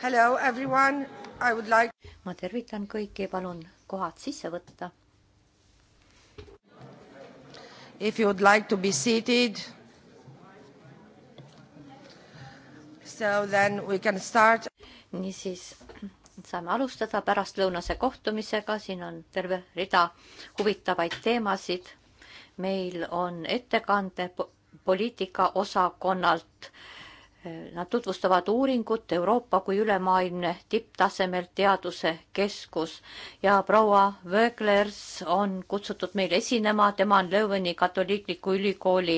Hello everyone, I would like... ma tervitan kõiki, palun kohad sisse võtta. If you would like to be seated. So then we can start. niisiis, saame alustada pärastlõunase kohtumisega, siin on terve rida huvitavaid teemasid. meil on ettekande poliitikaosakonnalt äh, Nad tutvustavad uuringut Euroopa kui ülemaailmne tipptasemel teaduse keskus ja proua Vöglers on kutsutud meil esinema, tema on Leuven'i katoliikliku ülikooli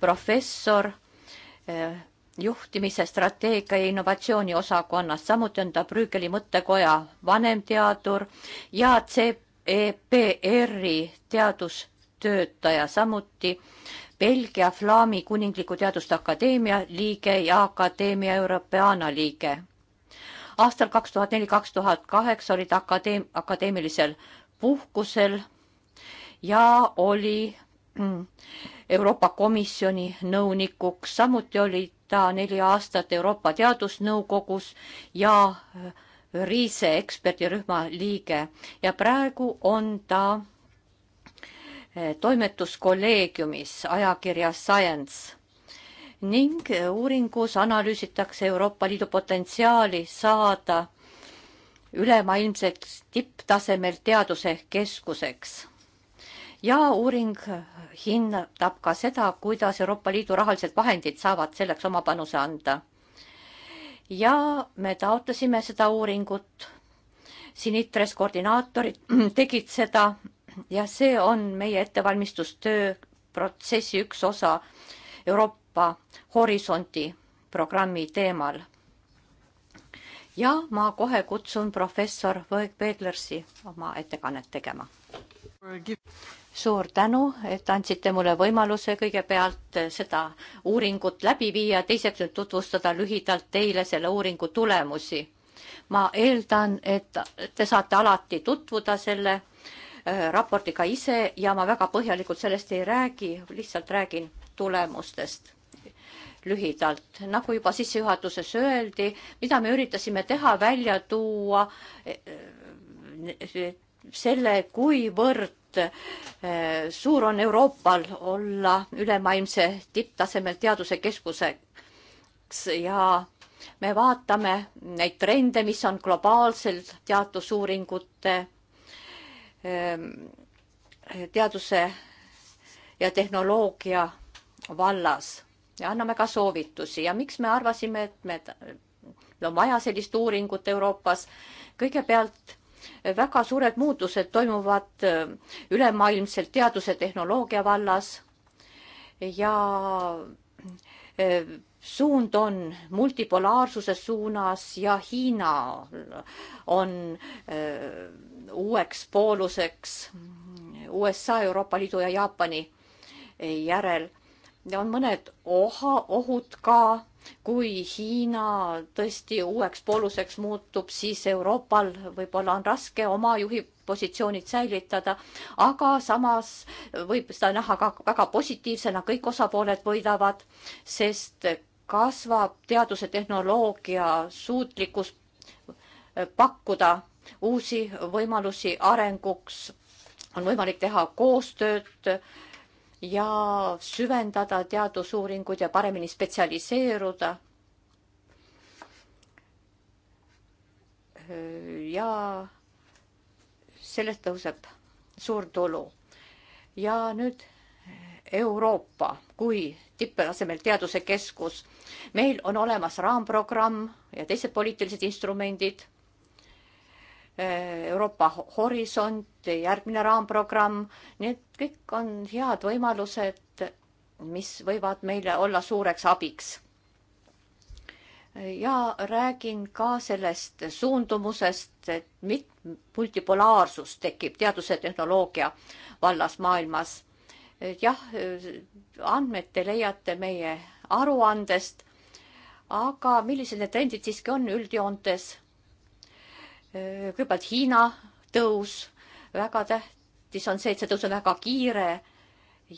professor eh, juhtimise, strateegia ja innovatsiooni osakonnast, samuti on ta Brügeli mõttekoja vanemteadur ja CEPR-i teadustöötaja, samuti Belgia Flaami Kuningliku Teaduste Akadeemia liige ja Akadeemia Europeana liige. aastal kaks tuhat neli, kaks tuhat kaheksa oli ta akadeem-, akadeemilisel puhkusel ja oli mm, Euroopa Komisjoni nõunikuks, samuti oli ta neli aastat Euroopa Teadusnõukogus ja äh, Riise eksperdirühma liige ja praegu on ta toimetuskolleegiumis ajakirja Science ning uuringus analüüsitakse Euroopa Liidu potentsiaali saada ülemaailmseks tipptasemel teaduse keskuseks. ja uuring hindab ka seda, kuidas Euroopa Liidu rahalised vahendid saavad selleks oma panuse anda. ja me taotlesime seda uuringut. Sinitres koordinaatorid tegid seda ja see on meie ettevalmistustöö protsessi üks osa Euroopa Horisondi programmi teemal. ja ma kohe kutsun professor Võõg Peeglersi oma ettekannet tegema. suur tänu, et andsite mulle võimaluse kõigepealt seda uuringut läbi viia, teiseks nüüd tutvustada lühidalt teile selle uuringu tulemusi ma eeldan, et te saate alati tutvuda selle Äh, raporti ka ise ja ma väga põhjalikult sellest ei räägi, lihtsalt räägin tulemustest lühidalt. nagu juba sissejuhatuses öeldi, mida me üritasime teha, välja tuua äh, selle, kuivõrd äh, suur on Euroopal olla ülemaailmse tipptasemel teadusekeskuseks ja me vaatame neid trende, mis on globaalsel teadusuuringute Ehm, teaduse ja tehnoloogia vallas ja anname ka soovitusi ja miks me arvasime, et me, meil on vaja sellist uuringut Euroopas. kõigepealt eh, väga suured muutused toimuvad eh, ülemaailmselt teaduse tehnoloogia vallas ja eh, suund on multipolaarsuse suunas ja Hiina on öö, äh, uueks pooluseks USA, Euroopa Liidu ja Jaapani järel. ja on mõned oha, ohud ka, kui Hiina tõesti uueks pooluseks muutub, siis Euroopal võib-olla on raske oma juhi positsioonid säilitada, aga samas võib seda näha ka väga positiivsena, kõik osapooled võidavad, sest kasvab teaduse tehnoloogia suutlikkus pakkuda uusi võimalusi arenguks, on võimalik teha koostööd ja süvendada teadusuuringuid ja paremini spetsialiseeruda. ja sellest tõuseb suur tulu. ja nüüd Euroopa kui tipptasemel teadusekeskus. meil on olemas raamprogramm ja teised poliitilised instrumendid. Äh, Euroopa Horisont, järgmine raamprogramm, need kõik on head võimalused, mis võivad meile olla suureks abiks. ja räägin ka sellest suundumusest, et mit-, multipolaarsus tekib teaduse tehnoloogia vallas maailmas jah, andmed te leiate meie aruandest, aga millised need trendid siiski on üldjoontes? kõigepealt Hiina tõus, väga tähtis on see, et see tõus on väga kiire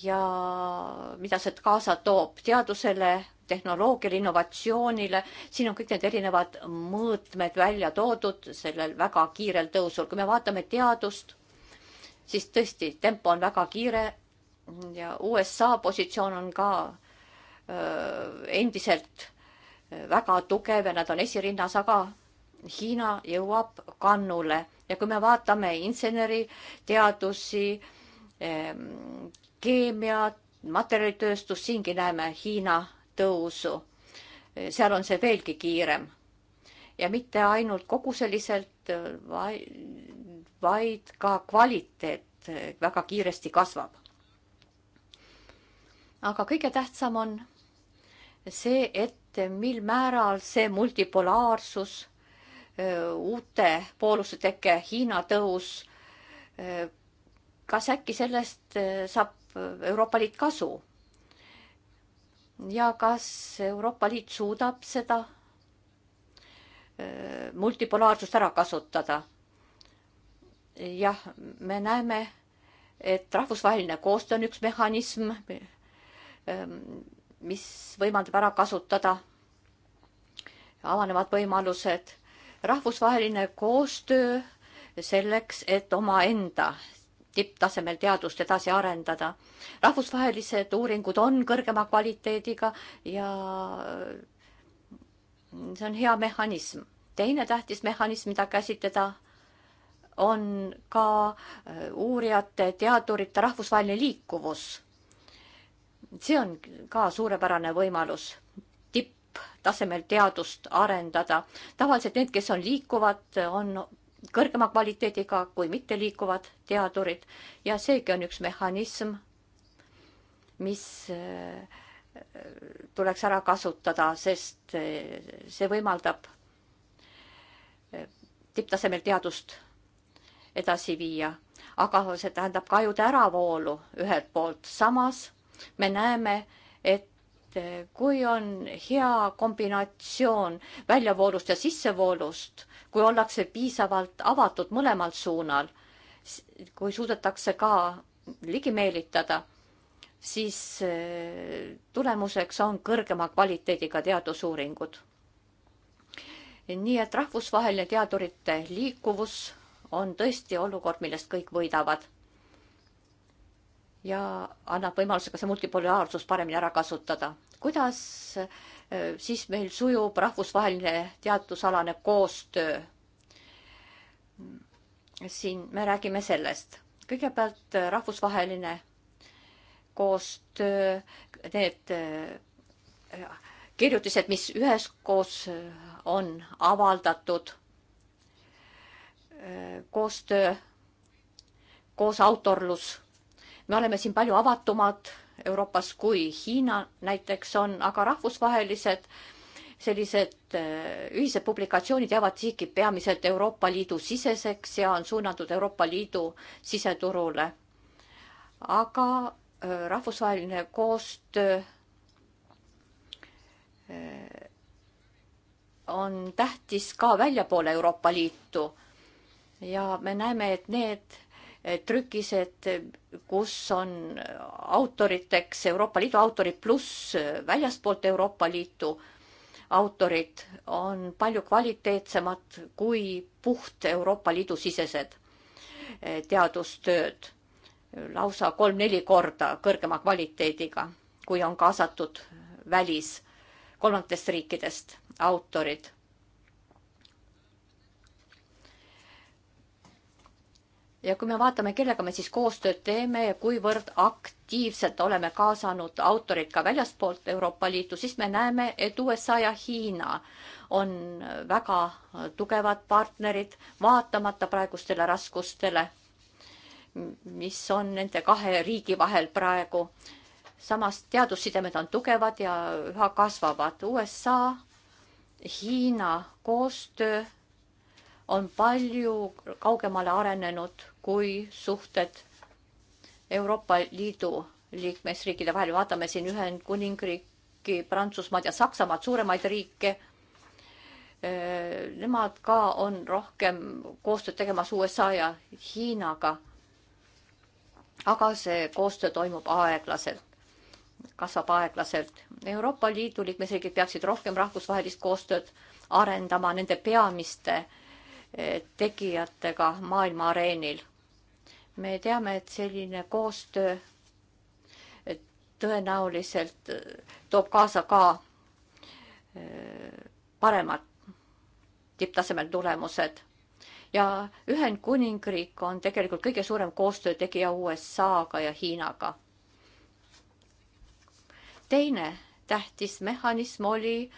ja mida see kaasa toob teadusele, tehnoloogiale, innovatsioonile, siin on kõik need erinevad mõõtmed välja toodud sellel väga kiirel tõusul. kui me vaatame teadust, siis tõesti, tempo on väga kiire ja USA positsioon on ka öö, endiselt väga tugev ja nad on esirinnas, aga Hiina jõuab kannule ja kui me vaatame inseneriteadusi, ehm, keemiat, materjalitööstust, siingi näeme Hiina tõusu. seal on see veelgi kiirem ja mitte ainult koguseliselt, vaid ka kvaliteet väga kiiresti kasvab aga kõige tähtsam on see, et mil määral see multipolaarsus, uute pooluste teke, Hiina tõus, kas äkki sellest saab Euroopa Liit kasu? ja kas Euroopa Liit suudab seda multipolaarsust ära kasutada? jah, me näeme, et rahvusvaheline koostöö on üks mehhanism, Ähm, mis võimaldab ära kasutada avanevad võimalused, rahvusvaheline koostöö selleks, et omaenda tipptasemel teadust edasi arendada. rahvusvahelised uuringud on kõrgema kvaliteediga ja äh, see on hea mehhanism. teine tähtis mehhanism, mida käsitleda, on ka äh, uurijate, teadurite rahvusvaheline liikuvus see on ka suurepärane võimalus tipptasemel teadust arendada. tavaliselt need, kes on liikuvad, on kõrgema kvaliteediga kui mitteliikuvad teadurid ja seegi on üks mehhanism, mis äh, tuleks ära kasutada, sest äh, see võimaldab äh, tipptasemel teadust edasi viia, aga see tähendab ka ajude äravoolu ühelt poolt, samas me näeme, et kui on hea kombinatsioon väljavoolust ja sissevoolust, kui ollakse piisavalt avatud mõlemal suunal, kui suudetakse ka ligi meelitada, siis eh, tulemuseks on kõrgema kvaliteediga teadusuuringud. nii et rahvusvaheline teadurite liikuvus on tõesti olukord, millest kõik võidavad ja annab võimaluse ka see multipolaarsus paremini ära kasutada. kuidas äh, siis meil sujub rahvusvaheline teadusalane koostöö? siin me räägime sellest. kõigepealt äh, rahvusvaheline koostöö, need äh, kirjutised, mis üheskoos on avaldatud, koostöö, koosautorlus me oleme siin palju avatumad Euroopas kui Hiina näiteks on, aga rahvusvahelised sellised äh, ühised publikatsioonid jäävad siiski peamiselt Euroopa Liidu siseseks ja on suunatud Euroopa Liidu siseturule. aga äh, rahvusvaheline koostöö äh, on tähtis ka väljapoole Euroopa Liitu ja me näeme, et need trükised, kus on autoriteks Euroopa Liidu autorid pluss väljaspoolt Euroopa Liitu autorid, on palju kvaliteetsemad kui puht Euroopa Liidu sisesed eh, teadustööd lausa kolm-neli korda kõrgema kvaliteediga, kui on kaasatud välis kolmandatest riikidest autorid. ja kui me vaatame, kellega me siis koostööd teeme ja kuivõrd aktiivselt oleme kaasanud autorid ka väljaspoolt Euroopa Liitu, siis me näeme, et USA ja Hiina on väga tugevad partnerid, vaatamata praegustele raskustele, mis on nende kahe riigi vahel praegu. samas teadussidemed on tugevad ja üha kasvavad. USA, Hiina koostöö on palju kaugemale arenenud kui suhted Euroopa Liidu liikmesriikide vahel, vaatame siin Ühendkuningriiki, Prantsusmaad ja Saksamaad, suuremaid riike. Nemad ka on rohkem koostööd tegemas USA ja Hiinaga. aga see koostöö toimub aeglaselt, kasvab aeglaselt. Euroopa Liidu liikmesriigid peaksid rohkem rahvusvahelist koostööd arendama nende peamiste tegijatega maailma areenil me teame, et selline koostöö tõenäoliselt äh, toob kaasa ka äh, paremad tipptasemel tulemused. ja Ühendkuningriik on tegelikult kõige suurem koostöötegija USA-ga ja Hiinaga. teine tähtis mehhanism oli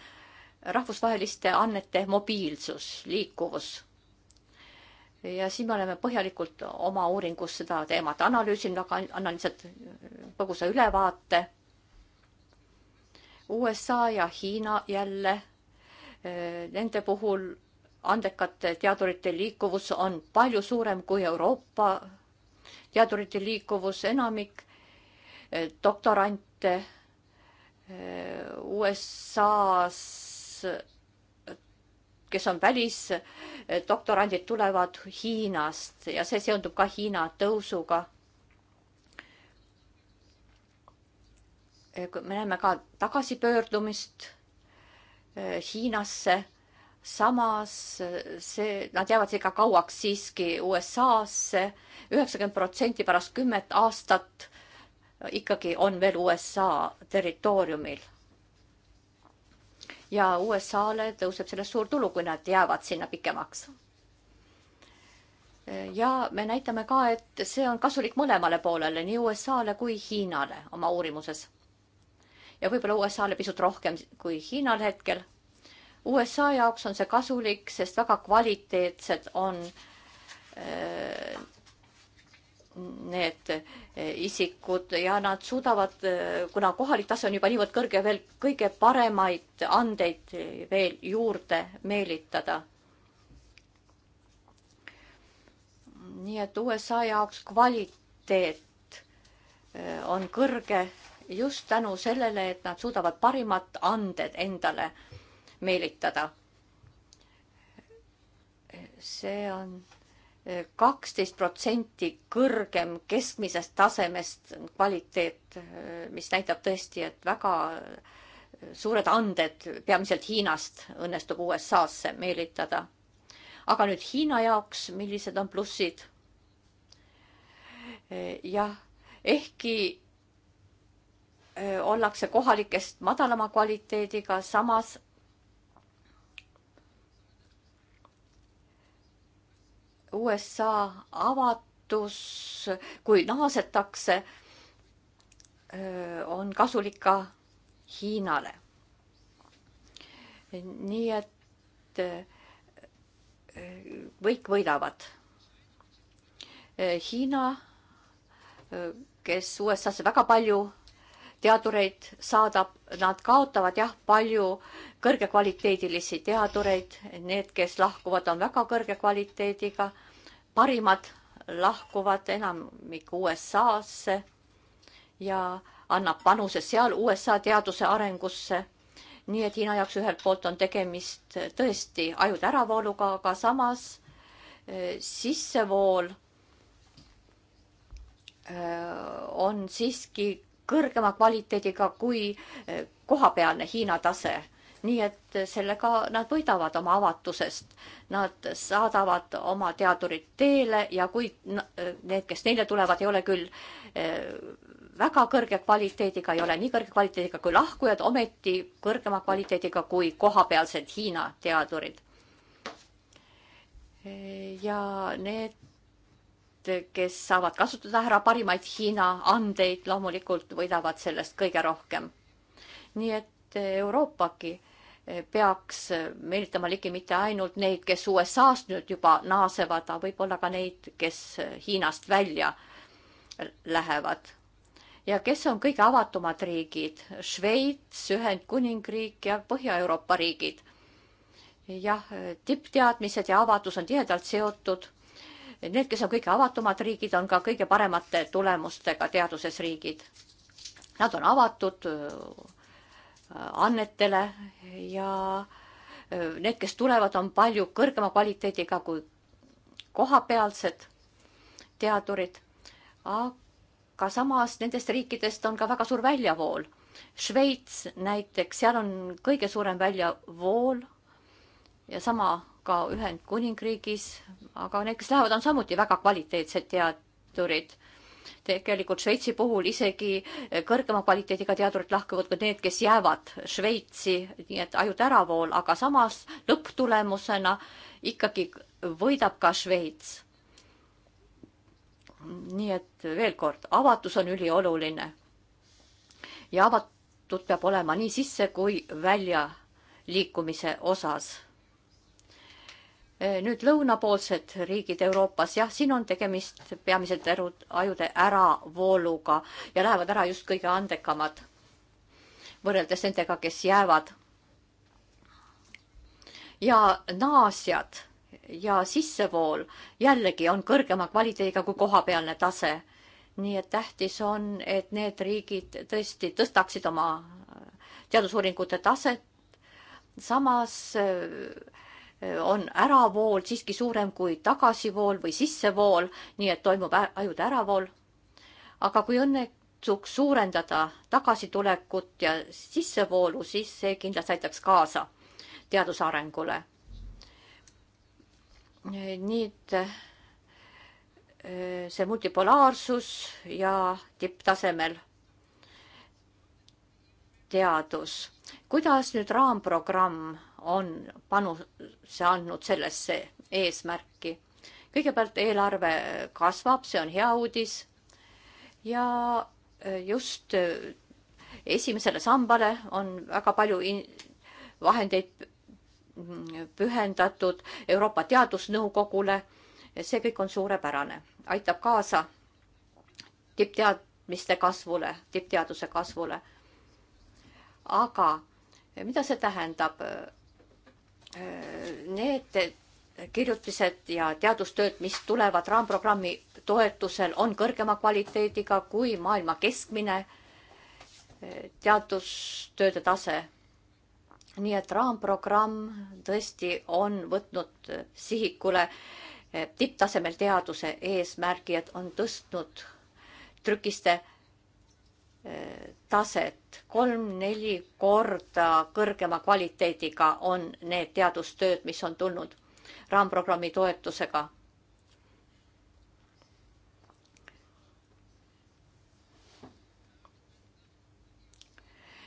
rahvusvaheliste annete mobiilsus, liikuvus ja siin me oleme põhjalikult oma uuringus seda teemat analüüsinud, aga annan lihtsalt äh, põgusa ülevaate. USA ja Hiina jälle, äh, nende puhul andekate teadurite liikuvus on palju suurem kui Euroopa teadurite liikuvus, enamik äh, doktorante USA-s kes on välisdoktorandid, tulevad Hiinast ja see seondub ka Hiina tõusuga. me näeme ka tagasipöördumist eh, Hiinasse samas see, nad jäävad ikka kauaks siiski USA-sse, üheksakümmend protsenti pärast kümmet aastat ikkagi on veel USA territooriumil ja USA-le tõuseb sellest suur tulu, kui nad jäävad sinna pikemaks. ja me näitame ka, et see on kasulik mõlemale poolele, nii USA-le kui Hiinale oma uurimuses. ja võib-olla USA-le pisut rohkem kui Hiinal hetkel. USA jaoks on see kasulik, sest väga kvaliteetsed on öö, äh, need eh, isikud ja nad suudavad, eh, kuna kohalik tase on juba niivõrd kõrge, veel kõige paremaid andeid eh, veel juurde meelitada. nii et USA jaoks kvaliteet on kõrge just tänu sellele, et nad suudavad parimad anded endale meelitada. see on kaksteist protsenti kõrgem keskmisest tasemest kvaliteet, mis näitab tõesti, et väga suured anded, peamiselt Hiinast, õnnestub USA-sse meelitada. aga nüüd Hiina jaoks, millised on plussid? jah, ehkki eh, ollakse kohalikest madalama kvaliteediga, samas USA avatus, kui naasetakse, on kasulik ka Hiinale. nii et kõik võidavad. Hiina, kes USA-sse väga palju teadureid saadab, nad kaotavad jah, palju kõrgekvaliteedilisi teadureid, need, kes lahkuvad, on väga kõrge kvaliteediga, parimad lahkuvad enamik USA-sse ja annab panuse seal USA teaduse arengusse. nii et Hiina jaoks ühelt poolt on tegemist tõesti ajude äravooluga, aga samas eh, sissevool eh, on siiski kõrgema kvaliteediga kui eh, kohapealne Hiina tase. nii et sellega nad võidavad oma avatusest. Nad saadavad oma teadurid teele ja kui eh, need, kes neile tulevad, ei ole küll eh, väga kõrge kvaliteediga, ei ole nii kõrge kvaliteediga kui lahkujad, ometi kõrgema kvaliteediga kui kohapealsed Hiina teadurid. ja need kes saavad kasutada ära parimaid Hiina andeid, loomulikult võidavad sellest kõige rohkem. nii et Euroopagi peaks meelitama ligi mitte ainult neid, kes USA-st nüüd juba naasevad, aga võib-olla ka neid, kes Hiinast välja lähevad. ja kes on kõige avatumad riigid? Šveits, Ühendkuningriik ja Põhja-Euroopa riigid. jah, tippteadmised ja avatus on tihedalt seotud need, kes on kõige avatumad riigid, on ka kõige paremate tulemustega teaduses riigid. Nad on avatud äh, annetele ja äh, need, kes tulevad, on palju kõrgema kvaliteediga kui kohapealsed teadurid. aga samas nendest riikidest on ka väga suur väljavool. Šveits näiteks, seal on kõige suurem väljavool ja sama ka Ühendkuningriigis, aga need, kes lähevad, on samuti väga kvaliteetsed teadurid. tegelikult Šveitsi puhul isegi kõrgema kvaliteediga teadurid lahkuvad kui need, kes jäävad Šveitsi, nii et ajude äravool, aga samas lõpptulemusena ikkagi võidab ka Šveits. nii et veel kord, avatus on ülioluline. ja avatud peab olema nii sisse kui välja liikumise osas Äh, nüüd lõunapoolsed riigid Euroopas, jah, siin on tegemist peamiselt erud, ajude äravooluga ja lähevad ära just kõige andekamad võrreldes nendega, kes jäävad. ja naasjad ja sissevool jällegi on kõrgema kvaliteediga kui kohapealne tase. nii et tähtis on, et need riigid tõesti tõstaksid oma teadusuuringute taset. samas äh, on äravool siiski suurem kui tagasivool või sissevool, nii et toimub ajude äravool. aga kui õnnetuks suurendada tagasitulekut ja sissevoolu, siis see kindlasti aitaks kaasa teaduse arengule. nii et äh, see multipolaarsus ja tipptasemel teadus. kuidas nüüd raamprogramm on panuse andnud sellesse eesmärki. kõigepealt eelarve kasvab, see on hea uudis. ja e, just e, esimesele sambale on väga palju vahendeid pühendatud Euroopa Teadusnõukogule. see kõik on suurepärane, aitab kaasa tippteadmiste kasvule, tippteaduse kasvule. aga e, mida see tähendab? need kirjutised ja teadustööd, mis tulevad raamprogrammi toetusel, on kõrgema kvaliteediga kui maailma keskmine eh, teadustööde tase. nii et raamprogramm tõesti on võtnud sihikule eh, tipptasemel teaduse eesmärgi, et on tõstnud trükiste taset, kolm-neli korda kõrgema kvaliteediga on need teadustööd, mis on tulnud raamprogrammi toetusega.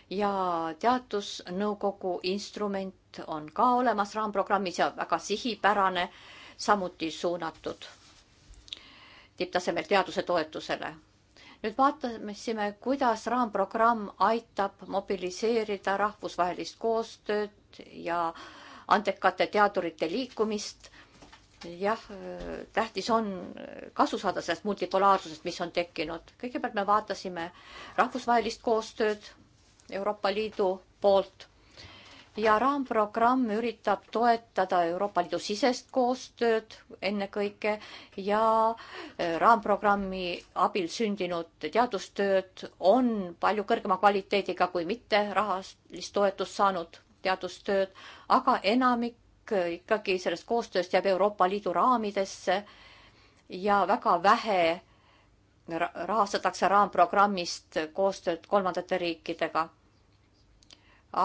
ja teadusnõukogu instrument on ka olemas raamprogrammis ja väga sihipärane, samuti suunatud tipptasemel teaduse toetusele nüüd vaatasime, kuidas raamprogramm aitab mobiliseerida rahvusvahelist koostööd ja andekate teadurite liikumist. jah, tähtis on kasu saada sellest multipolaarsusest, mis on tekkinud. kõigepealt me vaatasime rahvusvahelist koostööd Euroopa Liidu poolt ja raamprogramm üritab toetada Euroopa Liidu sisest koostööd ennekõike ja äh, raamprogrammi abil sündinud teadustööd on palju kõrgema kvaliteediga kui mitte rahalist toetust saanud teadustööd, aga enamik äh, ikkagi sellest koostööst jääb Euroopa Liidu raamidesse ja väga vähe rahastatakse raamprogrammist koostööd kolmandate riikidega.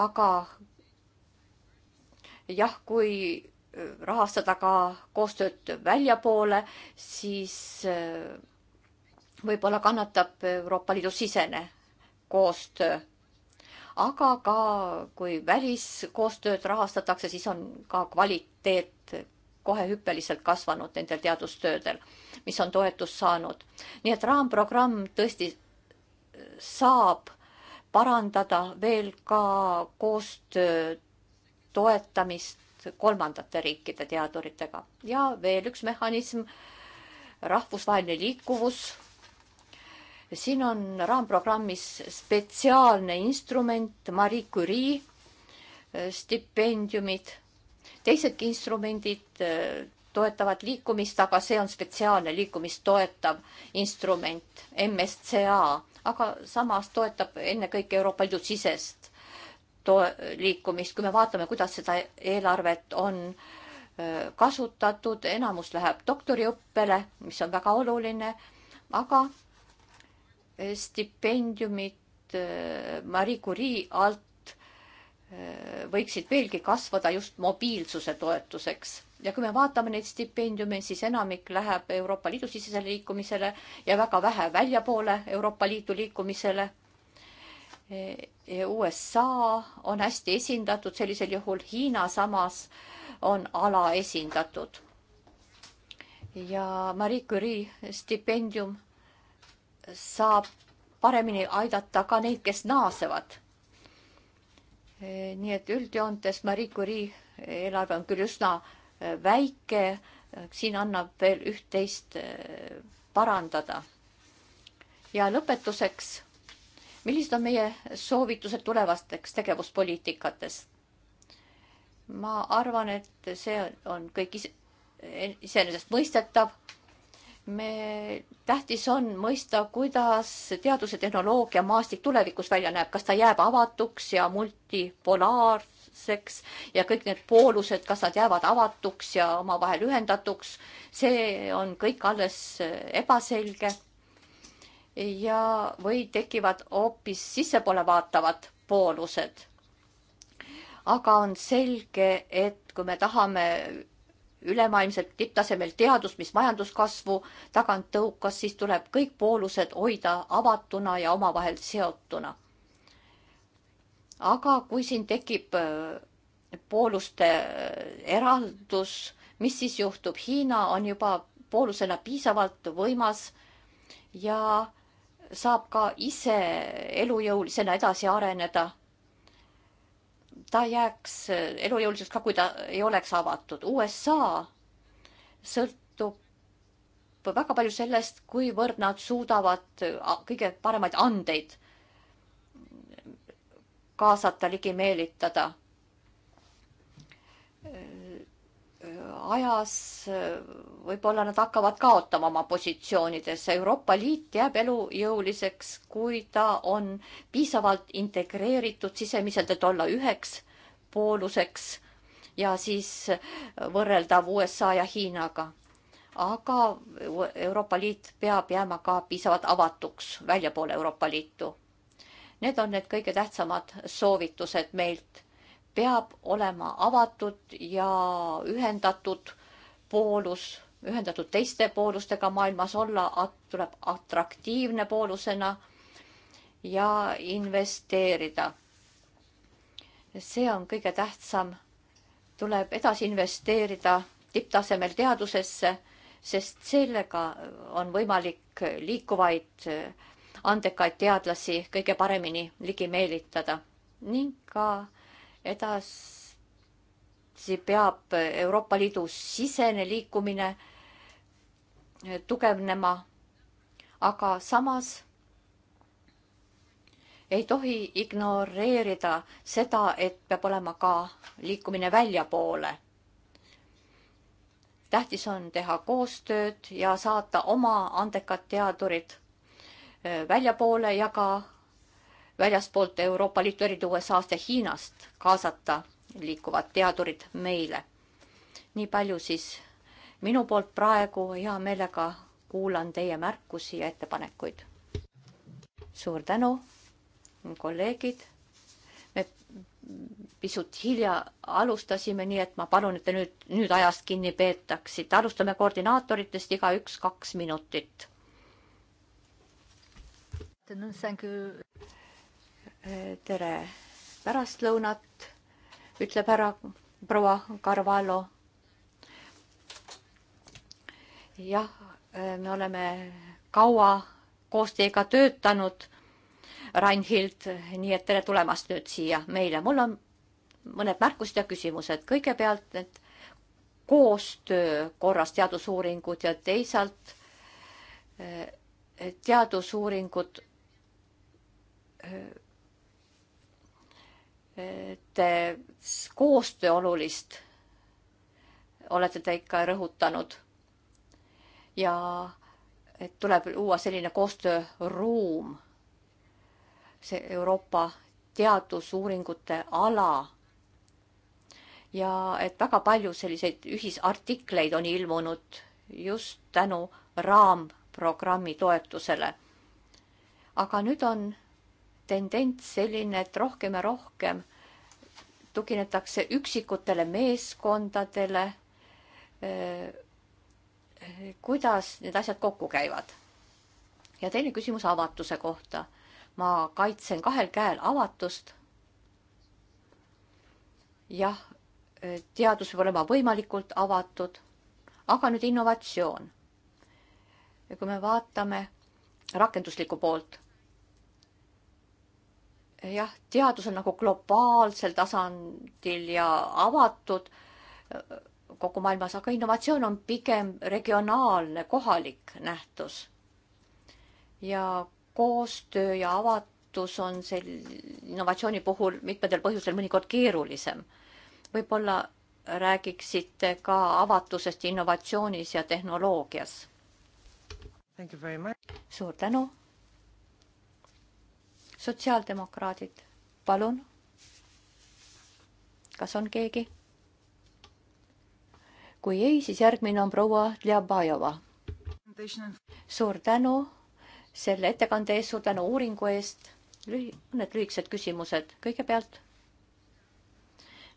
aga jah, kui äh, rahastada ka koostööd väljapoole, siis äh, võib-olla kannatab Euroopa Liidu sisene koostöö. aga ka, kui väliskoostööd rahastatakse, siis on ka kvaliteet kohe hüppeliselt kasvanud nendel teadustöödel, mis on toetust saanud. nii et raamprogramm tõesti äh, saab parandada veel ka koostööd toetamist kolmandate riikide teaduritega ja veel üks mehhanism, rahvusvaheline liikuvus. siin on raamprogrammis spetsiaalne instrument Marie Curie eh, stipendiumid, teisedki instrumendid eh, toetavad liikumist, aga see on spetsiaalne liikumist toetav instrument, MSCA, aga samas toetab ennekõike Euroopa Liidu sisest liikumist, kui me vaatame, kuidas seda eelarvet on kasutatud, enamus läheb doktoriõppele, mis on väga oluline, aga stipendiumid Marie Curie alt võiksid veelgi kasvada just mobiilsuse toetuseks. ja kui me vaatame neid stipendiume, siis enamik läheb Euroopa Liidu sisesele liikumisele ja väga vähe väljapoole Euroopa Liidu liikumisele Eh, eh, USA on hästi esindatud, sellisel juhul Hiina samas on alaesindatud. ja Marie Curie stipendium saab paremini aidata ka neid, kes naasevad. Eh, nii et üldjoontes Marie Curie eelarve on küll üsna väike, siin annab veel üht-teist parandada. ja lõpetuseks millised on meie soovitused tulevasteks tegevuspoliitikates? ma arvan, et see on kõik iseenesestmõistetav. me, tähtis on mõista, kuidas teaduse tehnoloogia maastik tulevikus välja näeb, kas ta jääb avatuks ja multipolaarseks ja kõik need poolused, kas nad jäävad avatuks ja omavahel ühendatuks, see on kõik alles ebaselge ja, või tekivad hoopis sissepoole vaatavad boonused. aga on selge, et kui me tahame ülemaailmselt tipptasemel teadust, mis majanduskasvu tagant tõukas, siis tuleb kõik poolused hoida avatuna ja omavahel seotuna. aga kui siin tekib äh, pooluste äh, eraldus, mis siis juhtub? Hiina on juba poolusena piisavalt võimas ja saab ka ise elujõulisena edasi areneda. ta jääks elujõuliseks ka, kui ta ei oleks avatud. USA sõltub väga palju sellest, kuivõrd nad suudavad kõige paremaid andeid kaasata, ligi meelitada ajas äh, võib-olla nad hakkavad kaotama oma positsioonides. Euroopa Liit jääb elujõuliseks, kui ta on piisavalt integreeritud sisemiselt, et olla üheks pooluseks ja siis võrreldav USA ja Hiinaga. aga Euroopa Liit peab jääma ka piisavalt avatuks väljapoole Euroopa Liitu. Need on need kõige tähtsamad soovitused meilt peab olema avatud ja ühendatud poolus, ühendatud teiste poolustega maailmas olla, tuleb atraktiivne poolusena ja investeerida. see on kõige tähtsam. tuleb edasi investeerida tipptasemel teadusesse, sest sellega on võimalik liikuvaid andekaid teadlasi kõige paremini ligi meelitada ning ka edasi peab Euroopa Liidu sisene liikumine eh, tugevnema, aga samas ei tohi ignoreerida seda, et peab olema ka liikumine väljapoole. tähtis on teha koostööd ja saata oma andekad teadurid eh, väljapoole ja ka väljaspoolt Euroopa Liitu, eriti USA-st ja Hiinast kaasata liikuvad teadurid meile. nii palju siis minu poolt praegu, hea meelega kuulan teie märkusi ja ettepanekuid. suur tänu, kolleegid. me pisut hilja alustasime, nii et ma palun, et te nüüd, nüüd ajast kinni peetaksite. alustame koordinaatoritest, igaüks kaks minutit tere pärastlõunat, ütleb härra proua Carvalho. jah, me oleme kaua koos teiega töötanud, Reinhild, nii et tere tulemast nüüd siia meile. mul on mõned märkused ja küsimused. kõigepealt need koostöö korras teadusuuringud ja teisalt eh, teadusuuringud eh, te koostöö olulist olete te ikka rõhutanud. ja et tuleb luua selline koostööruum, see Euroopa teadusuuringute ala. ja et väga palju selliseid ühisartikleid on ilmunud just tänu raamprogrammi toetusele. aga nüüd on tendents selline, et rohkem ja rohkem tuginetakse üksikutele meeskondadele. Eh, kuidas need asjad kokku käivad? ja teine küsimus avatuse kohta. ma kaitsen kahel käel avatust. jah, eh, teadus peab olema võimalikult avatud, aga nüüd innovatsioon. ja kui me vaatame rakenduslikku poolt jah, teadus on nagu globaalsel tasandil ja avatud äh, kogu maailmas, aga innovatsioon on pigem regionaalne, kohalik nähtus. ja koostöö ja avatus on sel innovatsiooni puhul mitmedel põhjusel mõnikord keerulisem. võib-olla räägiksite ka avatusest innovatsioonis ja tehnoloogias? suur tänu sotsiaaldemokraadid, palun. kas on keegi? kui ei, siis järgmine on proua Ljabajova. suur tänu selle ettekande eest, suur tänu uuringu eest. lühi-, need lühikesed küsimused kõigepealt.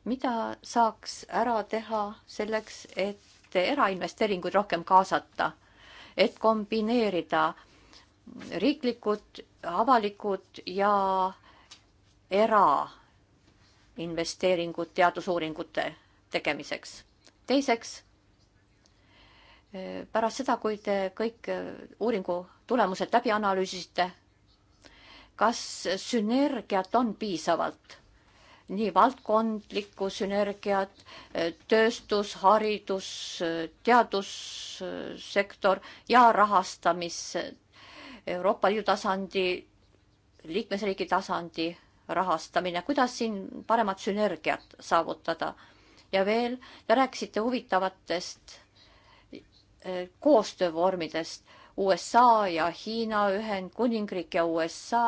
mida saaks ära teha selleks, et erainvesteeringuid rohkem kaasata, et kombineerida riiklikud avalikud ja erainvesteeringud teadusuuringute tegemiseks. teiseks, eh, pärast seda, kui te kõik eh, uuringu tulemused läbi analüüsisite, kas sünergiat on piisavalt? nii valdkondlikku sünergiat, eh, tööstus, haridus, teadussektor ja rahastamist Euroopa Liidu tasandi, liikmesriigi tasandi rahastamine, kuidas siin paremat sünergiat saavutada? ja veel, te rääkisite huvitavatest eh, koostöövormidest USA ja Hiina, Ühendkuningriik ja USA.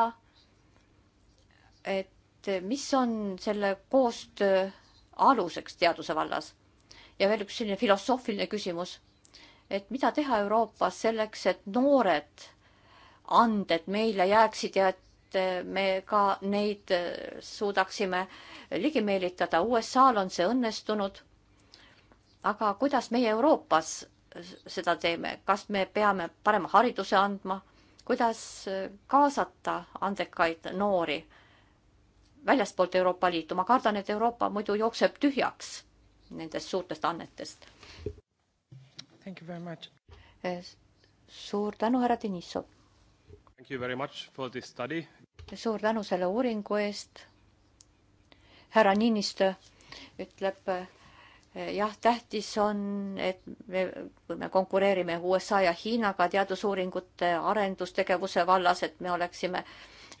et mis on selle koostöö aluseks teaduse vallas? ja veel üks selline filosoofiline küsimus, et mida teha Euroopas selleks, et noored anded meile jääksid ja et eh, me ka neid eh, suudaksime ligi meelitada. USA-l on see õnnestunud. aga kuidas meie Euroopas eh, seda teeme, kas me peame parema hariduse andma, kuidas kaasata andekaid noori väljaspoolt Euroopa Liitu, ma kardan, et Euroopa muidu jookseb tühjaks nendest suurtest annetest. suur tänu, härra Denissov suur tänu selle uuringu eest. härra Niinistö ütleb, eh, jah, tähtis on, et me, kui me konkureerime USA ja Hiinaga teadusuuringute arendustegevuse vallas, et me oleksime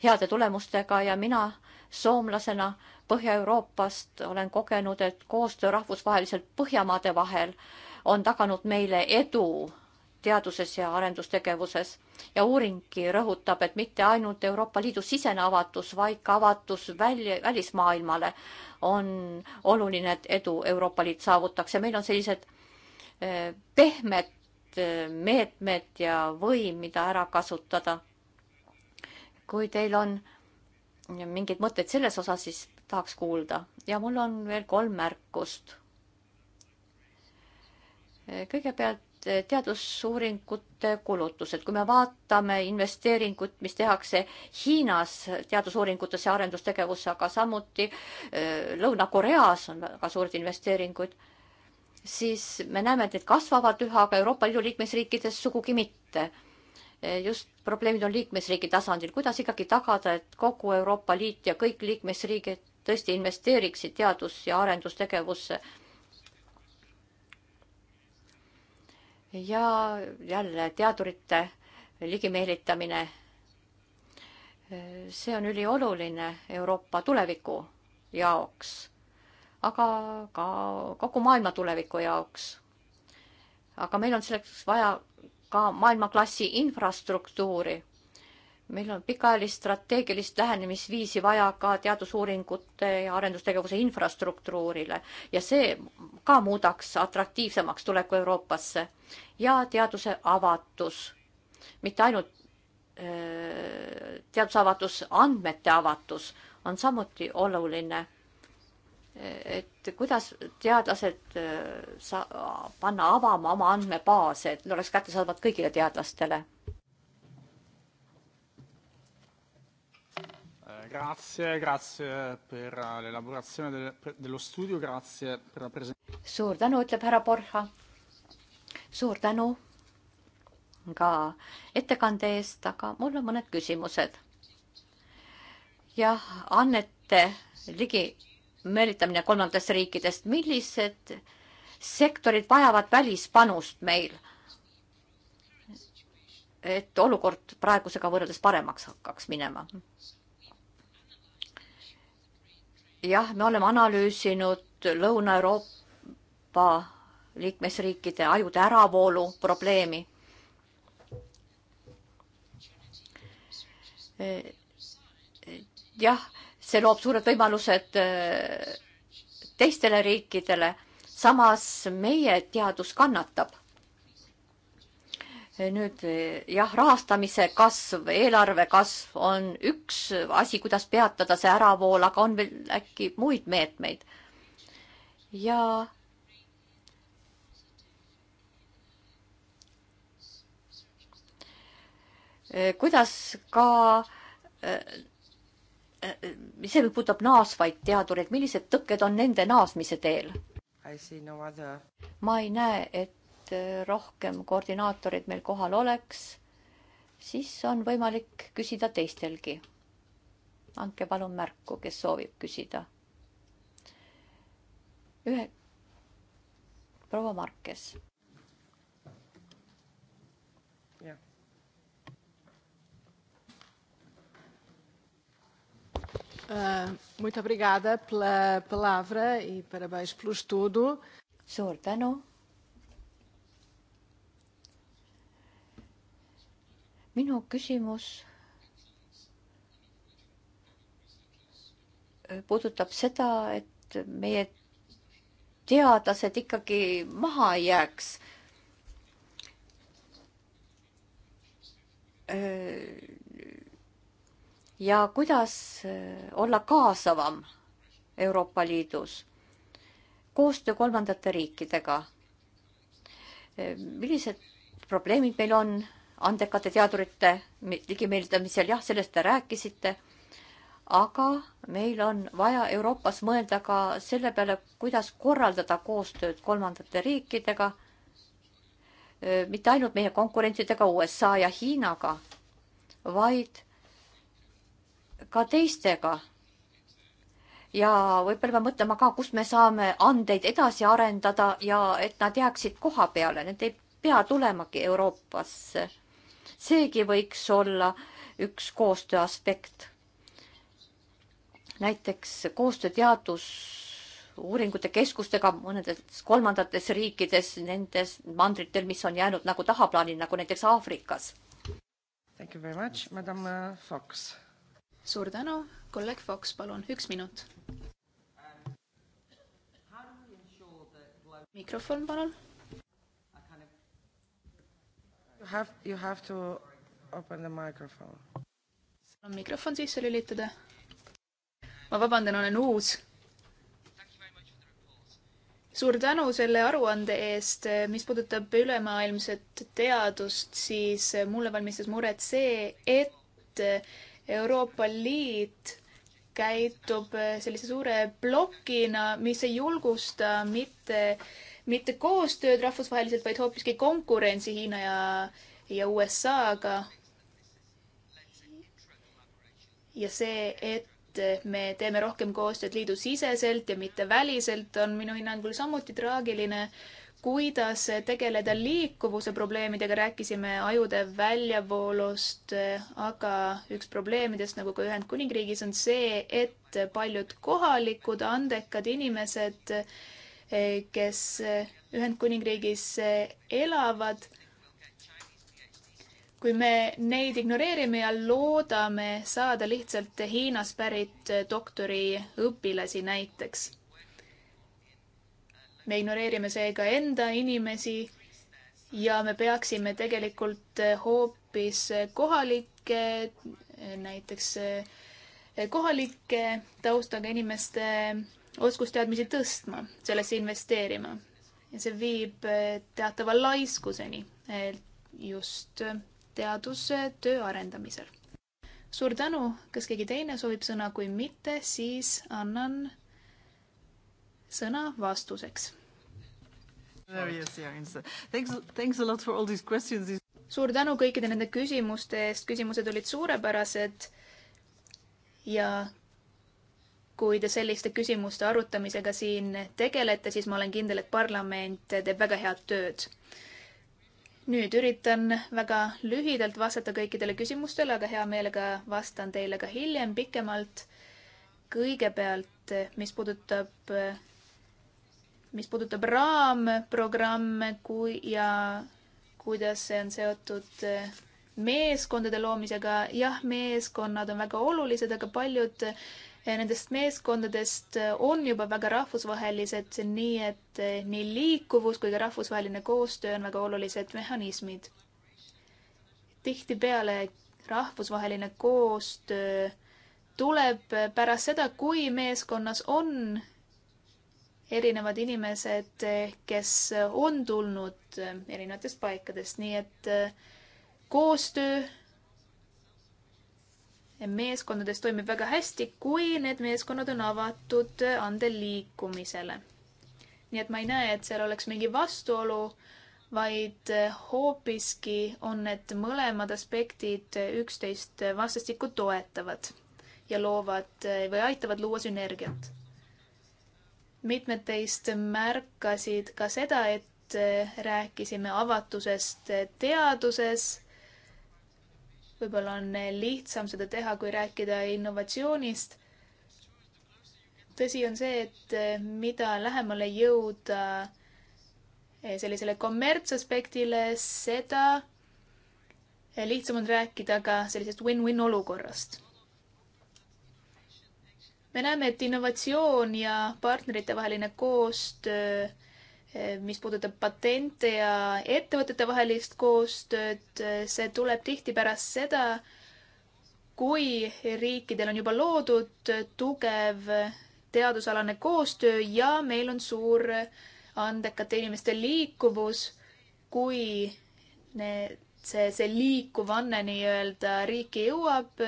heade tulemustega ja mina soomlasena Põhja-Euroopast olen kogenud, et koostöö rahvusvaheliselt Põhjamaade vahel on taganud meile edu teaduses ja arendustegevuses ja uuringki rõhutab, et mitte ainult Euroopa Liidu sisene avatus, vaid ka avatus välja, välismaailmale on oluline, et edu Euroopa Liit saavutaks ja meil on sellised eh, pehmed eh, meetmed ja võim, mida ära kasutada. kui teil on mingeid mõtteid selles osas, siis tahaks kuulda ja mul on veel kolm märkust. Eh, kõigepealt teadusuuringute kulutused, kui me vaatame investeeringut, mis tehakse Hiinas teadusuuringutesse ja arendustegevusse, aga samuti äh, Lõuna-Koreas on väga suured investeeringud, siis me näeme, et need kasvavad üha, aga Euroopa Liidu liikmesriikides sugugi mitte. Äh, just probleemid on liikmesriigi tasandil, kuidas ikkagi tagada, et kogu Euroopa Liit ja kõik liikmesriigid tõesti investeeriksid teadus- ja arendustegevusse ja jälle teadurite ligimeelitamine. see on ülioluline Euroopa tuleviku jaoks, aga ka kogu maailma tuleviku jaoks. aga meil on selleks vaja ka maailmaklassi infrastruktuuri meil on pikaajalist strateegilist lähenemisviisi vaja ka teadusuuringute ja arendustegevuse infrastruktuurile ja see ka muudaks atraktiivsemaks tuleku Euroopasse ja teaduse avatus, mitte ainult äh, teaduse avatus, andmete avatus on samuti oluline. et kuidas teadlased äh, sa-, panna avama oma andmebaase, et need oleks kättesaadavad kõigile teadlastele grazie, grazie per l'elaborazione de, dello studio, grazie per la presentazione. suur tänu, ütleb härra Borja. suur tänu ka ettekande eest, aga mul on mõned küsimused. jah, annete ligi meelitamine kolmandatest riikidest, millised sektorid vajavad välispanust meil? et olukord praegusega võrreldes paremaks hakkaks minema jah, me oleme analüüsinud Lõuna-Euroopa liikmesriikide ajude äravoolu probleemi. jah, see loob suured võimalused äh, teistele riikidele, samas meie teadus kannatab nüüd jah, rahastamise kasv, eelarve kasv on üks asi, kuidas peatada see äravool, aga on veel äkki muid meetmeid. ja kuidas ka see puudutab naasvaid teadureid, millised tõkked on nende naasmise teel? No other... ma ei näe, et et äh, rohkem koordinaatoreid meil kohal oleks, siis on võimalik küsida teistelgi. andke palun märku, kes soovib küsida. ühe, proua Markes. Uh, muito obrigada pela palavra e parabéns pelo estudo. Suur tänu minu küsimus puudutab seda, et meie teadlased ikkagi maha ei jääks. ja kuidas olla kaasavam Euroopa Liidus, koostöö kolmandate riikidega. millised probleemid meil on andekate teadurite ligimeelitamisel, jah, sellest te rääkisite, aga meil on vaja Euroopas mõelda ka selle peale, kuidas korraldada koostööd kolmandate riikidega, mitte ainult meie konkurentidega USA ja Hiinaga, vaid ka teistega ja võib-olla peame mõtlema ka, kus me saame andeid edasi arendada ja et nad jääksid koha peale, need ei pea tulemagi Euroopasse seegi võiks olla üks koostöö aspekt. näiteks koostöö teadusuuringute keskustega mõnedes kolmandates riikides, nendes mandritel, mis on jäänud nagu tahaplaanil, nagu näiteks Aafrikas. Thank you very much, madam uh, Fox. suur tänu, kolleeg Fox, palun, üks minut. mikrofon, palun Have, you have to open the microphone. on mikrofon sisse lülitada. ma vabandan, olen uus. suur tänu selle aruande eest, mis puudutab ülemaailmset teadust, siis mulle valmistas muret see, et Euroopa Liit käitub sellise suure plokina, mis ei julgusta mitte äh, mitte koostööd rahvusvaheliselt, vaid hoopiski konkurentsi Hiina ja, ja USA-ga. ja see, et me teeme rohkem koostööd liidusiseselt ja mitte väliselt, on minu hinnangul samuti traagiline. kuidas tegeleda liikuvuse probleemidega, rääkisime ajude väljavoolust, aga üks probleemidest, nagu ka Ühendkuningriigis, on see, et paljud kohalikud andekad inimesed kes Ühendkuningriigis elavad. kui me neid ignoreerime ja loodame saada lihtsalt Hiinast pärit doktoriõpilasi näiteks. me ignoreerime seega enda inimesi ja me peaksime tegelikult hoopis kohalikke, näiteks kohalike taustaga inimeste oskusteadmisi tõstma, sellesse investeerima. ja see viib eh, teatava laiskuseni eh, just eh, teadustöö arendamisel. suur tänu, kas keegi teine soovib sõna, kui mitte, siis annan sõna vastuseks. Uh, suur tänu kõikide nende küsimuste eest, küsimused olid suurepärased ja kui te selliste küsimuste arutamisega siin tegelete, siis ma olen kindel, et parlament teeb väga head tööd. nüüd üritan väga lühidalt vastata kõikidele küsimustele, aga hea meelega vastan teile ka hiljem pikemalt. kõigepealt, mis puudutab, mis puudutab raamprogramme kui ja kuidas see on seotud meeskondade loomisega. jah, meeskonnad on väga olulised, aga paljud Eh, nendest meeskondadest eh, on juba väga rahvusvahelised, nii et eh, nii liikuvus kui ka rahvusvaheline koostöö on väga olulised mehhanismid. tihtipeale rahvusvaheline koostöö tuleb pärast seda, kui meeskonnas on erinevad inimesed, kes on tulnud erinevatest paikadest, nii et koostöö meeskondades toimib väga hästi, kui need meeskonnad on avatud ande liikumisele. nii et ma ei näe, et seal oleks mingi vastuolu, vaid hoopiski on need mõlemad aspektid üksteist vastastikku toetavad ja loovad või aitavad luua sünergiat. mitmed teist märkasid ka seda, et rääkisime avatusest teaduses võib-olla on lihtsam seda teha, kui rääkida innovatsioonist. tõsi on see, et eh, mida lähemale jõuda eh, sellisele kommertsaspektile, seda eh, lihtsam on rääkida ka sellisest win-win olukorrast. me näeme, et innovatsioon ja partnerite vaheline koostöö Eh, mis puudutab patente ja ettevõtete vahelist koostööd, eh, see tuleb tihti pärast seda, kui riikidel on juba loodud tugev teadusalane koostöö ja meil on suur andekate inimeste liikuvus, kui need, see, see liikuvanne nii-öelda riiki jõuab,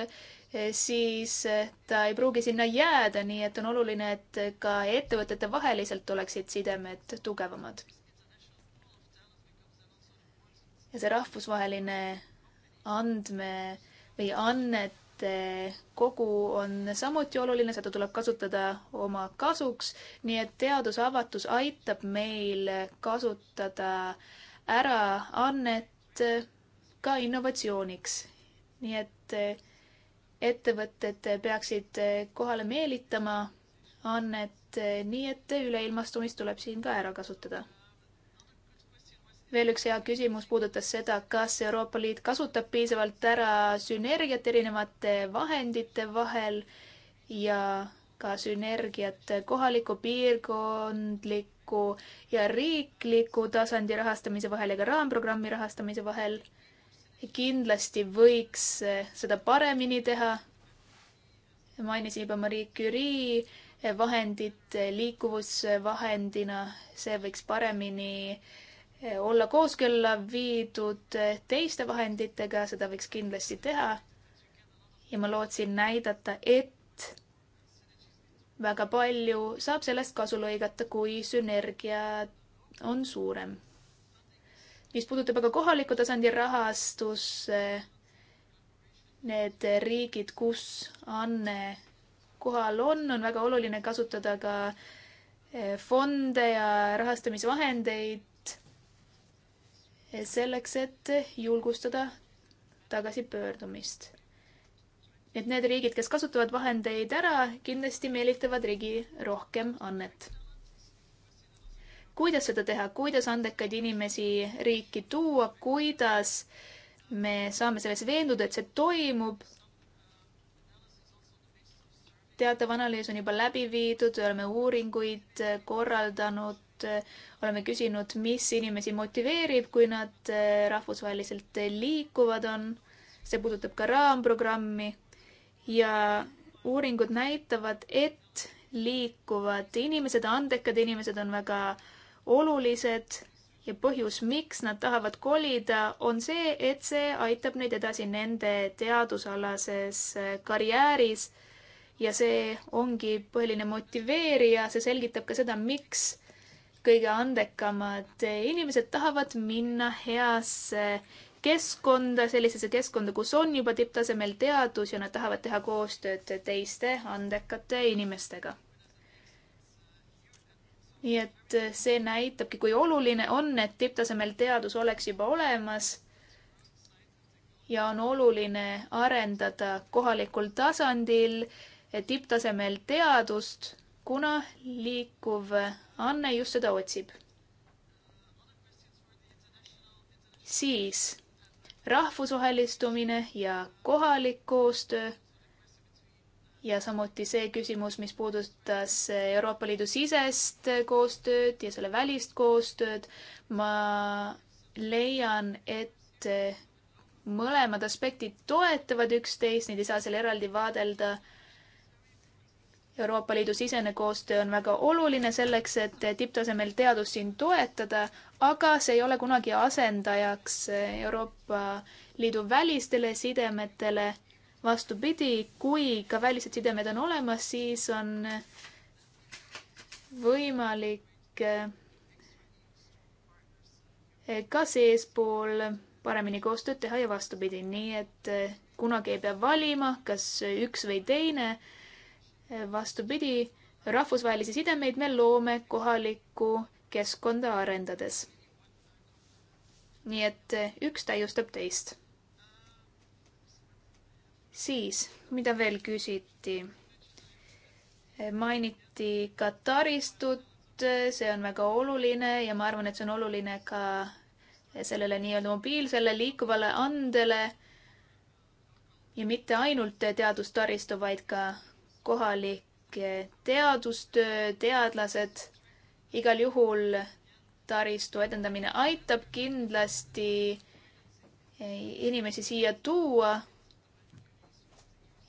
Eh, siis eh, ta ei pruugi sinna jääda, nii et on oluline, et eh, ka ettevõtete vaheliselt oleksid sidemed tugevamad. ja see rahvusvaheline andme või annete kogu on samuti oluline, seda tuleb kasutada oma kasuks, nii et teadusavatus aitab meil kasutada ära annet ka innovatsiooniks. nii et ettevõtted peaksid kohale meelitama annet, nii et üleilmastumist tuleb siin ka ära kasutada. veel üks hea küsimus puudutas seda, kas Euroopa Liit kasutab piisavalt ära sünergiat erinevate vahendite vahel ja ka sünergiat kohaliku, piirkondliku ja riikliku tasandi rahastamise vahel ja ka raamprogrammi rahastamise vahel kindlasti võiks eh, seda paremini teha. mainisin juba Marie Curie vahendit eh, liikuvusvahendina, see võiks paremini eh, olla kooskõlla viidud teiste vahenditega, seda võiks kindlasti teha. ja ma lootsin näidata, et väga palju saab sellest kasu lõigata, kui sünergia on suurem mis puudutab aga kohaliku tasandi rahastus, need riigid, kus anne kohal on, on väga oluline kasutada ka eh, fonde ja rahastamisvahendeid eh, selleks, et julgustada tagasipöördumist. et need riigid, kes kasutavad vahendeid ära, kindlasti meelitavad ligi rohkem annet kuidas seda teha, kuidas andekaid inimesi riiki tuua, kuidas me saame selles veenduda, et see toimub. teatav analüüs on juba läbi viidud, oleme uuringuid korraldanud, oleme küsinud, mis inimesi motiveerib, kui nad rahvusvaheliselt liikuvad on. see puudutab ka raamprogrammi ja uuringud näitavad, et liikuvad inimesed, andekad inimesed on väga olulised ja põhjus, miks nad tahavad kolida, on see, et see aitab neid edasi nende teadusalases äh, karjääris. ja see ongi põhiline motiveerija, see selgitab ka seda, miks kõige andekamad inimesed tahavad minna heasse keskkonda, sellisesse keskkonda, kus on juba tipptasemel teadus ja nad tahavad teha koostööd teiste andekate inimestega nii et eh, see näitabki, kui oluline on, et tipptasemel teadus oleks juba olemas. ja on oluline arendada kohalikul tasandil eh, tipptasemel teadust, kuna liikuv anne just seda otsib. siis rahvusvahelistumine ja kohalik koostöö ja samuti see küsimus, mis puudutas Euroopa Liidu sisest koostööd ja selle välist koostööd. ma leian, et mõlemad aspektid toetavad üksteist, neid ei saa seal eraldi vaadelda. Euroopa Liidu sisene koostöö on väga oluline selleks, et tipptasemel teadust siin toetada, aga see ei ole kunagi asendajaks Euroopa Liidu välistele sidemetele vastupidi, kui ka välised sidemed on olemas, siis on võimalik eh, ka seespool paremini koostööd teha ja vastupidi, nii et eh, kunagi ei pea valima, kas üks või teine. Eh, vastupidi, rahvusvahelisi sidemeid me loome kohalikku keskkonda arendades. nii et üks täiustab teist siis, mida veel küsiti? mainiti ka taristut, see on väga oluline ja ma arvan, et see on oluline ka sellele nii-öelda mobiilsele liikuvale andele ja mitte ainult teadustaristu, vaid ka kohalik teadustöö, teadlased. igal juhul taristu edendamine aitab kindlasti inimesi siia tuua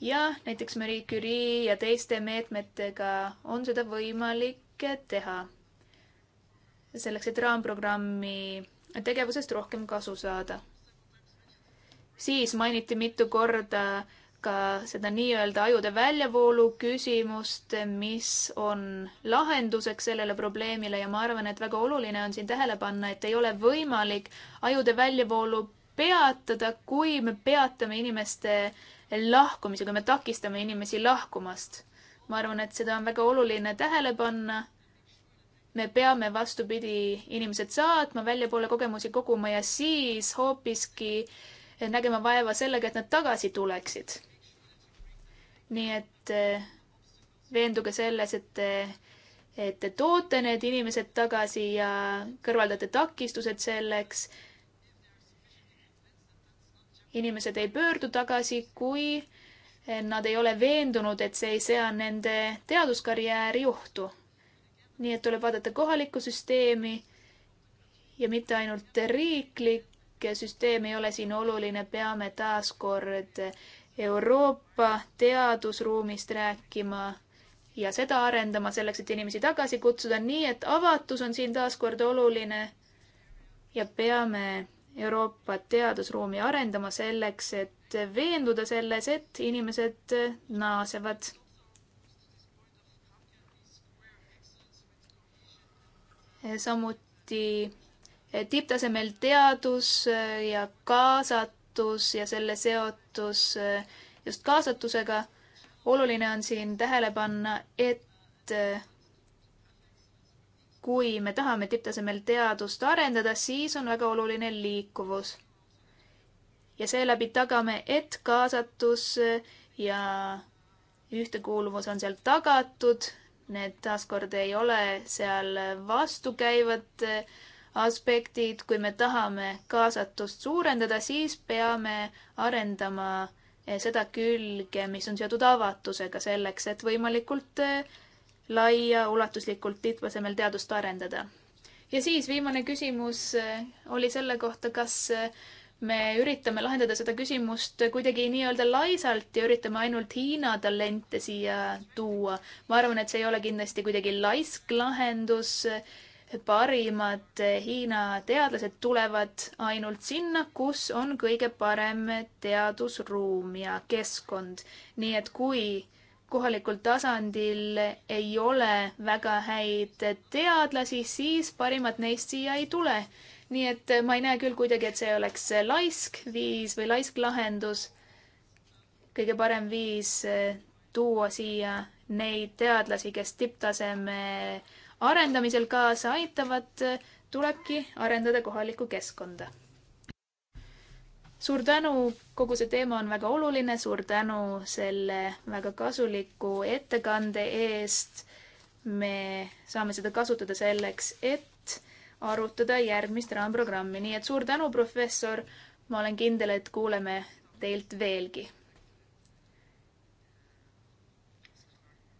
ja näiteks Marie Curie ja teiste meetmetega on seda võimalik teha. selleks, et raamprogrammi tegevusest rohkem kasu saada. siis mainiti mitu korda ka seda nii-öelda ajude väljavoolu küsimust, mis on lahenduseks sellele probleemile ja ma arvan, et väga oluline on siin tähele panna, et ei ole võimalik ajude väljavoolu peatada, kui me peatame inimeste lahkumise, kui me takistame inimesi lahkumast. ma arvan, et seda on väga oluline tähele panna. me peame vastupidi inimesed saatma väljapoole kogemusi koguma ja siis hoopiski nägema vaeva sellega, et nad tagasi tuleksid. nii et eh, veenduge selles, et et te toote need inimesed tagasi ja kõrvaldate takistused selleks inimesed ei pöördu tagasi, kui eh, nad ei ole veendunud, et see ei sea nende teaduskarjääri ohtu. nii et tuleb vaadata kohalikku süsteemi ja mitte ainult riiklik süsteem ei ole siin oluline, peame taaskord Euroopa teadusruumist rääkima ja seda arendama selleks, et inimesi tagasi kutsuda, nii et avatus on siin taaskord oluline ja peame Euroopa teadusruumi arendama selleks, et veenduda selles, et inimesed naasevad. samuti tipptasemel teadus ja kaasatus ja selle seotus just kaasatusega. oluline on siin tähele panna, et kui me tahame tipptasemel teadust arendada, siis on väga oluline liikuvus. ja seeläbi tagame, et kaasatus ja ühtekuuluvus on seal tagatud. Need taaskord ei ole seal vastukäivad aspektid, kui me tahame kaasatust suurendada, siis peame arendama seda külge, mis on seotud avatusega selleks, et võimalikult laiaulatuslikult tipptasemel teadust arendada. ja siis viimane küsimus eh, oli selle kohta, kas eh, me üritame lahendada seda küsimust kuidagi nii-öelda laisalt ja üritame ainult Hiina talente siia tuua. ma arvan, et see ei ole kindlasti kuidagi laisk lahendus. parimad eh, Hiina teadlased tulevad ainult sinna, kus on kõige parem teadusruum ja keskkond. nii et kui kohalikul tasandil ei ole väga häid teadlasi, siis parimad neist siia ei tule. nii et ma ei näe küll kuidagi, et see oleks laisk viis või laisk lahendus. kõige parem viis eh, tuua siia neid teadlasi, kes tipptaseme arendamisel kaasa aitavad, eh, tulebki arendada kohalikku keskkonda suur tänu, kogu see teema on väga oluline, suur tänu selle väga kasuliku ettekande eest. me saame seda kasutada selleks, et arutada järgmist raamprogrammi, nii et suur tänu, professor. ma olen kindel, et kuuleme teilt veelgi.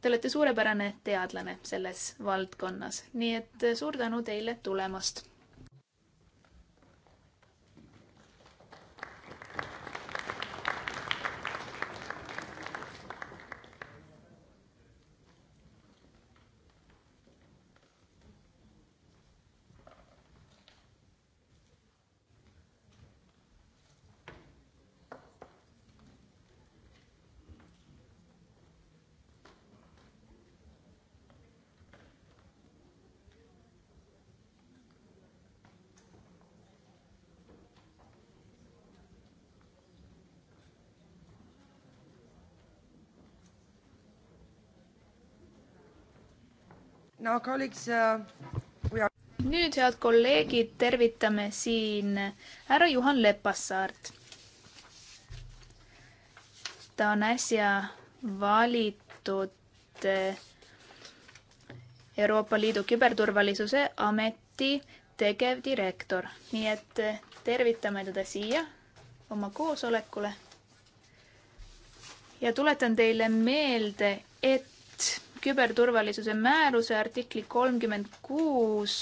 Te olete suurepärane teadlane selles valdkonnas, nii et suur tänu teile tulemast Uh, nüüd, head kolleegid, tervitame siin härra Juhan Lepassaart. ta on äsja valitud eh, Euroopa Liidu küberturvalisuse ameti tegevdirektor, nii et eh, tervitame teda siia oma koosolekule. ja tuletan teile meelde, et küberturvalisuse määruse artikli kolmkümmend kuus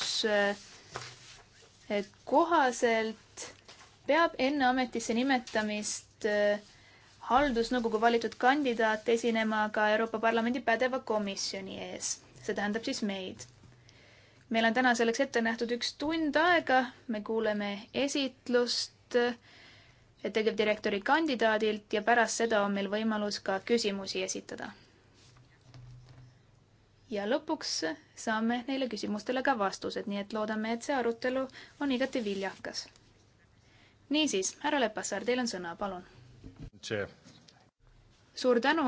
kohaselt peab enne ametisse nimetamist äh, haldusnõukogu valitud kandidaat esinema ka Euroopa Parlamendi pädeva komisjoni ees, see tähendab siis meid. meil on täna selleks ette nähtud üks tund aega, me kuuleme esitlust äh, tegevdirektori kandidaadilt ja pärast seda on meil võimalus ka küsimusi esitada ja lõpuks saame neile küsimustele ka vastused, nii et loodame, et see arutelu on igati viljakas. niisiis, härra Lepassaar, teil on sõna, palun. suur tänu.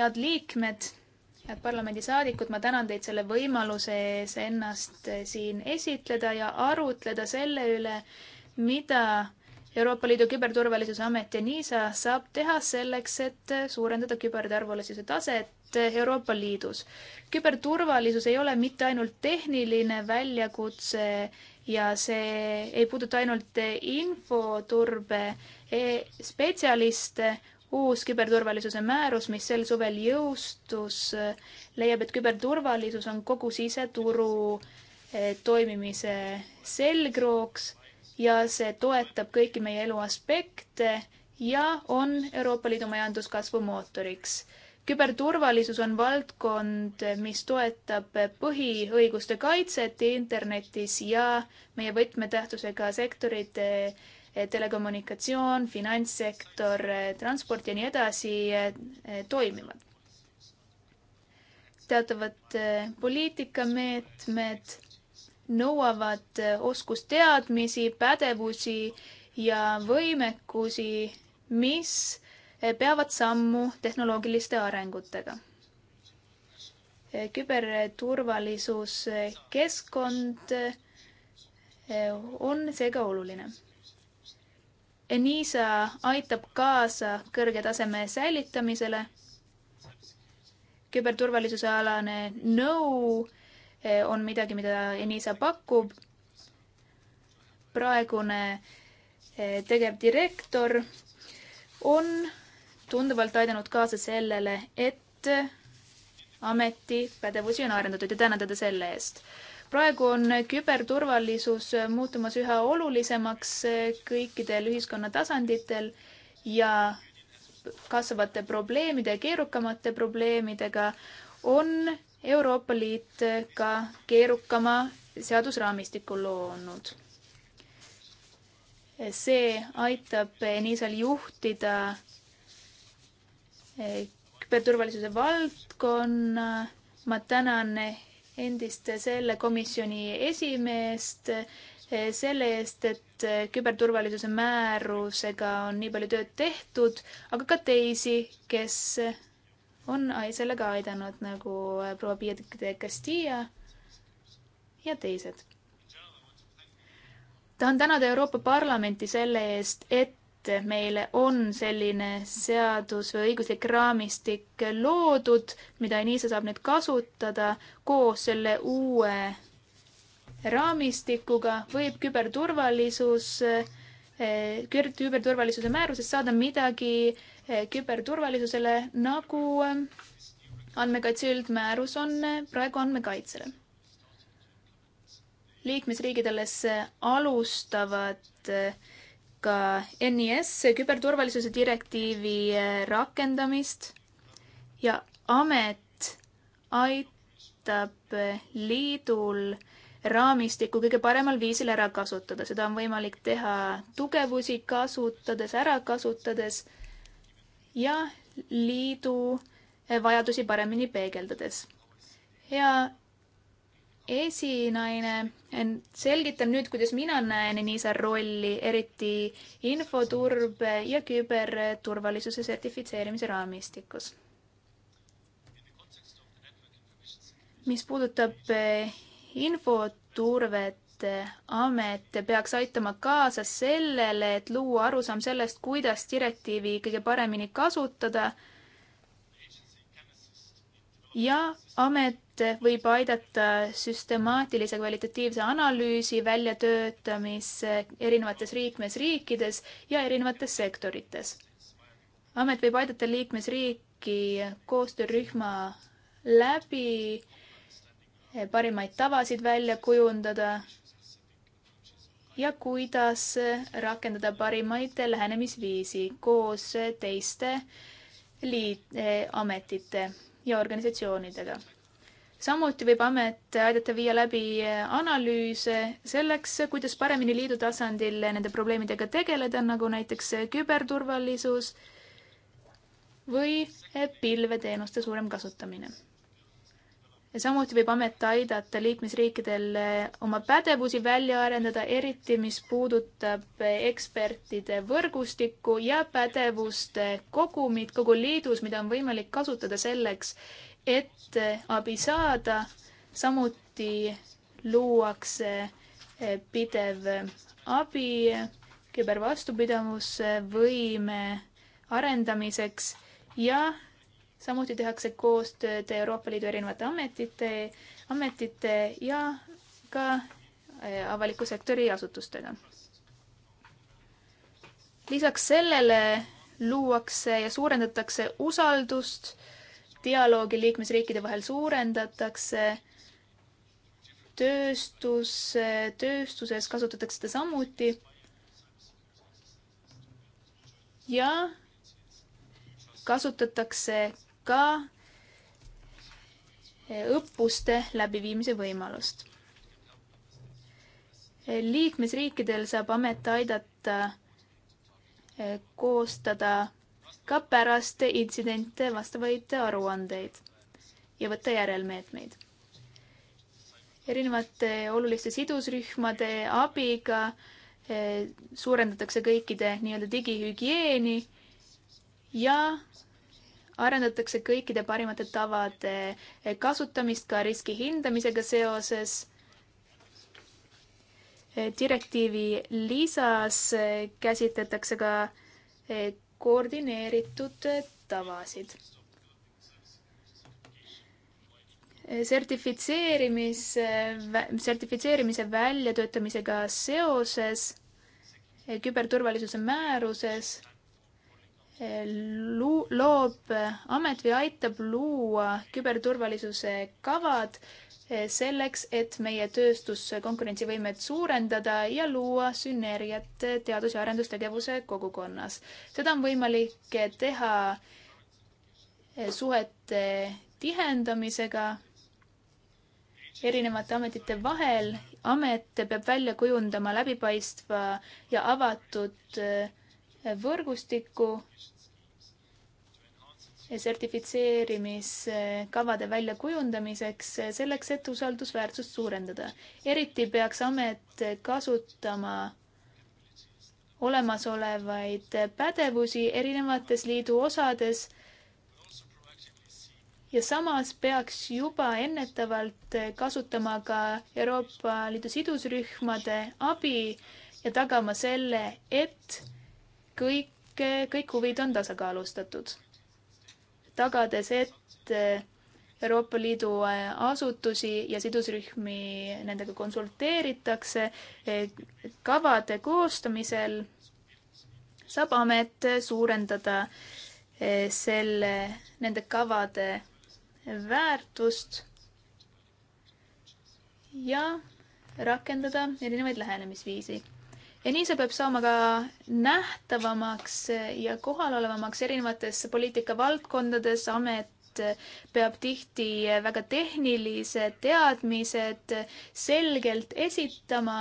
head liikmed, head parlamendisaadikud, ma tänan teid selle võimaluse ees ennast siin esitleda ja arutleda selle üle, mida Euroopa Liidu Küberturvalisuse Amet ja NISA saab teha selleks, et suurendada küberturvalisuse taset Euroopa Liidus. küberturvalisus ei ole mitte ainult tehniline väljakutse ja see ei puuduta ainult infoturbe e, spetsialiste, uus küberturvalisuse määrus, mis sel suvel jõustus, leiab, et küberturvalisus on kogu siseturu e, toimimise selgrooks ja see toetab kõiki meie elu aspekte ja on Euroopa Liidu majanduskasvu mootoriks. küberturvalisus on valdkond, mis toetab põhiõiguste kaitset internetis ja meie võtmetähtsusega sektorite eh, telekommunikatsioon, finantssektor, eh, transport ja nii edasi eh, toimivad. teatavad poliitikameetmed nõuavad äh, oskusteadmisi, pädevusi ja võimekusi, mis äh, peavad sammu tehnoloogiliste arengutega. Äh, küberturvalisuskeskkond on seega oluline. NISA aitab kaasa kõrge taseme säilitamisele. küberturvalisuse alane nõu no, Eh, on midagi, mida Enisa pakub. praegune eh, tegevdirektor on tunduvalt aidanud kaasa sellele, et ameti pädevusi on arendatud ja tänan teda selle eest. praegu on küberturvalisus muutumas üha olulisemaks eh, kõikidel ühiskonna tasanditel ja kasvavate probleemide ja keerukamate probleemidega on Euroopa Liit ka keerukama seadusraamistiku loonud. see aitab Enisal juhtida eh, küberturvalisuse valdkonna. ma tänan endist selle komisjoni esimeest eh, selle eest, et küberturvalisuse määrusega on nii palju tööd tehtud, aga ka teisi, kes on sellega aidanud nagu äh, proua Piedrik de Castilla ja teised. tahan tänada Euroopa Parlamenti selle eest, et meile on selline seadus või õiguslik raamistik loodud, mida Enisa saab nüüd kasutada koos selle uue raamistikuga võib küberturvalisus äh, Eh, küberturvalisuse määrusest saada midagi eh, küberturvalisusele, nagu eh, andmekaitse üldmäärus on praegu andmekaitsele. liikmesriigid alles alustavad ka NIS küberturvalisuse direktiivi rakendamist ja amet aitab liidul raamistikku kõige paremal viisil ära kasutada. seda on võimalik teha tugevusi kasutades, ära kasutades ja liidu vajadusi paremini peegeldades. hea esinaine, selgitan nüüd, kuidas mina näen Enisa rolli, eriti infoturbe ja küberturvalisuse sertifitseerimise raamistikus. mis puudutab eh, infoturvete amet peaks aitama kaasa sellele, et luua arusaam sellest, kuidas direktiivi kõige paremini kasutada. ja amet võib aidata süstemaatilise kvalitatiivse analüüsi väljatöötamise erinevates liikmesriikides ja erinevates sektorites. amet võib aidata liikmesriiki koostöörühma läbi parimaid tavasid välja kujundada ja kuidas rakendada parimaid lähenemisviisi koos teiste liit, ametite ja organisatsioonidega. samuti võib amet aidata viia läbi analüüse selleks, kuidas paremini liidu tasandil nende probleemidega tegeleda, nagu näiteks küberturvalisus või pilveteenuste suurem kasutamine samuti võib amet aidata liikmesriikidel oma pädevusi välja arendada, eriti mis puudutab ekspertide võrgustikku ja pädevuste kogumit kogu liidus, mida on võimalik kasutada selleks, et abi saada. samuti luuakse eh, pidev abi kübervastupidavusvõime arendamiseks ja samuti tehakse koostööd Euroopa Liidu erinevate ametite, ametite ja ka äh, avaliku sektori asutustega. lisaks sellele luuakse ja suurendatakse usaldust, dialoogi liikmesriikide vahel suurendatakse, tööstus, tööstuses kasutatakse seda samuti ja kasutatakse ka eh, õppuste läbiviimise võimalust. Eh, liikmesriikidel saab amet aidata eh, koostada ka pärast intsidente vastavaid aruandeid ja võtta järelmeetmeid. erinevate oluliste sidusrühmade abiga suurendatakse kõikide nii-öelda digihügieeni ja arendatakse kõikide parimate tavade kasutamist ka riski hindamisega seoses. direktiivi lisas käsitletakse ka eh, koordineeritud tavasid. sertifitseerimise, sertifitseerimise väljatöötamisega seoses eh, küberturvalisuse määruses loob amet või aitab luua küberturvalisuse kavad eh, selleks, et meie tööstus konkurentsivõimet suurendada ja luua sünergiat teadus- ja arendustegevuse kogukonnas. seda on võimalik teha eh, suhete tihendamisega erinevate ametite vahel. amet peab välja kujundama läbipaistva ja avatud eh, võrgustikku sertifitseerimiskavade väljakujundamiseks, selleks, et usaldusväärsust suurendada. eriti peaks amet kasutama olemasolevaid pädevusi erinevates liidu osades ja samas peaks juba ennetavalt kasutama ka Euroopa Liidu sidusrühmade abi ja tagama selle, et kõik, kõik huvid on tasakaalustatud, tagades, et Euroopa Liidu asutusi ja sidusrühmi nendega konsulteeritakse kavade koostamisel, saab amet suurendada selle, nende kavade väärtust ja rakendada erinevaid lähenemisviisi ja nii see peab saama ka nähtavamaks ja kohalolevamaks erinevates poliitikavaldkondades. amet peab tihti väga tehnilised teadmised selgelt esitama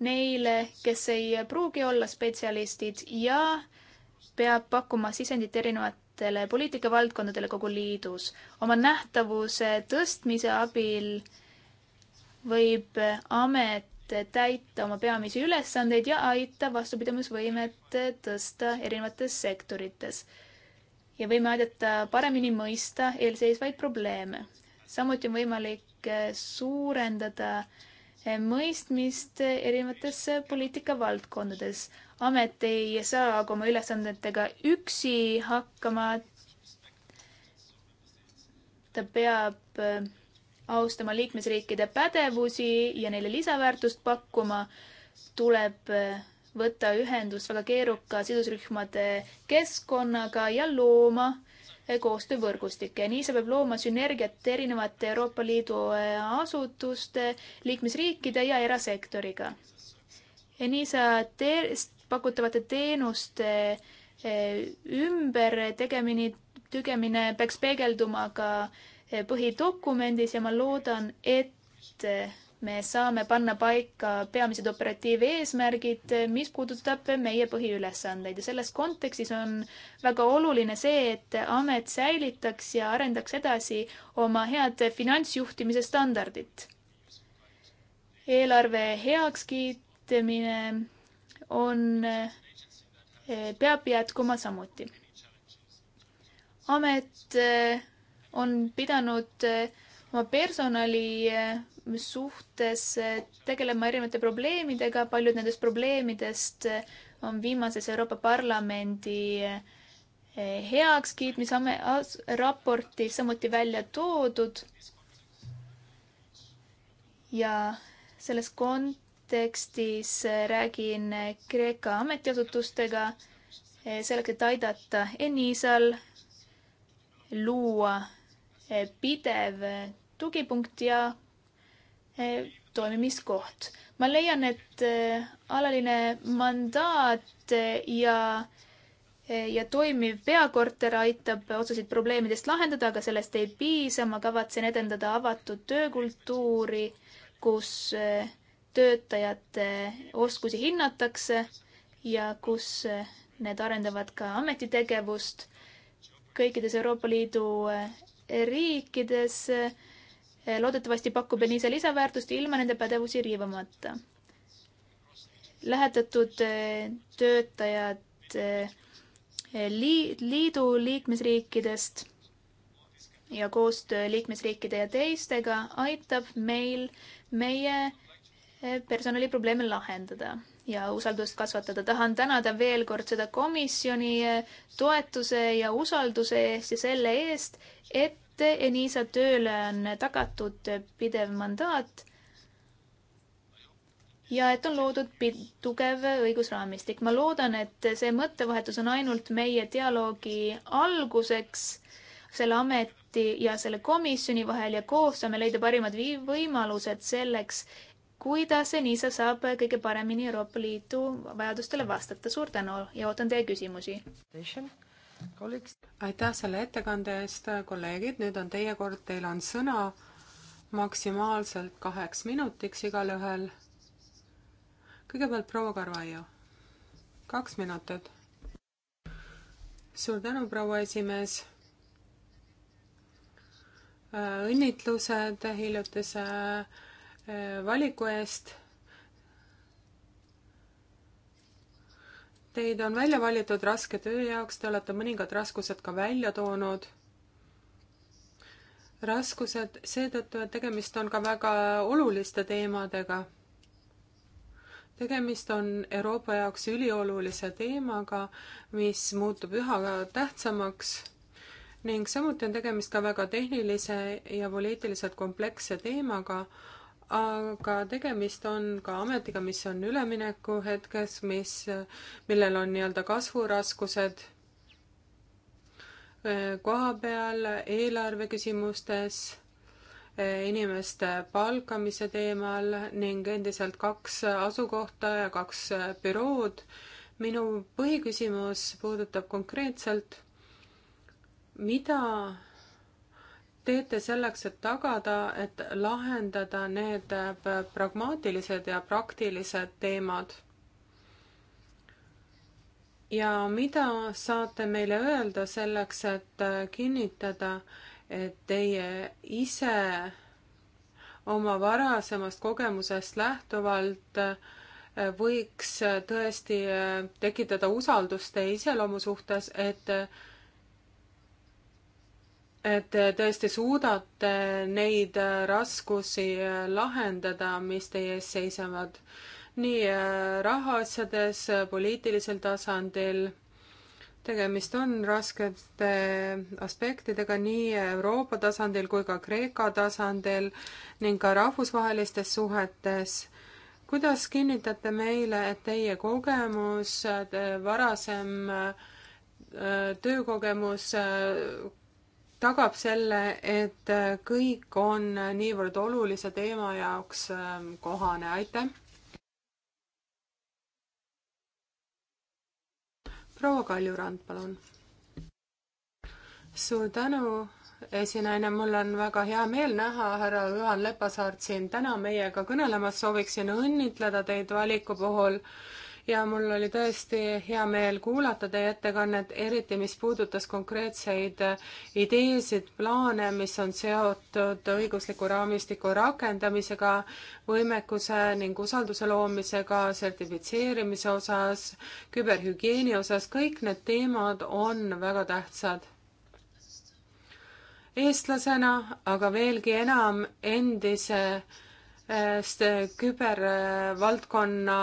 neile, kes ei pruugi olla spetsialistid ja peab pakkuma sisendit erinevatele poliitikavaldkondadele kogu liidus. oma nähtavuse tõstmise abil võib amet täita oma peamisi ülesandeid ja aita vastupidavusvõimet tõsta erinevates sektorites. ja võime aidata paremini mõista eelseisvaid probleeme. samuti on võimalik suurendada mõistmist erinevates poliitikavaldkondades. amet ei saa aga oma ülesannetega üksi hakkama. ta peab austama liikmesriikide pädevusi ja neile lisaväärtust pakkuma, tuleb äh, võtta ühendust väga keeruka sidusrühmade keskkonnaga ja looma äh, koostöövõrgustikke. nii see peab looma sünergiat erinevate Euroopa Liidu äh, asutuste, liikmesriikide ja erasektoriga. ENISA te pakutavate teenuste ümbertegemine, tegemine peaks peegelduma ka äh, põhidokumendis ja ma loodan, et me saame panna paika peamised operatiiveesmärgid, mis puudutab meie põhiülesandeid ja selles kontekstis on väga oluline see, et amet säilitaks ja arendaks edasi oma head finantsjuhtimise standardit. eelarve heakskiitmine on, eh, peab jätkuma samuti. amet eh, on pidanud eh, oma personali eh, suhtes eh, tegelema erinevate probleemidega, paljud nendest probleemidest on viimases Euroopa Parlamendi heakskiitmise raportis samuti välja toodud. ja selles kontekstis räägin Kreeka ametiasutustega selleks, et aidata Enisal luua Eh, pidev eh, tugipunkt ja eh, toimimiskoht. ma leian, et alaline mandaat ja, ja toimiv peakorter aitab otseseid probleemidest lahendada, aga sellest ei piisa. ma kavatsen edendada avatud töökultuuri, kus töötajate oskusi hinnatakse ja kus need arendavad ka ametitegevust kõikides Euroopa Liidu riikides eh, loodetavasti pakub Enisa lisaväärtust ilma nende pädevusi riivamata. lähetatud eh, töötajad eh, liidu liikmesriikidest ja koostöö liikmesriikide ja teistega aitab meil meie personaliprobleeme lahendada ja usaldust kasvatada. tahan tänada veel kord seda komisjoni eh, toetuse ja usalduse eest ja selle eest, et Enisa tööle on tagatud pidev mandaat ja et on loodud tugev õigusraamistik. ma loodan, et see mõttevahetus on ainult meie dialoogi alguseks selle ameti ja selle komisjoni vahel ja koos saame leida parimad võimalused selleks, kuidas NISA saab kõige paremini Euroopa Liidu vajadustele vastata. suur tänu ja ootan teie küsimusi. aitäh selle ettekande eest, kolleegid, nüüd on teie kord, teil on sõna maksimaalselt kaheks minutiks igalühel. kõigepealt proua Carvaio, kaks minutit. suur tänu, proua esimees õnnitlused hiljutise äh, valiku eest. Teid on välja valitud raske töö jaoks, te olete mõningad raskused ka välja toonud. raskused seetõttu, et tegemist on ka väga oluliste teemadega. tegemist on Euroopa jaoks üliolulise teemaga, mis muutub üha tähtsamaks ning samuti on tegemist ka väga tehnilise ja poliitiliselt kompleksse teemaga, aga tegemist on ka ametiga, mis on ülemineku hetkes, mis, millel on nii-öelda kasvuraskused eh, koha peal eelarve küsimustes, eh, inimeste palkamise teemal ning endiselt kaks asukohta ja kaks eh, bürood. minu põhiküsimus puudutab konkreetselt, mida teete selleks, et tagada, et lahendada need äh, pragmaatilised ja praktilised teemad? ja mida saate meile öelda selleks, et äh, kinnitada, et teie ise oma varasemast kogemusest lähtuvalt äh, võiks tõesti tekitada usaldust teie iseloomu suhtes, et et te tõesti suudate neid raskusi lahendada, mis teie ees seisavad, nii äh, rahaasjades, poliitilisel tasandil. tegemist on raskete aspektidega nii Euroopa tasandil kui ka Kreeka tasandil ning ka rahvusvahelistes suhetes kuidas kinnitate meile, et teie kogemus, varasem äh, töökogemus tagab selle, et kõik on niivõrd olulise teema jaoks ähm, kohane, aitäh. proua Kaljurand, palun. suur tänu, esinaine, mul on väga hea meel näha härra Juhan Lepasaart siin täna meiega kõnelemas, sooviksin õnnitleda teid valiku puhul ja mul oli tõesti hea meel kuulata teie ettekannet, eriti mis puudutas konkreetseid äh, ideesid, plaane, mis on seotud õigusliku raamistiku rakendamisega, võimekuse ning usalduse loomisega, sertifitseerimise osas, küberhügieeni osas, kõik need teemad on väga tähtsad eestlasena, aga veelgi enam endisest äh, kübervaldkonna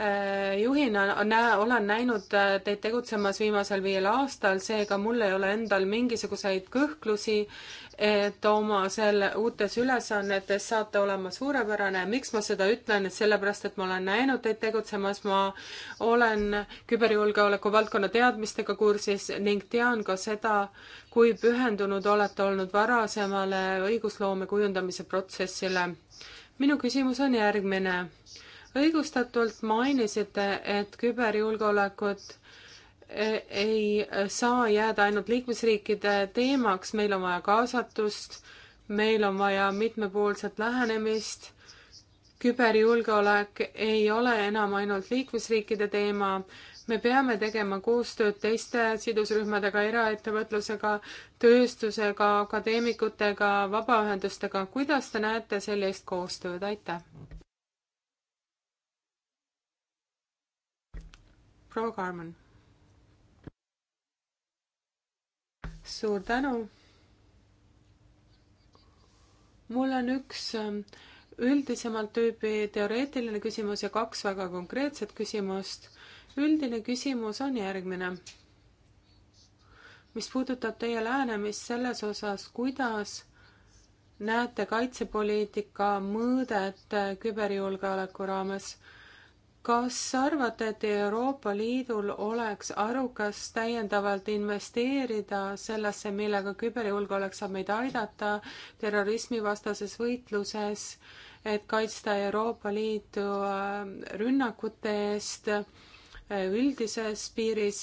Äh, juhina näe, olen näinud äh, teid tegutsemas viimasel viiel aastal, seega mul ei ole endal mingisuguseid kõhklusi, et oma selle uutes ülesannetes saate olema suurepärane. miks ma seda ütlen, et sellepärast, et ma olen näinud teid tegutsemas, ma olen küberjulgeoleku valdkonna teadmistega kursis ning tean ka seda, kui pühendunud olete olnud varasemale õigusloome kujundamise protsessile. minu küsimus on järgmine õigustatult mainisite, et küberjulgeolekut e, ei saa jääda ainult liikmesriikide teemaks, meil on vaja kaasatust, meil on vaja mitmepoolset lähenemist. küberjulgeolek ei ole enam ainult liikmesriikide teema, me peame tegema koostööd teiste sidusrühmadega, eraettevõtlusega, tööstusega, akadeemikutega, vabaühendustega. kuidas te näete sellist koostööd, aitäh! proua Karmen. suur tänu. mul on üks ähm, üldisemalt tüüpi teoreetiline küsimus ja kaks väga konkreetset küsimust. üldine küsimus on järgmine. mis puudutab teie lähenemist selles osas, kuidas näete kaitsepoliitika mõõdet äh, küberjulgeoleku raames kas arvate, et Euroopa Liidul oleks arukas täiendavalt investeerida sellesse, millega küberjulgeolek saab meid aidata terrorismivastases võitluses, et kaitsta Euroopa Liidu äh, rünnakute eest äh, üldises piiris?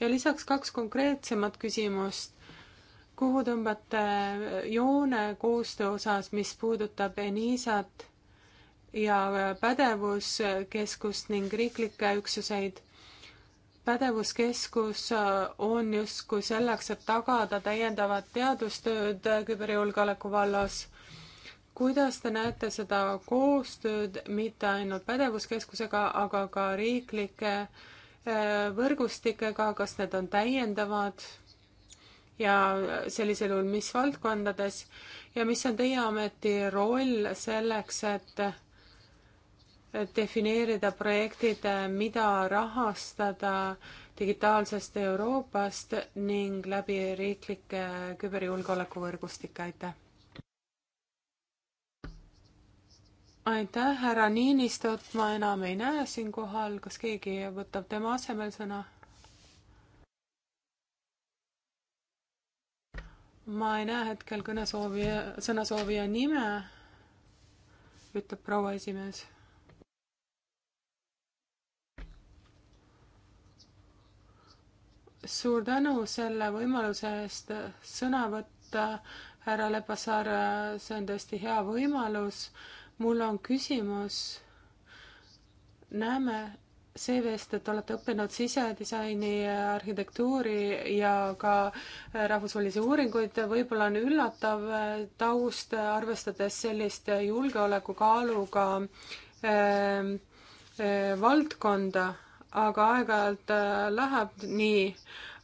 ja lisaks kaks konkreetsemat küsimust. kuhu tõmbate äh, joone koostöö osas, mis puudutab Enisat? ja pädevuskeskust ning riiklikke üksuseid. pädevuskeskus äh, on justkui selleks, et tagada täiendavat teadustööd küberjulgeoleku vallas. kuidas te näete seda koostööd mitte ainult pädevuskeskusega, aga ka riiklike äh, võrgustikega, kas need on täiendavad ja sellisel juhul, mis valdkondades ja mis on teie ameti roll selleks, et defineerida projektid, mida rahastada digitaalsest Euroopast ning läbi riiklike küberjulgeolekuvõrgustike, aitäh! aitäh, härra Niinistot ma enam ei näe siinkohal, kas keegi võtab tema asemel sõna? ma ei näe hetkel kõnesoovija, sõnasoovija nime, ütleb proua esimees suur tänu selle võimaluse eest sõna võtta, härra Lepasaar, see on tõesti hea võimalus. mul on küsimus. näeme CV-st, et olete õppinud sisedisaini, arhitektuuri ja ka rahvusvahelisi uuringuid, võib-olla on üllatav taust, arvestades sellist julgeolekukaaluga äh, äh, valdkonda aga aeg-ajalt äh, läheb nii.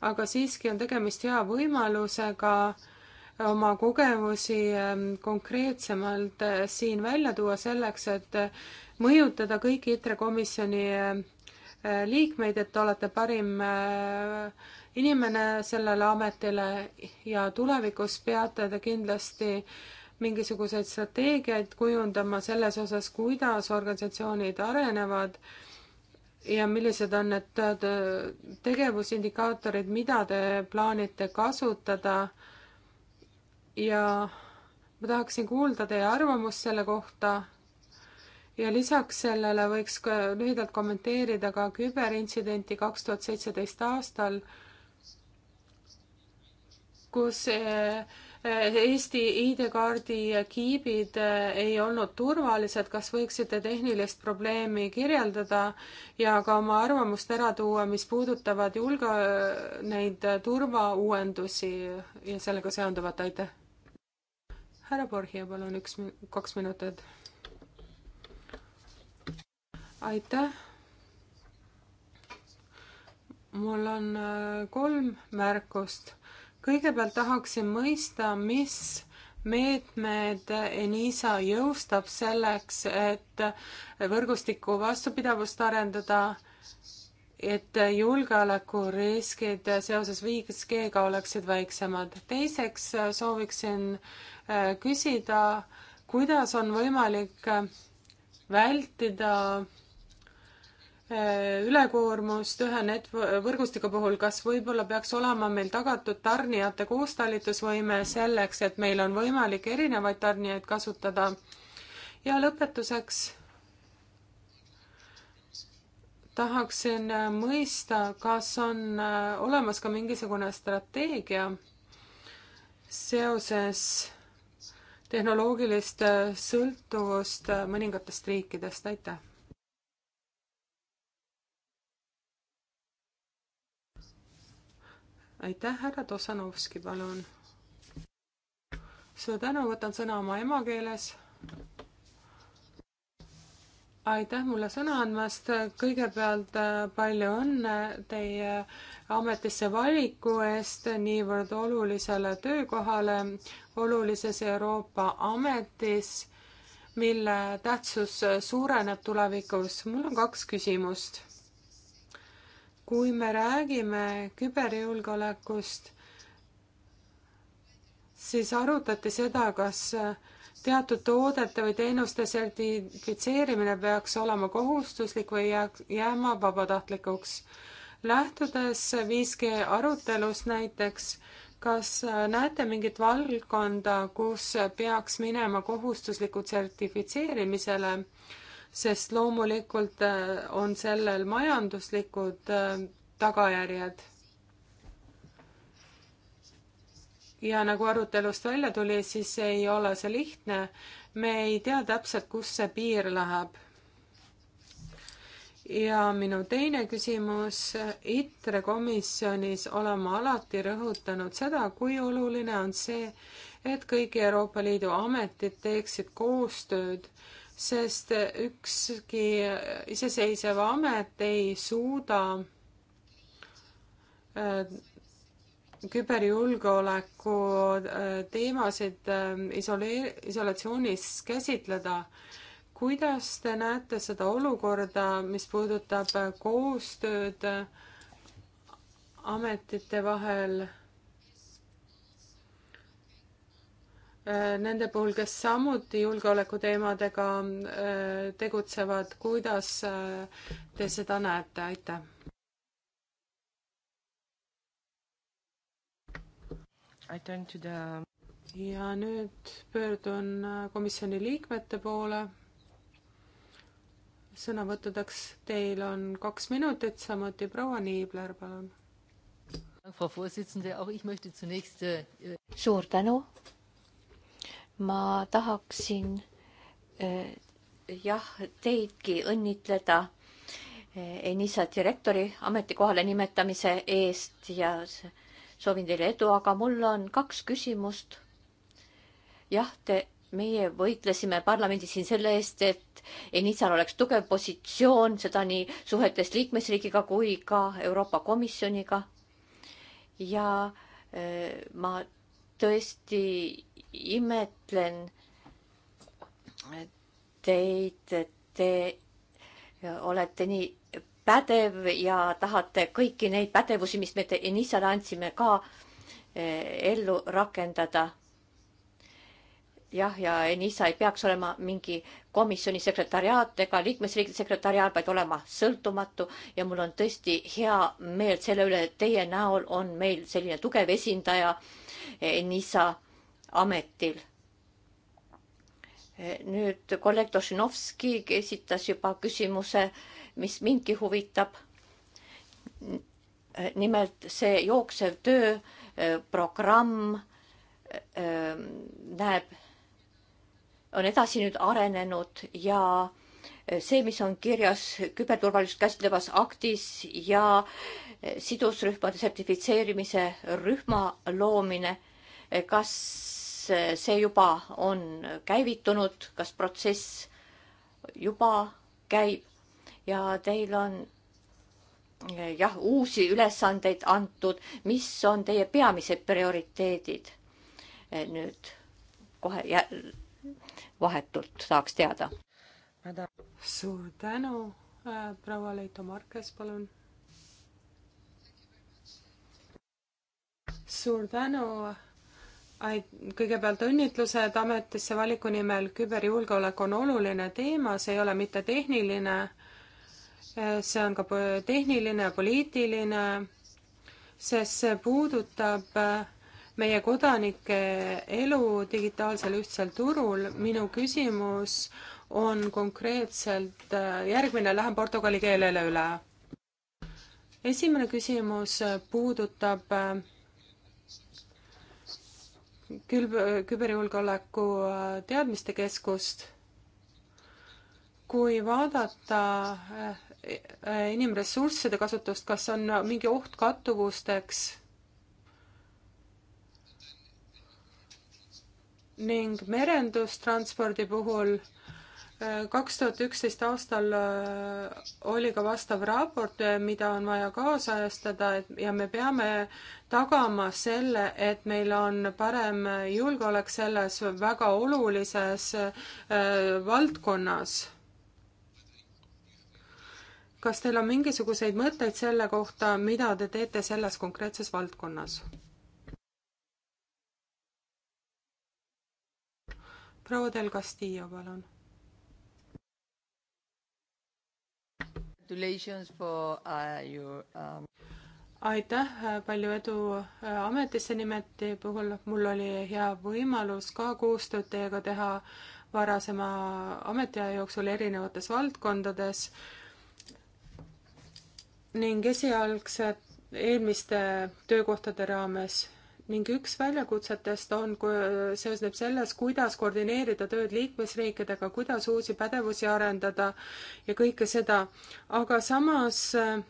aga siiski on tegemist hea võimalusega oma kogemusi ähm, konkreetsemalt äh, siin välja tuua selleks, et äh, mõjutada kõiki ITRE komisjoni liikmeid, et te olete parim inimene sellele ametile ja tulevikus peate te kindlasti mingisuguseid strateegiaid kujundama selles osas, kuidas organisatsioonid arenevad ja millised on need äh, tegevusindikaatorid, mida te plaanite kasutada ja ma tahaksin kuulda teie arvamust selle kohta. ja lisaks sellele võiks ka lühidalt kommenteerida ka küberintsidenti kaks tuhat seitseteist aastal, kus äh, Eesti ID-kaardi kiibid äh, ei olnud turvalised, kas võiksite tehnilist probleemi kirjeldada ja ka oma arvamust ära tuua, mis puudutavad julge-, neid äh, turvauuendusi ja sellega seonduvat, aitäh! härra Borgia, palun üks, kaks minutit. aitäh. mul on äh, kolm märkust kõigepealt tahaksin mõista, mis meetmed Enisa jõustab selleks, et võrgustiku vastupidavust arendada, et julgeolekuriskid seoses 5G-ga oleksid väiksemad. teiseks sooviksin äh, küsida, kuidas on võimalik vältida Äh, ülekoormust ühe net-, võrgustiku puhul, kas võib-olla peaks olema meil tagatud tarnijate koostalitusvõime selleks, et meil on võimalik erinevaid tarnijaid kasutada? ja lõpetuseks tahaksin äh, mõista, kas on äh, olemas ka mingisugune strateegia seoses tehnoloogilist sõltuvust mõningatest riikidest, aitäh! aitäh, härra Tosanovski, palun. suur tänu, võtan sõna oma emakeeles. aitäh mulle sõna andmast, kõigepealt äh, palju õnne teie ametisse valiku eest niivõrd olulisele töökohale, olulises Euroopa ametis, mille tähtsus suureneb tulevikus. mul on kaks küsimust kui me räägime küberjulgeolekust, siis arutati seda, kas teatud toodete või teenuste sertifitseerimine peaks olema kohustuslik või jääma vabatahtlikuks. lähtudes 5G arutelust näiteks, kas näete mingit valdkonda, kus peaks minema kohustusliku sertifitseerimisele sest loomulikult äh, on sellel majanduslikud äh, tagajärjed. ja nagu arutelust välja tuli, siis ei ole see lihtne. me ei tea täpselt, kus see piir läheb. ja minu teine küsimus. ITRE komisjonis oleme alati rõhutanud seda, kui oluline on see, et kõik Euroopa Liidu ametid teeksid koostööd sest ükski iseseisev amet ei suuda äh, küberjulgeoleku äh, teemasid äh, isoleer-, isolatsioonis käsitleda. kuidas te näete seda olukorda, mis puudutab koostööd ametite vahel? Äh, nende puhul, kes samuti julgeolekuteemadega äh, tegutsevad, kuidas äh, te seda näete, aitäh? The... ja nüüd pöördun komisjoni liikmete poole. sõnavõttudeks teil on kaks minutit, samuti proua Niibler, palun. suur tänu ma tahaksin eh, jah, teidki õnnitleda eh, Enisa direktori ametikohale nimetamise eest ja soovin teile edu, aga mul on kaks küsimust. jah, te, meie võitlesime parlamendis siin selle eest, et Enisal oleks tugev positsioon, seda nii suhetes liikmesriigiga kui ka Euroopa Komisjoniga. ja eh, ma tõesti imetlen teid, et te olete nii pädev ja tahate kõiki neid pädevusi, mis me Enissale andsime, ka eh, ellu rakendada. jah, ja Enissa ei peaks olema mingi komisjoni sekretariaat ega liikmesriikide sekretariaat, vaid olema sõltumatu ja mul on tõesti hea meel selle üle, et teie näol on meil selline tugev esindaja äh, Eh, NISA ametil. Eh, nüüd kolleeg Tošinovski esitas juba küsimuse, mis mindki huvitab. Eh, nimelt see jooksev tööprogramm näeb, on edasi nüüd arenenud ja see, mis on kirjas küberturvalisust käsitlevas aktis ja sidusrühmade sertifitseerimise rühma loomine. kas see juba on käivitunud, kas protsess juba käib ja teil on jah, uusi ülesandeid antud, mis on teie peamised prioriteedid nüüd kohe jä-, vahetult tahaks teada? suur tänu, äh, proua Leito Markes, palun suur tänu kõigepealt õnnitlused ametisse valiku nimel. küberjulgeolek on oluline teema, see ei ole mitte tehniline, see on ka tehniline ja poliitiline, sest see puudutab äh, meie kodanike elu digitaalsel ühtsel turul. minu küsimus on konkreetselt äh, järgmine, lähen portugali keelele üle. esimene küsimus puudutab äh, külb-, küberjulgeoleku äh, teadmistekeskust. kui vaadata äh, äh, inimressursside kasutust, kas on mingi oht kattuvusteks ning merendustranspordi puhul kaks tuhat üksteist aastal äh, oli ka vastav raport, äh, mida on vaja kaasajastada ja me peame tagama selle, et meil on parem julgeolek selles väga olulises äh, valdkonnas. kas teil on mingisuguseid mõtteid selle kohta, mida te teete selles konkreetses valdkonnas? proua Del Castillo, palun congratulations for uh, your um... aitäh, palju edu äh, ametisse nimeti puhul. mul oli hea võimalus ka koostööd teiega teha varasema ametiaja jooksul erinevates valdkondades ning esialgsed eelmiste töökohtade raames ning üks väljakutsetest on, seisneb selles, kuidas koordineerida tööd liikmesriikidega, kuidas uusi pädevusi arendada ja kõike seda. aga samas äh,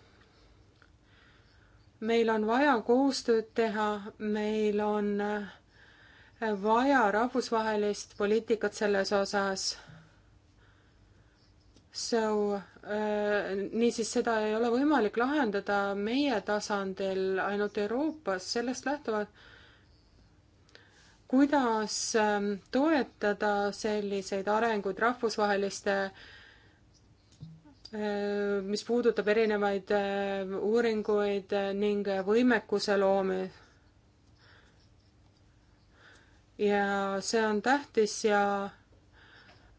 meil on vaja koostööd teha, meil on äh, vaja rahvusvahelist poliitikat selles osas so äh, niisiis, seda ei ole võimalik lahendada meie tasandil ainult Euroopas, sellest lähtuvalt, kuidas ähm, toetada selliseid arenguid rahvusvaheliste, äh, mis puudutab erinevaid äh, uuringuid ning võimekuse loomi. ja see on tähtis ja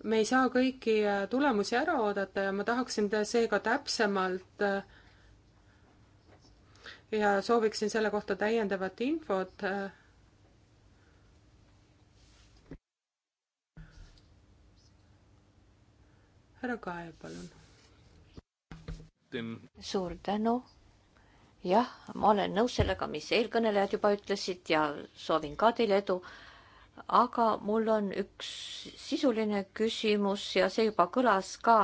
me ei saa kõiki äh, tulemusi ära oodata ja ma tahaksin seega täpsemalt äh, ja sooviksin selle kohta täiendavat infot. Äh. härra Kae, palun. suur tänu. jah, ma olen nõus sellega, mis eelkõnelejad juba ütlesid ja soovin ka teile edu aga mul on üks sisuline küsimus ja see juba kõlas ka.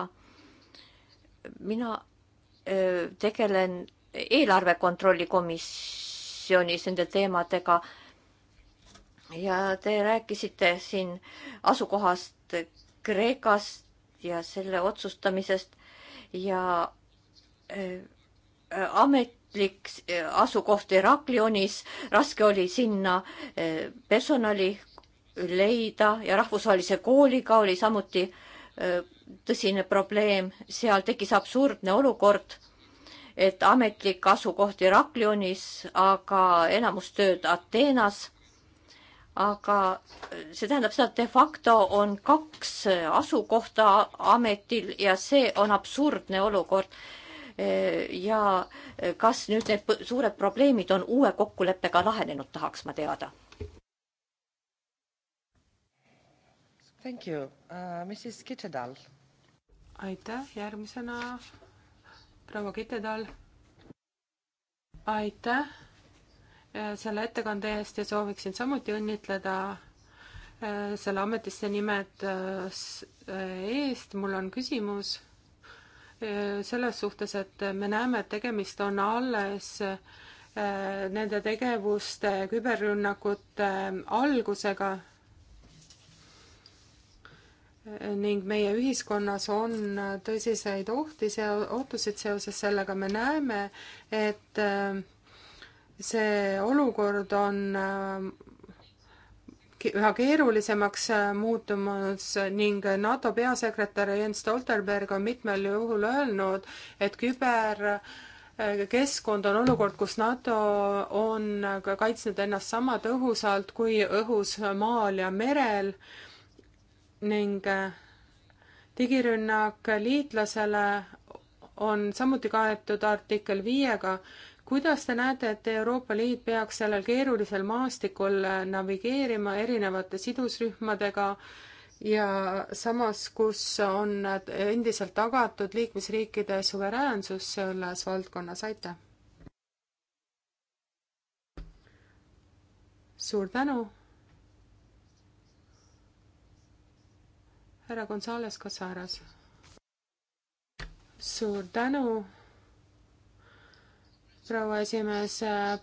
mina tegelen eelarve kontrolli komisjonis nende teemadega. ja te rääkisite siin asukohast Kreekast ja selle otsustamisest ja ametlik asukoht Heraklionis, raske oli sinna personali leida ja rahvusvahelise kooliga oli samuti tõsine probleem, seal tekkis absurdne olukord, et ametlik asukoht Heraklionis, aga enamus tööd Ateenas. aga see tähendab seda, et de facto on kaks asukohta ametil ja see on absurdne olukord. ja kas nüüd need suured probleemid on uue kokkuleppega lahenenud, tahaks ma teada Thank you uh,, Mrs Kitedal. aitäh, järgmisena proua Kitedal. aitäh äh, selle ettekande eest ja sooviksin samuti õnnitleda äh, selle ametisse nimetuse äh, eest. mul on küsimus selles suhtes, et me näeme, et tegemist on alles nende tegevuste, küberrünnakute algusega ning meie ühiskonnas on tõsiseid ohti, ohtusid seoses sellega, me näeme, et äh, see olukord on äh, üha keerulisemaks äh, muutumas ning NATO peasekretär Jens Stoltenberg on mitmel juhul öelnud, et küberkeskkond on olukord, kus NATO on kaitsnud ennast sama tõhusalt kui õhus, maal ja merel ning äh, digirünnak liitlasele on samuti kaetud artikkel viiega. kuidas te näete, et Euroopa Liit peaks sellel keerulisel maastikul äh, navigeerima erinevate sidusrühmadega ja samas, kus on äh, endiselt tagatud liikmesriikide suveräänsus selles valdkonnas, aitäh! suur tänu! härra Gonzales Casaras. suur tänu, proua esimees,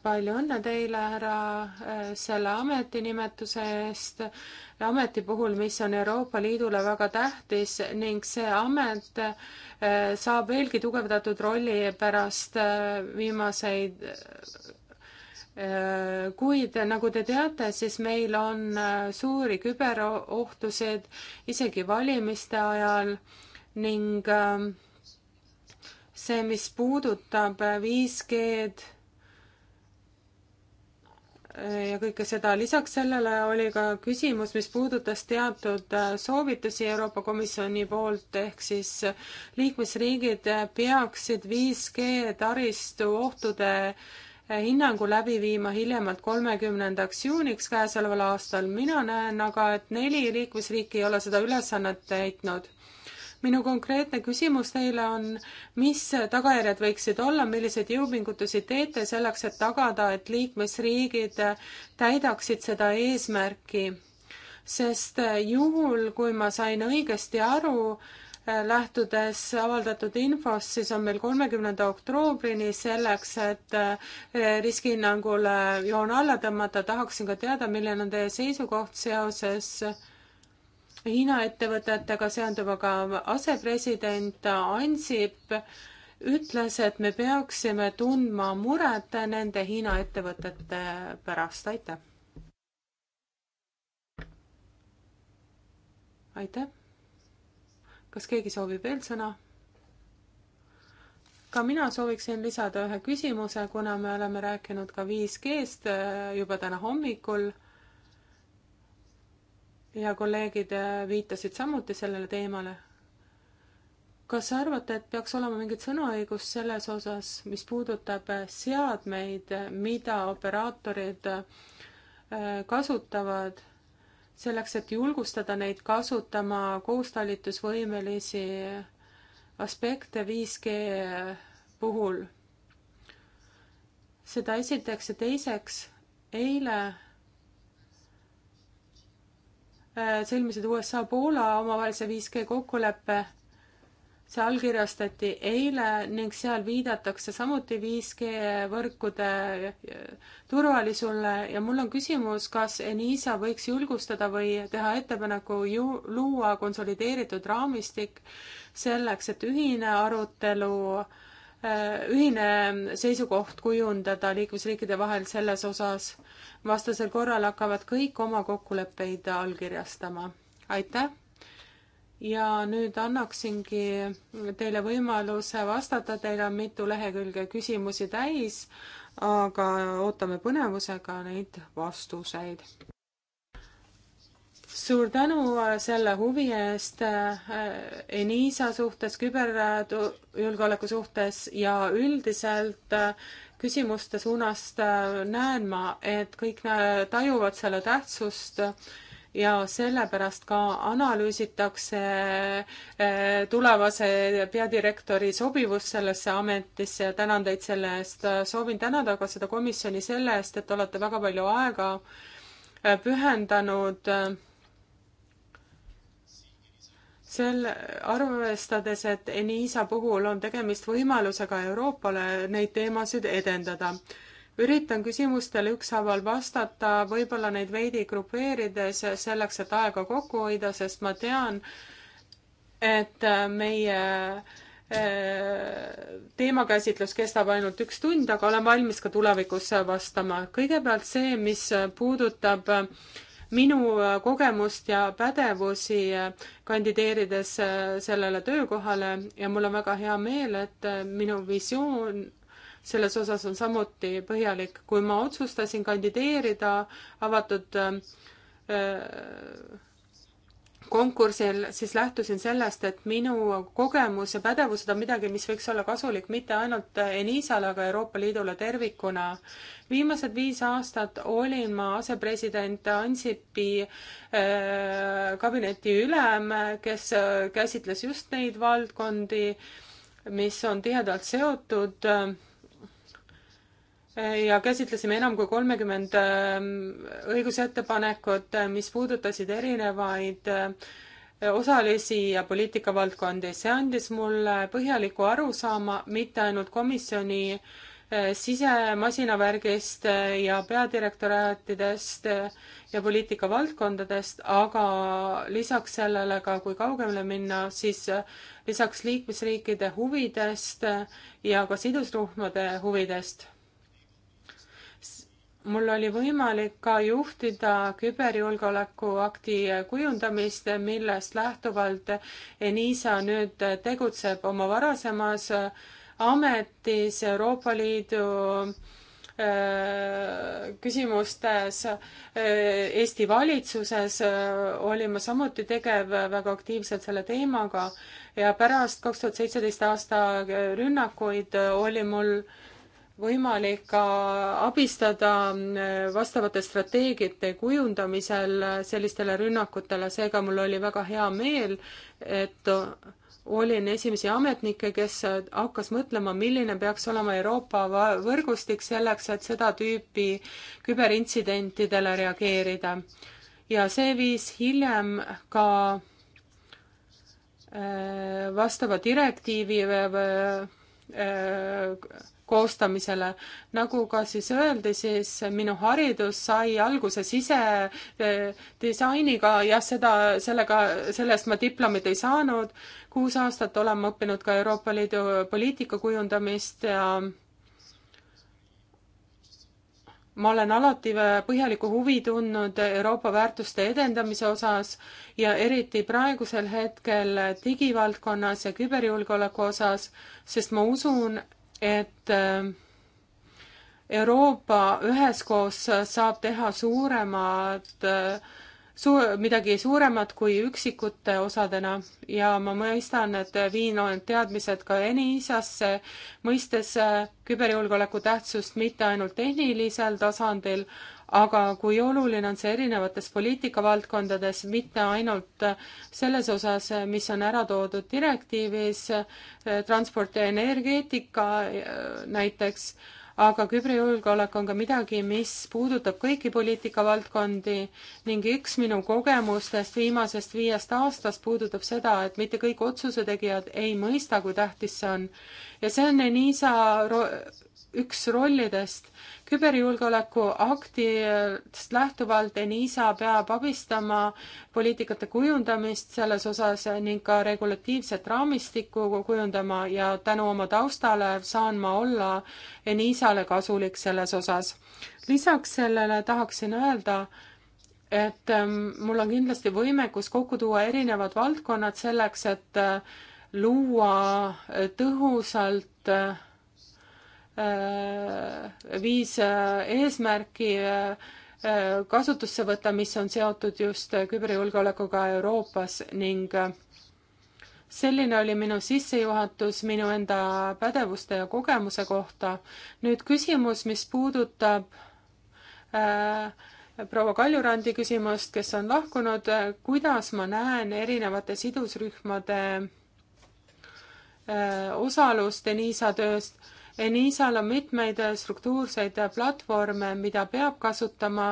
palju õnne teile, härra, äh, selle ametinimetuse eest, ameti puhul, mis on Euroopa Liidule väga tähtis ning see amet äh, saab veelgi tugevdatud rolli pärast äh, viimaseid Äh, kuid nagu te teate, siis meil on äh, suuri küberohtusid isegi valimiste ajal ning äh, see, mis puudutab 5G-d ja kõike seda, lisaks sellele oli ka küsimus, mis puudutas teatud soovitusi Euroopa Komisjoni poolt, ehk siis liikmesriigid peaksid 5G taristu ohtude äh, Eh, hinnangu läbi viima hiljemalt kolmekümnendaks juuniks käesoleval aastal. mina näen aga, et neli liikmesriiki ei ole seda ülesannet täitnud. minu konkreetne küsimus teile on, mis tagajärjed võiksid olla, milliseid jõupingutusi teete selleks, et tagada, et liikmesriigid täidaksid seda eesmärki? sest eh, juhul, kui ma sain õigesti aru, lähtudes avaldatud infost, siis on meil kolmekümnenda oktoobrini selleks, et eh, riskihinnangule joon alla tõmmata, tahaksin ka teada, milline on teie seisukoht seoses Hiina ettevõtetega seonduvaga asepresident Ansip ütles, et me peaksime tundma muret nende Hiina ettevõtete pärast, aitäh. aitäh kas keegi soovib veel sõna? ka mina sooviksin lisada ühe küsimuse, kuna me oleme rääkinud ka 5G-st äh, juba täna hommikul. ja kolleegid äh, viitasid samuti sellele teemale. kas arvate, et peaks olema mingit sõnaõigust selles osas, mis puudutab äh, seadmeid, mida operaatorid kasutavad selleks, et julgustada neid kasutama koostalitusvõimelisi aspekte 5G puhul. seda esiteks ja teiseks, eile äh, sõlmisid USA-Poola omavahelise 5G kokkuleppe see allkirjastati eile ning seal viidatakse samuti 5G võrkude äh, turvalisusele ja mul on küsimus, kas Enisa võiks julgustada või teha ettepaneku ju luua konsolideeritud raamistik selleks, et ühine arutelu, äh, ühine seisukoht kujundada liikmesriikide vahel selles osas. vastasel korral hakkavad kõik oma kokkuleppeid allkirjastama. aitäh! ja nüüd annaksingi teile võimaluse vastata, teil on mitu lehekülge küsimusi täis, aga ootame põnevusega neid vastuseid. suur tänu selle huvi eest eh, Enisa suhtes, küberjulgeoleku suhtes ja üldiselt eh, küsimuste suunast eh, näen ma, et kõik tajuvad selle tähtsust ja sellepärast ka analüüsitakse eh, tulevase peadirektori sobivust sellesse ametisse ja tänan teid selle eest. soovin tänada ka seda komisjoni selle eest, et olete väga palju aega eh, pühendanud eh, sel, arvestades, et Enisa puhul on tegemist võimalusega Euroopale neid teemasid edendada üritan küsimustele ükshaaval vastata, võib-olla neid veidi grupeerides selleks, et aega kokku hoida, sest ma tean, et äh, meie äh, teemakäsitlus kestab ainult üks tund, aga olen valmis ka tulevikus vastama. kõigepealt see, mis puudutab äh, minu kogemust ja pädevusi kandideerides sellele töökohale ja mul on väga hea meel, et minu visioon selles osas on samuti põhjalik. kui ma otsustasin kandideerida avatud äh, konkursil, siis lähtusin sellest, et minu kogemus ja pädevused on midagi, mis võiks olla kasulik mitte ainult Enisale, aga Euroopa Liidule tervikuna. viimased viis aastat olin ma asepresident Ansipi äh, kabineti ülem, kes äh, käsitles just neid valdkondi, mis on tihedalt seotud äh, ja käsitlesime enam kui kolmekümmend ähm, õigusettepanekut, äh, mis puudutasid erinevaid äh, osalisi ja poliitikavaldkondi. see andis mulle põhjaliku arusaama mitte ainult komisjoni äh, sisemasinavärgist ja peadirektoraatidest ja poliitikavaldkondadest, aga lisaks sellele ka, kui kaugemale minna, siis lisaks liikmesriikide huvidest ja ka sidusrühmade huvidest mul oli võimalik ka juhtida küberjulgeoleku akti kujundamist, millest lähtuvalt Enisa nüüd tegutseb oma varasemas ametis Euroopa Liidu äh, küsimustes äh, Eesti valitsuses äh, olin ma samuti tegev väga aktiivselt selle teemaga ja pärast kaks tuhat seitseteist aasta rünnakuid oli mul võimalik ka abistada äh, vastavate strateegiate kujundamisel äh, sellistele rünnakutele, seega mul oli väga hea meel, et äh, olin esimesi ametnikke, kes hakkas mõtlema, milline peaks olema Euroopa võrgustik selleks, et seda tüüpi küberintsidentidele reageerida. ja see viis hiljem ka vastava direktiivi koostamisele. nagu ka siis öeldi, siis minu haridus sai alguse sisedisainiga, eh, jah, seda, sellega, selle eest ma diplomit ei saanud. kuus aastat olen ma õppinud ka Euroopa Liidu poliitika kujundamist ja ma olen alati põhjalikku huvi tundnud Euroopa väärtuste edendamise osas ja eriti praegusel hetkel digivaldkonnas ja küberjulgeoleku osas, sest ma usun, et ähm, Euroopa üheskoos saab teha suuremat äh, suur, midagi suuremat kui üksikute osadena ja ma mõistan, et Viin on teadmised ka ENISA-sse, mõistes äh, küberjulgeoleku tähtsust mitte ainult tehnilisel tasandil, aga kui oluline on see erinevates poliitikavaldkondades, mitte ainult äh, selles osas, äh, mis on ära toodud direktiivis, transport ja energeetika näiteks aga küberjulgeolek on ka midagi, mis puudutab kõiki poliitikavaldkondi ning üks minu kogemustest viimasest viiest aastast puudutab seda, et mitte kõik otsuse tegijad ei mõista, kui tähtis see on. ja see on Enisa üks rollidest. küberjulgeoleku aktist lähtuvalt ENISA peab abistama poliitikate kujundamist selles osas ning ka regulatiivset raamistikku kujundama ja tänu oma taustale saan ma olla ENISA-le kasulik selles osas. lisaks sellele tahaksin öelda, et ähm, mul on kindlasti võimekus kokku tuua erinevad valdkonnad selleks, et äh, luua äh, tõhusalt äh, Äh, viis äh, eesmärki äh, kasutusse võtta, mis on seotud just küberjulgeolekuga Euroopas ning selline oli minu sissejuhatus minu enda pädevuste ja kogemuse kohta. nüüd küsimus, mis puudutab äh, proua Kaljurandi küsimust, kes on lahkunud, kuidas ma näen erinevate sidusrühmade osalust Denisa tööst Enisal on mitmeid struktuurseid platvorme, mida peab kasutama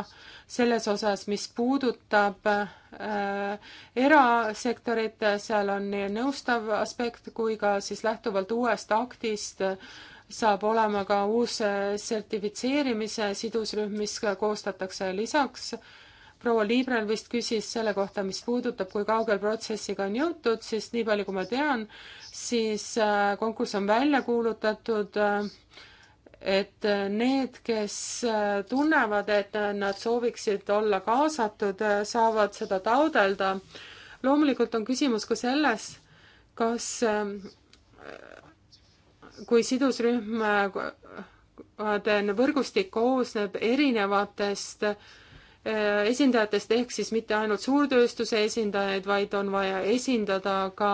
selles osas, mis puudutab äh, erasektorit, seal on nii nõustav aspekt kui ka siis lähtuvalt uuest aktist saab olema ka uus sertifitseerimise sidusrühm, mis koostatakse lisaks äh, proua Liibral vist küsis selle kohta, mis puudutab, kui kaugel protsessiga on jõutud, siis nii palju, kui ma tean, siis äh, konkurss on välja kuulutatud, äh, et äh, need, kes tunnevad, et nad sooviksid olla kaasatud, saavad seda taodelda. loomulikult on küsimus ka selles, kas, kui sidusrühm, võrgustik koosneb erinevatest äh, Äh, esindajatest, ehk siis mitte ainult suurtööstuse esindajaid, vaid on vaja esindada ka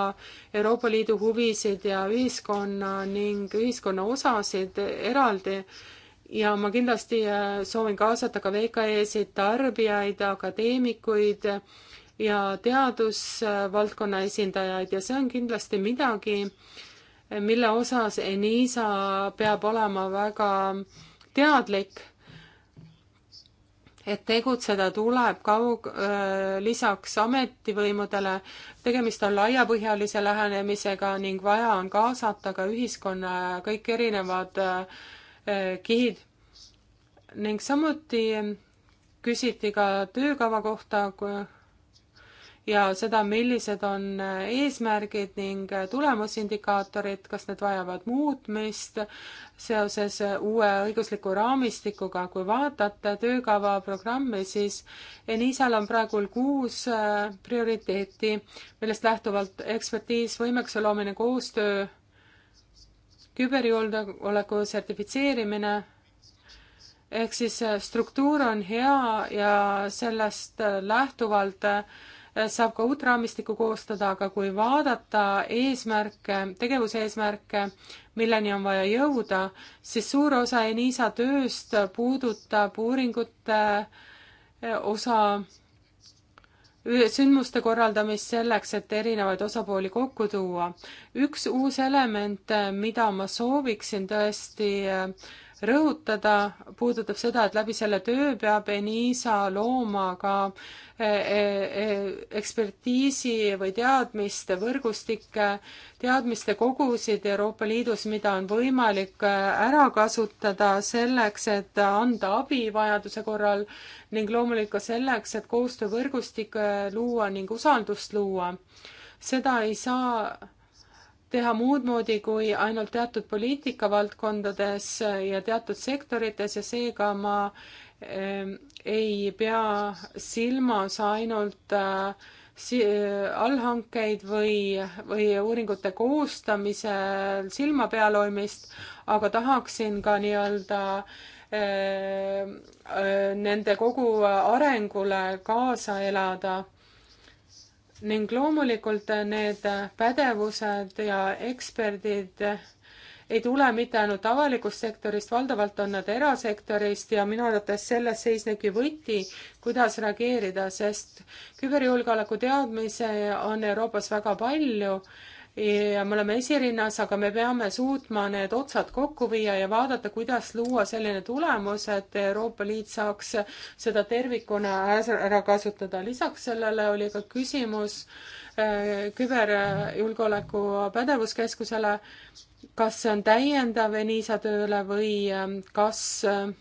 Euroopa Liidu huvisid ja ühiskonna ning ühiskonna osasid eraldi. ja ma kindlasti äh, soovin kaasata ka VKE-sid, tarbijaid, akadeemikuid ja teadusvaldkonna esindajaid ja see on kindlasti midagi, mille osas Enisa peab olema väga teadlik et tegutseda tuleb kaug-, äh, lisaks ametivõimudele, tegemist on laiapõhjalise lähenemisega ning vaja on kaasata ka ühiskonna kõik erinevad äh, äh, kihid. ning samuti küsiti ka töökava kohta, ja seda, millised on äh, eesmärgid ning äh, tulemusindikaatorid, kas need vajavad muutmist seoses äh, uue õigusliku raamistikuga. kui vaatate töökava programmi, siis Enisal on praegu kuus prioriteeti, millest lähtuvalt ekspertiis, võimekuse loomine, koostöö, küberjulgeoleku sertifitseerimine, ehk siis struktuur on hea ja sellest lähtuvalt äh, saab ka uut raamistikku koostada, aga kui vaadata eesmärke, tegevuse eesmärke, milleni on vaja jõuda, siis suur osa Enisa tööst puudutab uuringute eh, osa sündmuste korraldamist selleks, et erinevaid osapooli kokku tuua. üks uus element, eh, mida ma sooviksin tõesti eh, rõhutada, puudutab seda, et läbi selle töö peab ENISA looma ka e, e, e, ekspertiisi või teadmiste võrgustikke, teadmiste kogusid Euroopa Liidus, mida on võimalik ära kasutada selleks, et anda abi vajaduse korral ning loomulikult ka selleks, et koostöövõrgustik luua ning usaldust luua. seda ei saa teha muud moodi kui ainult teatud poliitikavaldkondades ja teatud sektorites ja seega ma äh, ei pea silmas ainult äh, si allhankeid või, või uuringute koostamisel silma peal hoidmist, aga tahaksin ka nii-öelda ehm, äh, nende kogu arengule kaasa elada ning loomulikult need pädevused ja eksperdid ei tule mitte ainult avalikust sektorist, valdavalt on nad erasektorist ja minu arvates selles seisnebki võti, kuidas reageerida, sest küberjulgeoleku teadmisi on Euroopas väga palju ja me oleme esirinnas, aga me peame suutma need otsad kokku viia ja vaadata, kuidas luua selline tulemus, et Euroopa Liit saaks seda tervikuna ära kasutada. lisaks sellele oli ka küsimus äh, küberjulgeoleku pädevuskeskusele, kas see on täiendav Enisa tööle või äh, kas äh,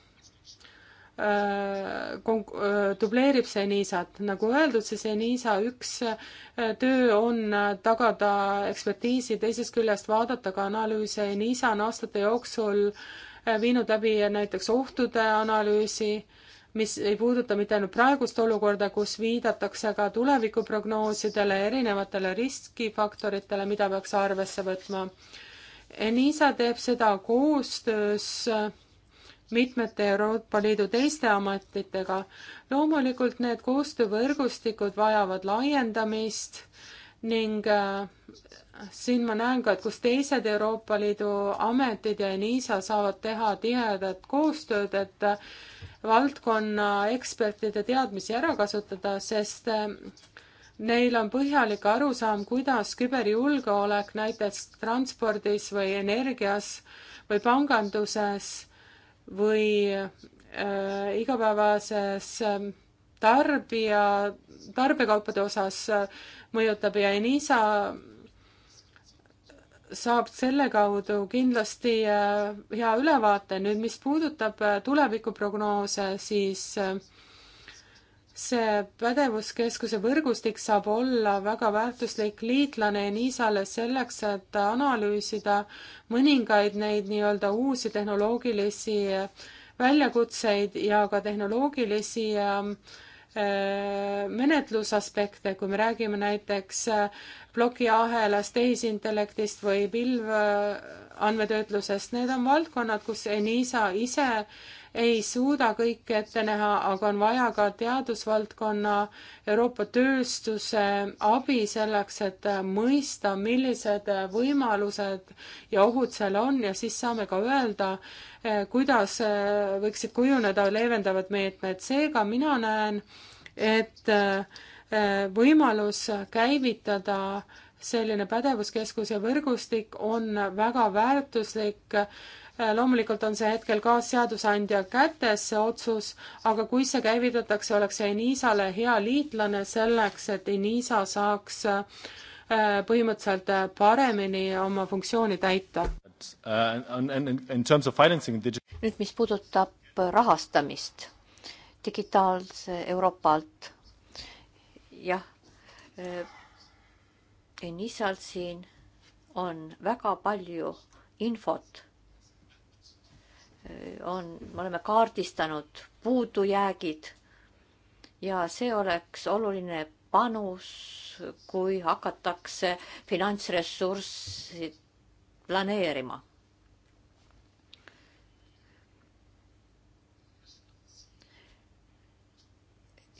Äh, konk-, äh, dubleerib Senisat. nagu öeldud, siis Senisa üks äh, töö on tagada ekspertiisi, teisest küljest vaadata ka analüüse. Senisa on aastate jooksul viinud läbi näiteks ohtude analüüsi, mis ei puuduta mitte ainult praegust olukorda, kus viidatakse ka tulevikuprognoosidele, erinevatele riskifaktoritele, mida peaks arvesse võtma. Enisa teeb seda koostöös äh, mitmete Euroopa Liidu teiste ametitega. loomulikult need koostöövõrgustikud vajavad laiendamist ning äh, siin ma näen ka, et kus teised Euroopa Liidu ametid ja NISA saavad teha tihedat koostööd, et äh, valdkonna ekspertide teadmisi ära kasutada, sest äh, neil on põhjalik arusaam, kuidas küberjulgeolek näiteks transpordis või energias või panganduses või äh, igapäevases äh, tarbija, tarbekaupade osas äh, mõjutab ja Enisa saab selle kaudu kindlasti äh, hea ülevaate. nüüd, mis puudutab äh, tulevikuprognoose, siis äh, see pädevuskeskuse võrgustik saab olla väga väärtuslik liitlane NISA-le selleks, et analüüsida mõningaid neid nii-öelda uusi tehnoloogilisi väljakutseid ja ka tehnoloogilisi äh, äh, menetlusaspekte, kui me räägime näiteks äh, plokiahelast, tehisintellektist või pilveandmetöötlusest, need on valdkonnad, kus NISA ise ei suuda kõike ette näha, aga on vaja ka teadusvaldkonna, Euroopa tööstuse abi selleks, et mõista, millised võimalused ja ohud seal on ja siis saame ka öelda, eh, kuidas eh, võiksid kujuneda leevendavad meetmed. seega mina näen, et eh, võimalus käivitada selline pädevuskeskuse võrgustik on väga väärtuslik Äh, loomulikult on see hetkel ka seadusandja kätes, see otsus, aga kui see käivitatakse, oleks see Enisale hea liitlane selleks, et Enisa saaks äh, põhimõtteliselt äh, paremini oma funktsiooni täita. Uh, nüüd, mis puudutab rahastamist digitaalse Euroopa alt, jah, Enisal siin on väga palju infot on, me oleme kaardistanud puudujäägid ja see oleks oluline panus, kui hakatakse finantsressurssi planeerima.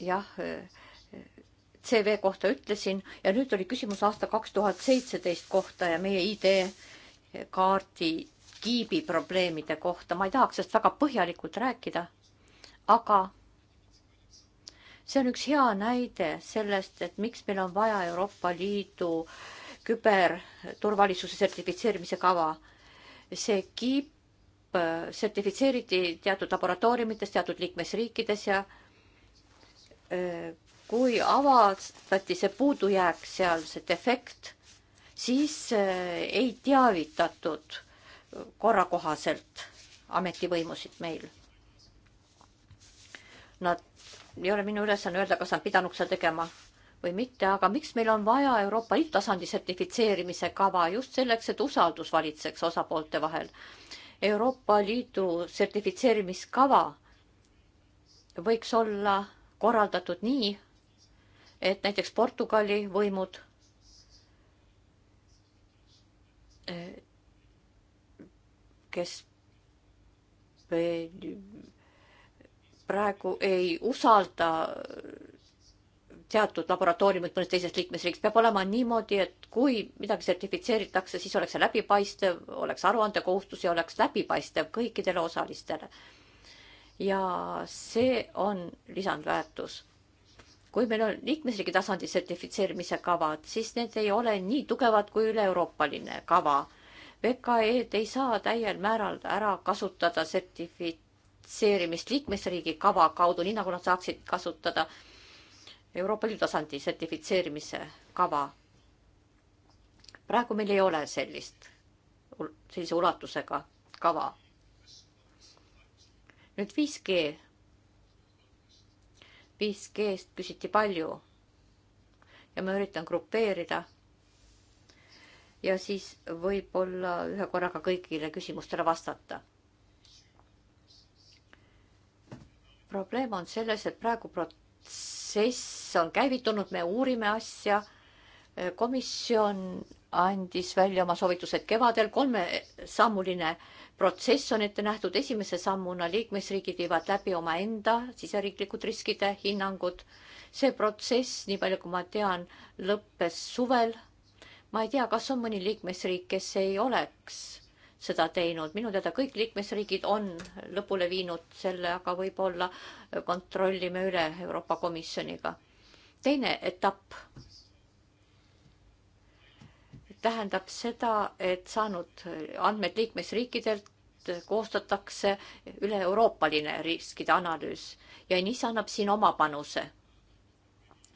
jah, CV kohta ütlesin ja nüüd oli küsimus aasta kaks tuhat seitseteist kohta ja meie ID-kaardi kiibiprobleemide kohta, ma ei tahaks sellest väga põhjalikult rääkida, aga see on üks hea näide sellest, et miks meil on vaja Euroopa Liidu küberturvalisuse sertifitseerimise kava. see kiip äh, sertifitseeriti teatud laboratooriumites, teatud liikmesriikides ja äh, kui avastati see puudujääk seal, see defekt, siis äh, ei teavitatud korrakohaselt ametivõimusid meil. Nad, ei ole minu ülesanne öelda, kas nad pidanuks seda tegema või mitte, aga miks meil on vaja Euroopa Liidu tasandi sertifitseerimise kava just selleks, et usaldus valitseks osapoolte vahel. Euroopa Liidu sertifitseerimiskava võiks olla korraldatud nii, et näiteks Portugali võimud kes praegu ei usalda teatud laboratooriumid mõnes teises liikmesriigis, peab olema niimoodi, et kui midagi sertifitseeritakse, siis oleks see läbipaistev, oleks aruandekohustus ja oleks läbipaistev kõikidele osalistele. ja see on lisandväärtus. kui meil on liikmesriigi tasandil sertifitseerimise kavad, siis need ei ole nii tugevad kui üle-euroopaline kava VKE-d ei saa täiel määral ära kasutada sertifitseerimist liikmesriigi kava kaudu, nii nagu nad saaksid kasutada Euroopa Liidu tasandi sertifitseerimise kava. praegu meil ei ole sellist, sellise ulatusega kava. nüüd 5G. 5G-st küsiti palju ja ma üritan grupeerida ja siis võib-olla ühe korraga kõigile küsimustele vastata. probleem on selles, et praegu protsess on käivitunud, me uurime asja. komisjon andis välja oma soovitused kevadel, kolmesammuline protsess on ette nähtud esimese sammuna, liikmesriigid viivad läbi omaenda siseriiklikud riskide hinnangud. see protsess, nii palju kui ma tean, lõppes suvel ma ei tea, kas on mõni liikmesriik, kes ei oleks seda teinud. minu teada kõik liikmesriigid on lõpule viinud selle, aga võib-olla kontrollime üle Euroopa Komisjoniga. teine etapp tähendab seda, et saanud andmed liikmesriikidelt koostatakse üle-euroopaline riskide analüüs ja NIS annab siin oma panuse.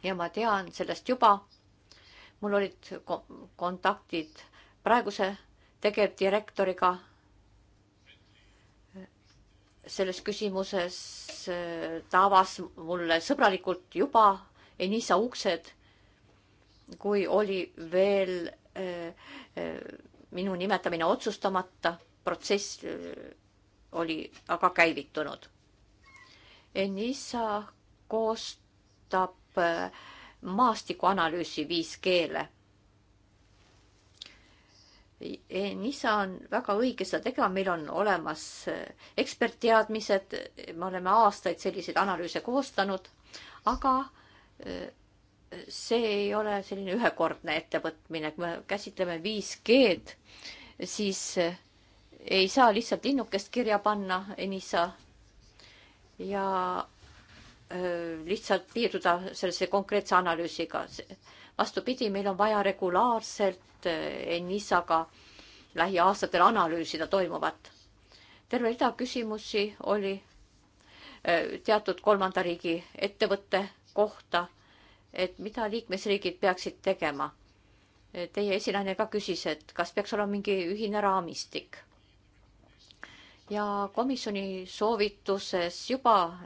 ja ma tean sellest juba mul olid kontaktid praeguse tegevdirektoriga selles küsimuses. ta avas mulle sõbralikult juba Enisa uksed, kui oli veel eh, eh, minu nimetamine otsustamata, protsess eh, oli aga käivitunud. Enisa koostab äh, maastikuanalüüsi 5G-le. E, NISA on väga õige seda tegema, meil on olemas eh, ekspertteadmised, me oleme aastaid selliseid analüüse koostanud, aga eh, see ei ole selline ühekordne ettevõtmine, kui me käsitleme 5G-d, siis eh, ei saa lihtsalt linnukest kirja panna, NISA ja Äh, lihtsalt piirduda sellesse konkreetse analüüsiga. vastupidi, meil on vaja regulaarselt äh, ENISA-ga lähiaastatel analüüsida toimuvat. terve rida küsimusi oli äh, teatud kolmanda riigi ettevõtte kohta, et mida liikmesriigid peaksid tegema. Teie esinaine ka küsis, et kas peaks olema mingi ühine raamistik ja komisjoni soovituses juba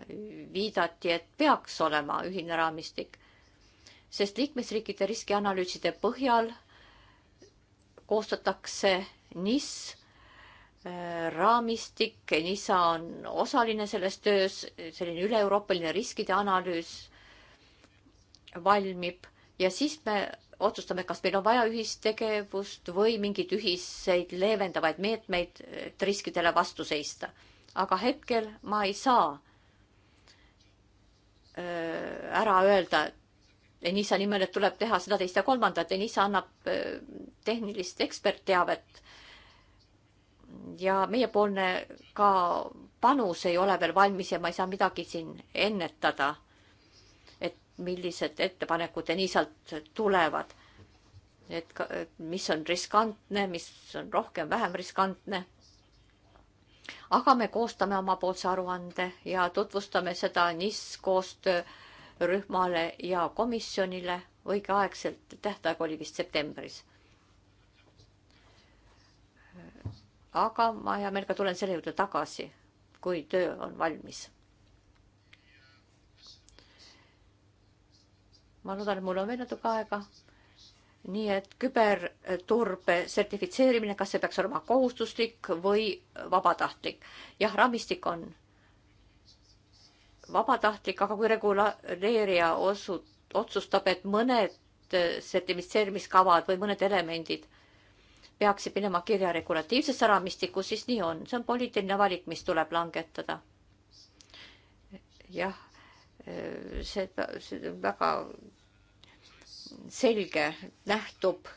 viidati, et peaks olema ühine raamistik, sest liikmesriikide riskianalüüside põhjal koostatakse NIS äh, raamistik, NISA on osaline selles töös, selline üle-euroopaline riskide analüüs valmib ja siis me otsustame, kas meil on vaja ühistegevust või mingeid ühiseid leevendavaid meetmeid, et riskidele vastu seista. aga hetkel ma ei saa äh, ära öelda Enisa nimel, et tuleb teha seda, teist ja kolmandat. Enisa annab äh, tehnilist ekspertteavet ja meiepoolne ka panus ei ole veel valmis ja ma ei saa midagi siin ennetada millised ettepanekud ja nii sealt tulevad. et ka, mis on riskantne, mis on rohkem-vähem riskantne. aga me koostame omapoolse aruande ja tutvustame seda NIS koostöörühmale ja komisjonile õigeaegselt, tähtaeg oli vist septembris. aga ma hea meelega tulen selle juurde tagasi, kui töö on valmis ma loodan, et mul on veel natuke aega. nii et küberturbe sertifitseerimine, kas see peaks olema kohustuslik või vabatahtlik? jah, raamistik on vabatahtlik, aga kui reguleerija osu-, otsustab, et mõned sertifitseerimiskavad või mõned elemendid peaksid minema kirja regulatiivsesse raamistikku, siis nii on, see on poliitiline valik, mis tuleb langetada. jah, see, see on väga selge nähtub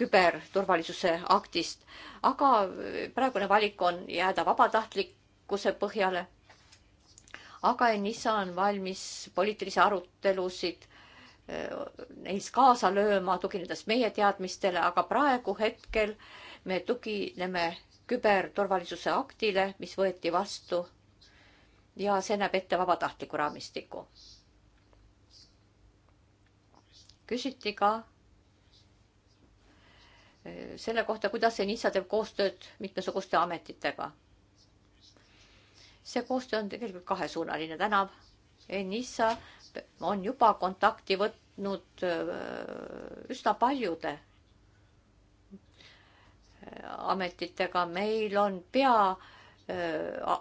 küberturvalisuse aktist, aga praegune valik on jääda vabatahtlikkuse põhjale. aga Enisa on valmis poliitilisi arutelusid eh, neis kaasa lööma, tuginedes meie teadmistele, aga praegu hetkel me tugineme küberturvalisuse aktile, mis võeti vastu. ja see näeb ette vabatahtliku raamistiku küsiti ka äh, selle kohta, kuidas Enitsa teeb koostööd mitmesuguste ametitega. see koostöö on tegelikult kahesuunaline tänav. Enitsa on juba kontakti võtnud äh, üsna paljude äh, ametitega, meil on pea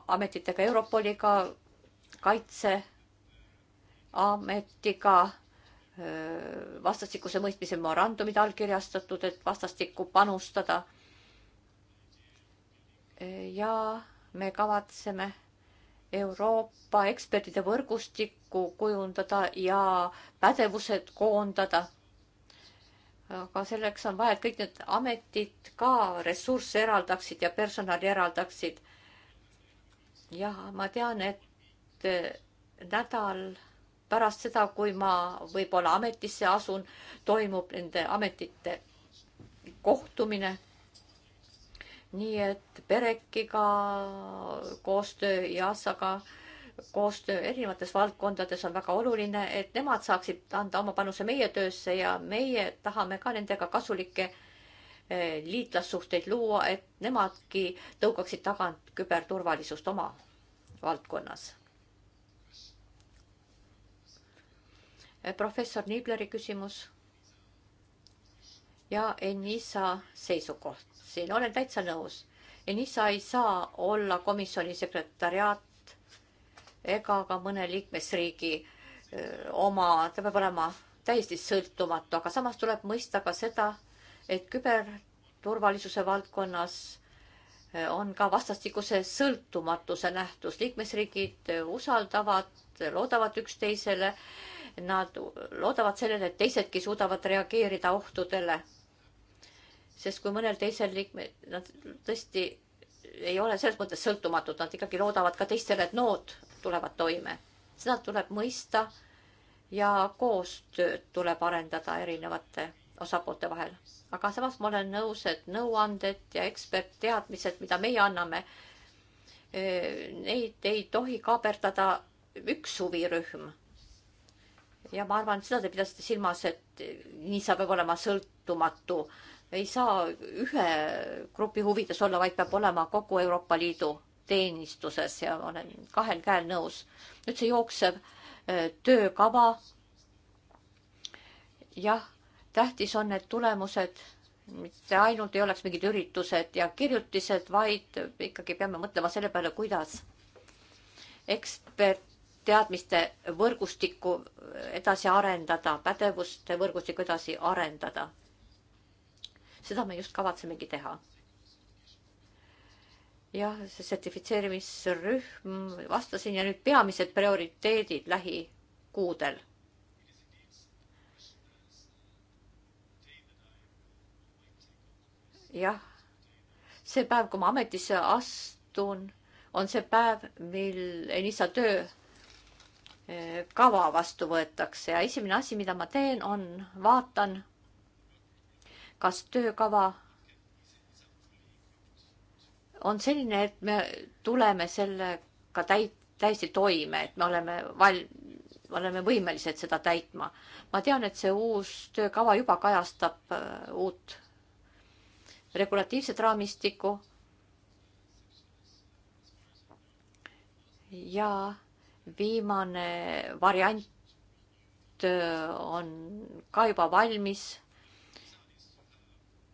ametitega Europoliga, kaitseametiga vastastikuse mõistmise memorandumid allkirjastatud, et vastastikku panustada. ja me kavatseme Euroopa ekspertide võrgustikku kujundada ja pädevused koondada. aga selleks on vaja, et kõik need ametid ka ressursse eraldaksid ja personali eraldaksid. jah, ma tean, et äh, nädal pärast seda, kui ma võib-olla ametisse asun, toimub nende ametite kohtumine. nii et Perekiga koostöö ja Assaga koostöö erinevates valdkondades on väga oluline, et nemad saaksid anda oma panuse meie töösse ja meie tahame ka nendega kasulikke eh, liitlassuhteid luua, et nemadki tõukaksid tagant küberturvalisust oma valdkonnas. Eh, professor Niibleri küsimus ja Enisa seisukoht. siin olen täitsa nõus. Enisa ei saa olla komisjoni sekretariaat ega ka mõne liikmesriigi eh, oma, ta peab olema täiesti sõltumatu, aga samas tuleb mõista ka seda, et küberturvalisuse valdkonnas eh, on ka vastastikuse sõltumatuse nähtus. liikmesriigid usaldavad, loodavad üksteisele Nad loodavad sellele, et teisedki suudavad reageerida ohtudele. sest kui mõnel teisel liikmel, nad tõesti ei ole selles mõttes sõltumatud, nad ikkagi loodavad ka teistele, et nood tulevad toime. seda tuleb mõista ja koostööd tuleb arendada erinevate osapoolte vahel. aga samas ma olen nõus, et nõuanded ja ekspertteadmised, mida meie anname, eh, neid ei tohi kaaperdada üks huvirühm ja ma arvan, seda te pidasite silmas, et NISA peab olema sõltumatu. ei saa ühe grupi huvides olla, vaid peab olema kogu Euroopa Liidu teenistuses ja olen kahel käel nõus. nüüd see jooksev äh, töökava. jah, tähtis on need tulemused, mitte ainult ei oleks mingid üritused ja kirjutised, vaid ikkagi peame mõtlema selle peale, kuidas ekspert teadmiste võrgustikku edasi arendada, pädevuste võrgustikku edasi arendada. seda me just kavatsemegi teha. jah, see sertifitseerimisrühm, vastasin ja nüüd peamised prioriteedid lähikuudel. jah, see päev, kui ma ametisse astun, on see päev, mil Enisa töö kava vastu võetakse ja esimene asi, mida ma teen, on vaatan, kas töökava on selline, et me tuleme sellega täi-, täiesti toime, et me oleme val-, oleme võimelised seda täitma. ma tean, et see uus töökava juba kajastab äh, uut regulatiivset raamistikku. ja viimane variant äh, on ka juba valmis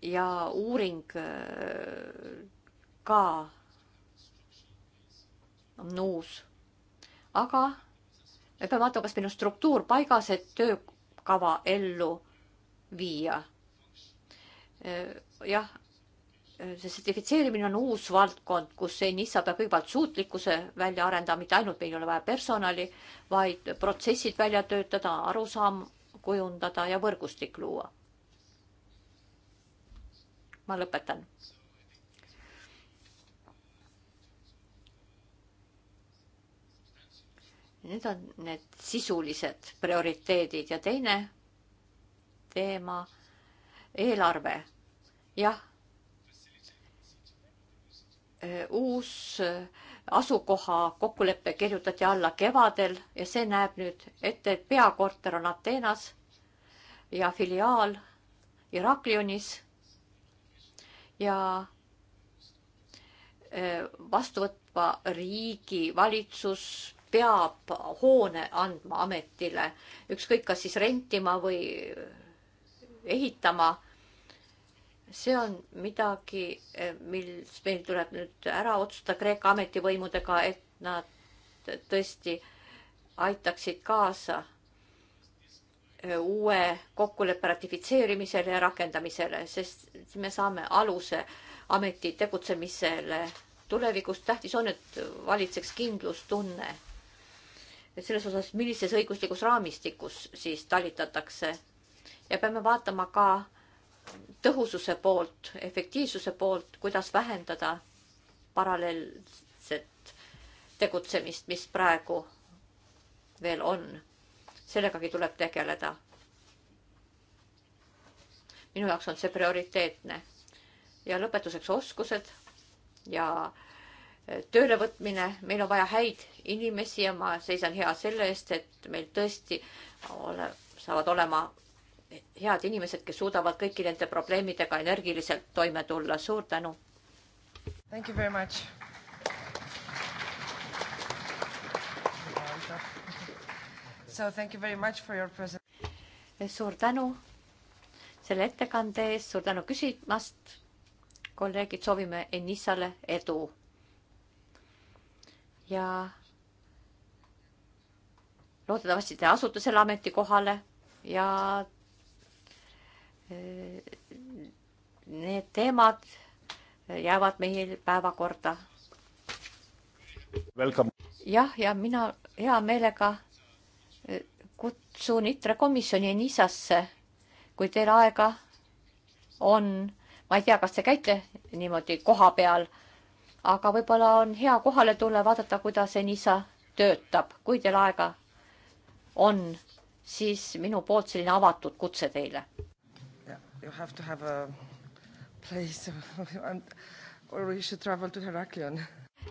ja uuring äh, ka on uus. aga me peame vaatama, kas meil on struktuur paigas, et töökava ellu viia. Äh, jah, see sertifitseerimine on uus valdkond, kus ENISA peab kõigepealt suutlikkuse välja arendama, mitte ainult meil ei ole vaja personali, vaid protsessid välja töötada, arusaam kujundada ja võrgustik luua. ma lõpetan. Need on need sisulised prioriteedid ja teine teema, eelarve. jah uus äh, asukoha kokkulepe kirjutati alla kevadel ja see näeb nüüd ette, et peakorter on Ateenas ja filiaal Iraklionis. ja äh, vastuvõtva riigi valitsus peab hoone andma ametile, ükskõik, kas siis rentima või ehitama see on midagi, eh, mis meil tuleb nüüd ära otsustada Kreeka ametivõimudega, et nad tõesti aitaksid kaasa eh, uue kokkuleppe ratifitseerimisele ja rakendamisele, sest me saame aluse ameti tegutsemisele tulevikus. tähtis on, et valitseks kindlustunne et selles osas, millises õiguslikus raamistikus siis talitatakse ja peame vaatama ka tõhususe poolt, efektiivsuse poolt, kuidas vähendada paralleelset tegutsemist, mis praegu veel on. sellegagi tuleb tegeleda. minu jaoks on see prioriteetne. ja lõpetuseks oskused ja töölevõtmine, meil on vaja häid inimesi ja ma seisan hea selle eest, et meil tõesti ole, saavad olema head inimesed, kes suudavad kõiki nende probleemidega energiliselt toime tulla. suur tänu. Thank you very much. So thank you very much for your present. suur tänu selle ettekande eest, suur tänu küsimast. kolleegid, soovime Enissale edu. ja loodetavasti te asute selle ametikohale ja need teemad jäävad meil päevakorda. jah, ja mina hea meelega eh, kutsun ITRE komisjoni Nisasse, kui teil aega on. ma ei tea, kas te käite niimoodi koha peal, aga võib-olla on hea kohale tulla, vaadata, kuidas Enisa töötab, kui teil aega on, siis minu poolt selline avatud kutse teile you have to have a place or you should travel to Heraklion.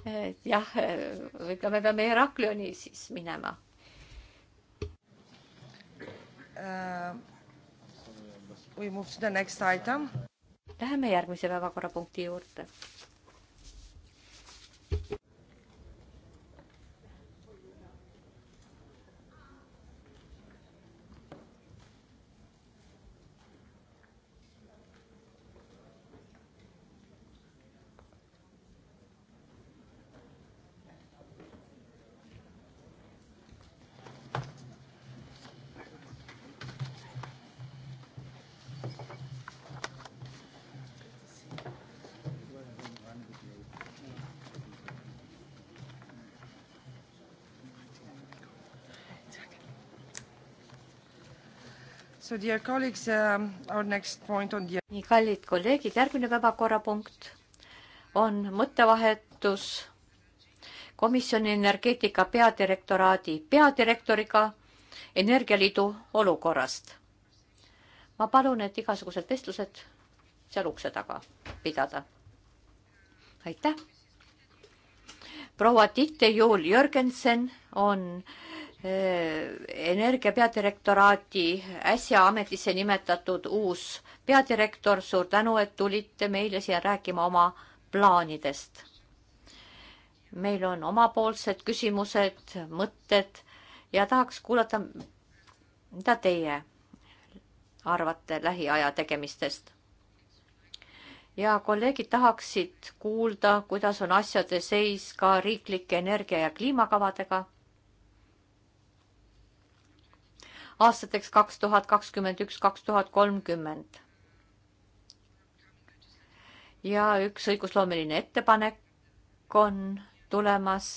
Eh, jah, võib-olla eh, me peame Heraklioni siis minema uh,. We move to the next item. Läheme järgmise päevakorrapunkti juurde. Uh, nii, kallid kolleegid, järgmine päevakorrapunkt on mõttevahetus komisjoni energeetika peadirektoraadi peadirektoriga Energialiidu olukorrast. ma palun, et igasugused vestlused seal ukse taga pidada. aitäh. proua Tiit Juul Jörgensen on äh, Äh, energia peadirektoraati äsja ametisse nimetatud uus peadirektor, suur tänu, et tulite meile siia rääkima oma plaanidest. meil on omapoolsed küsimused, mõtted ja tahaks kuulata, mida teie arvate lähiaja tegemistest. ja kolleegid tahaksid kuulda, kuidas on asjade seis ka riiklike energia ja kliimakavadega aastateks kaks tuhat kakskümmend üks, kaks tuhat kolmkümmend. ja üks õigusloomeline ettepanek on tulemas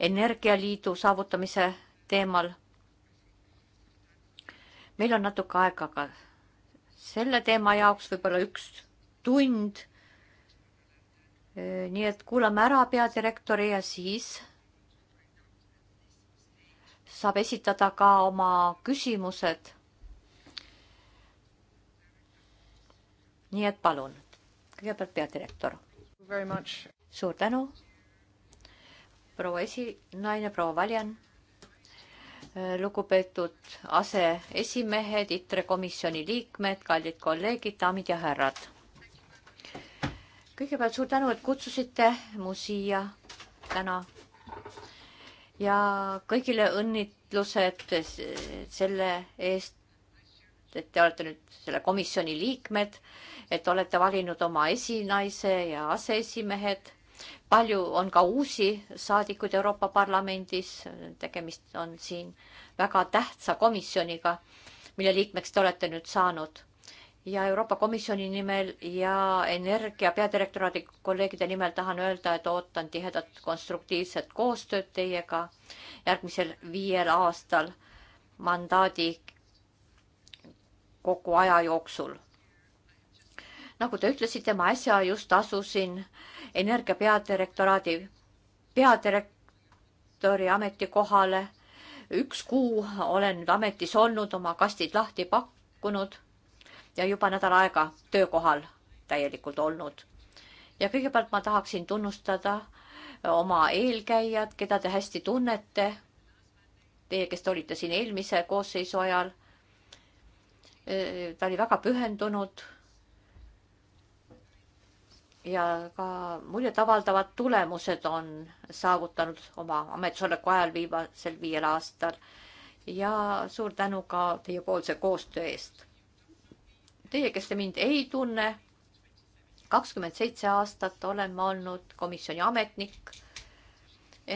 Energialiidu saavutamise teemal. meil on natuke aega ka selle teema jaoks, võib-olla üks tund. nii et kuulame ära peadirektori ja siis saab esitada ka oma küsimused. nii et palun, kõigepealt peadirektor. suur tänu, proua esinaine, proua Valjan lugupeetud aseesimehed, ITRE komisjoni liikmed, kallid kolleegid, daamid ja härrad. kõigepealt suur tänu, et kutsusite mu siia täna ja kõigile õnnitlused selle eest, et te olete nüüd selle komisjoni liikmed, et olete valinud oma esinaise ja aseesimehed. palju on ka uusi saadikuid Euroopa Parlamendis, tegemist on siin väga tähtsa komisjoniga, mille liikmeks te olete nüüd saanud ja Euroopa Komisjoni nimel ja Energia peadirektoraadi kolleegide nimel tahan öelda, et ootan tihedat konstruktiivset koostööd teiega järgmisel viiel aastal mandaadi kogu aja jooksul. nagu te ütlesite, ma äsja just asusin Energia peadirektoraadi peadirektori ametikohale. üks kuu olen nüüd ametis olnud, oma kastid lahti pakkunud ja juba nädal aega töökohal täielikult olnud. ja kõigepealt ma tahaksin tunnustada oma eelkäijad, keda te hästi tunnete. Teie, kes te olite siin eelmise koosseisu ajal. ta oli väga pühendunud. ja ka muljetavaldavad tulemused on saavutanud oma ametisoleku ajal viimasel viiel aastal. ja suur tänu ka teiepoolse koostöö eest teie, kes te mind ei tunne, kakskümmend seitse aastat olen ma olnud komisjoni ametnik,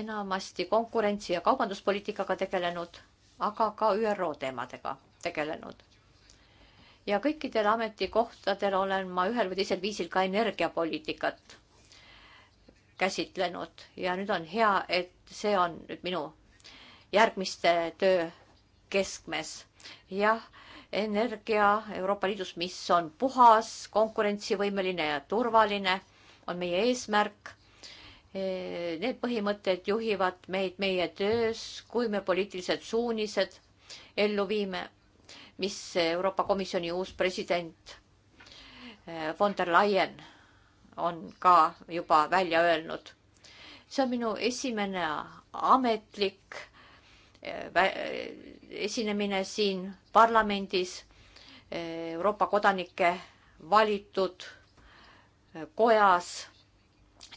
enamasti konkurentsi- ja kaubanduspoliitikaga tegelenud, aga ka ÜRO teemadega tegelenud. ja kõikidel ametikohtadel olen ma ühel või teisel viisil ka energiapoliitikat käsitlenud ja nüüd on hea, et see on nüüd minu järgmiste töö keskmes. jah energia Euroopa Liidus, mis on puhas, konkurentsivõimeline ja turvaline, on meie eesmärk. Need põhimõtted juhivad meid meie töös, kui me poliitilised suunised ellu viime, mis Euroopa Komisjoni uus president eh, von der Leyen on ka juba välja öelnud. see on minu esimene ametlik Äh, äh, esinemine siin parlamendis, äh, Euroopa kodanike valitud kojas.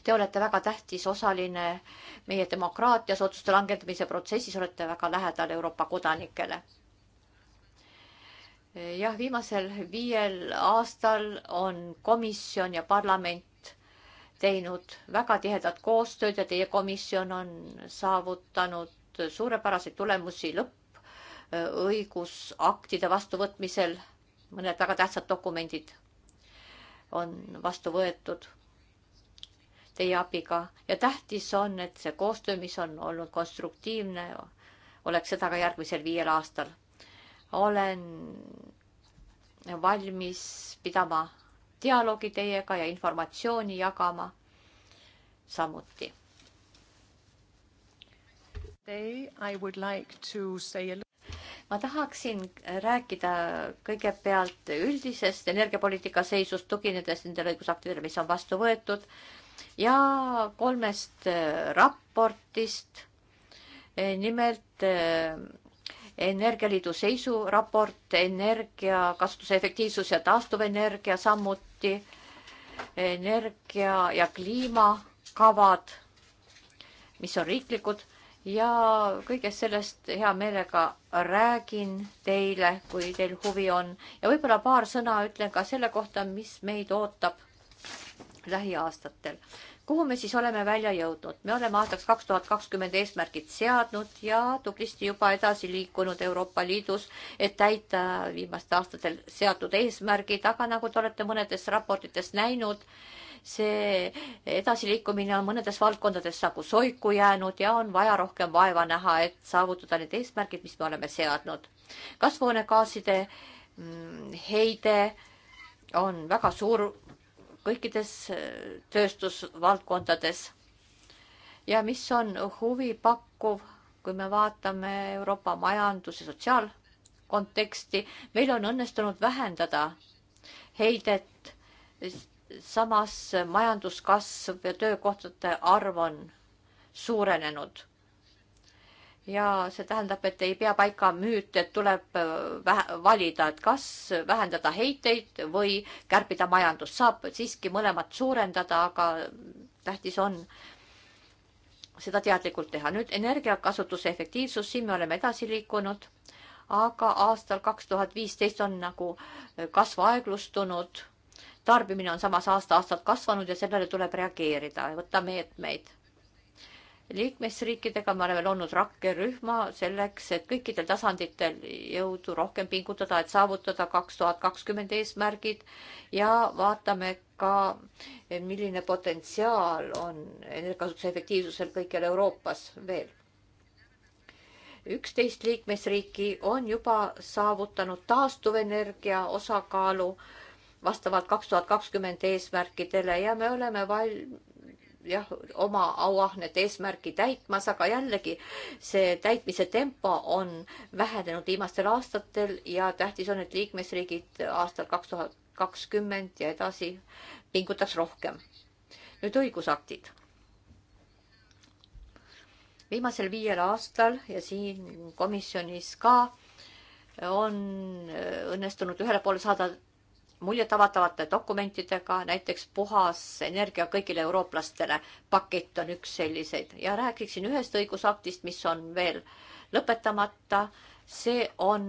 Te olete väga tähtis osaline meie demokraatias, otsuste langetamise protsessis olete väga lähedal Euroopa kodanikele. jah, viimasel viiel aastal on komisjon ja parlament teinud väga tihedat koostööd ja teie komisjon on saavutanud saanud suurepäraseid tulemusi lõppõigusaktide vastuvõtmisel. mõned väga tähtsad dokumendid on vastu võetud teie abiga ja tähtis on, et see koostöö, mis on olnud konstruktiivne, oleks seda ka järgmisel viiel aastal. olen valmis pidama dialoogi teiega ja informatsiooni jagama samuti ma tahaksin rääkida kõigepealt üldisest energiapoliitika seisust, tuginedes nendele õigusaktidele, mis on vastu võetud ja kolmest äh, raportist. Äh, nimelt äh, Energialiidu seisuraport, energiakasutuse efektiivsus ja taastuvenergia, samuti energia ja kliimakavad, mis on riiklikud ja kõigest sellest hea meelega räägin teile, kui teil huvi on ja võib-olla paar sõna ütlen ka selle kohta, mis meid ootab lähiaastatel. kuhu me siis oleme välja jõudnud? me oleme aastaks kaks tuhat kakskümmend eesmärgid seadnud ja tublisti juba edasi liikunud Euroopa Liidus, et täita viimastel aastatel seatud eesmärgid, aga nagu te olete mõnedes raportites näinud, see edasiliikumine on mõnedes valdkondades nagu soiku jäänud ja on vaja rohkem vaeva näha, et saavutada need eesmärgid, mis me oleme seadnud. kasvuhoonegaaside mm, heide on väga suur kõikides äh, tööstusvaldkondades. ja mis on huvipakkuv, kui me vaatame Euroopa majandus- ja sotsiaalkonteksti, meil on õnnestunud vähendada heidet samas majanduskasv ja töökohtade arv on suurenenud. ja see tähendab, et ei pea paika müüt, et tuleb äh, vähe, valida, et kas vähendada heiteid või kärpida majandust. saab siiski mõlemat suurendada, aga tähtis on seda teadlikult teha. nüüd energiakasutuse efektiivsus, siin me oleme edasi liikunud, aga aastal kaks tuhat viisteist on nagu kasv aeglustunud tarbimine on samas aasta-aastalt kasvanud ja sellele tuleb reageerida ja võtta meetmeid. liikmesriikidega me oleme loonud rakkerühma selleks, et kõikidel tasanditel jõudu rohkem pingutada, et saavutada kaks tuhat kakskümmend eesmärgid ja vaatame ka, milline potentsiaal on energiakasutuse efektiivsusel kõikjal Euroopas veel üksteist liikmesriiki on juba saavutanud taastuvenergia osakaalu vastavalt kaks tuhat kakskümmend eesmärkidele ja me oleme val-, jah, oma auahned eesmärki täitmas, aga jällegi see täitmise tempo on vähenenud viimastel aastatel ja tähtis on, et liikmesriigid aastal kaks tuhat kakskümmend ja edasi pingutaks rohkem. nüüd õigusaktid viimasel viiel aastal ja siin komisjonis ka on õnnestunud ühele poole saada muljetavaldavate dokumentidega, näiteks puhas energia kõigile eurooplastele pakett on üks selliseid ja räägiksin ühest õigusaktist, mis on veel lõpetamata. see on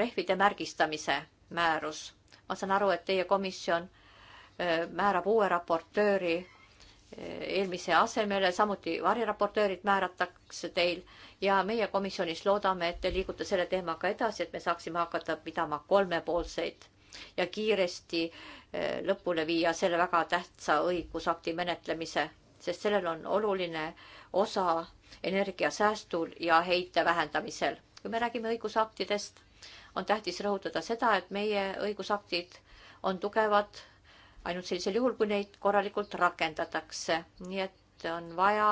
rehvide märgistamise määrus. ma saan aru, et teie komisjon äh, määrab uue raportööri äh, eelmise asemele, samuti variraportöörid määratakse teil ja meie komisjonis loodame, et te liigute selle teemaga edasi, et me saaksime hakata pidama kolmepoolseid ja kiiresti eh, lõpule viia selle väga tähtsa õigusakti menetlemise, sest sellel on oluline osa energiasäästul ja heite vähendamisel. kui me räägime õigusaktidest, on tähtis rõhutada seda, et meie õigusaktid on tugevad ainult sellisel juhul, kui neid korralikult rakendatakse, nii et on vaja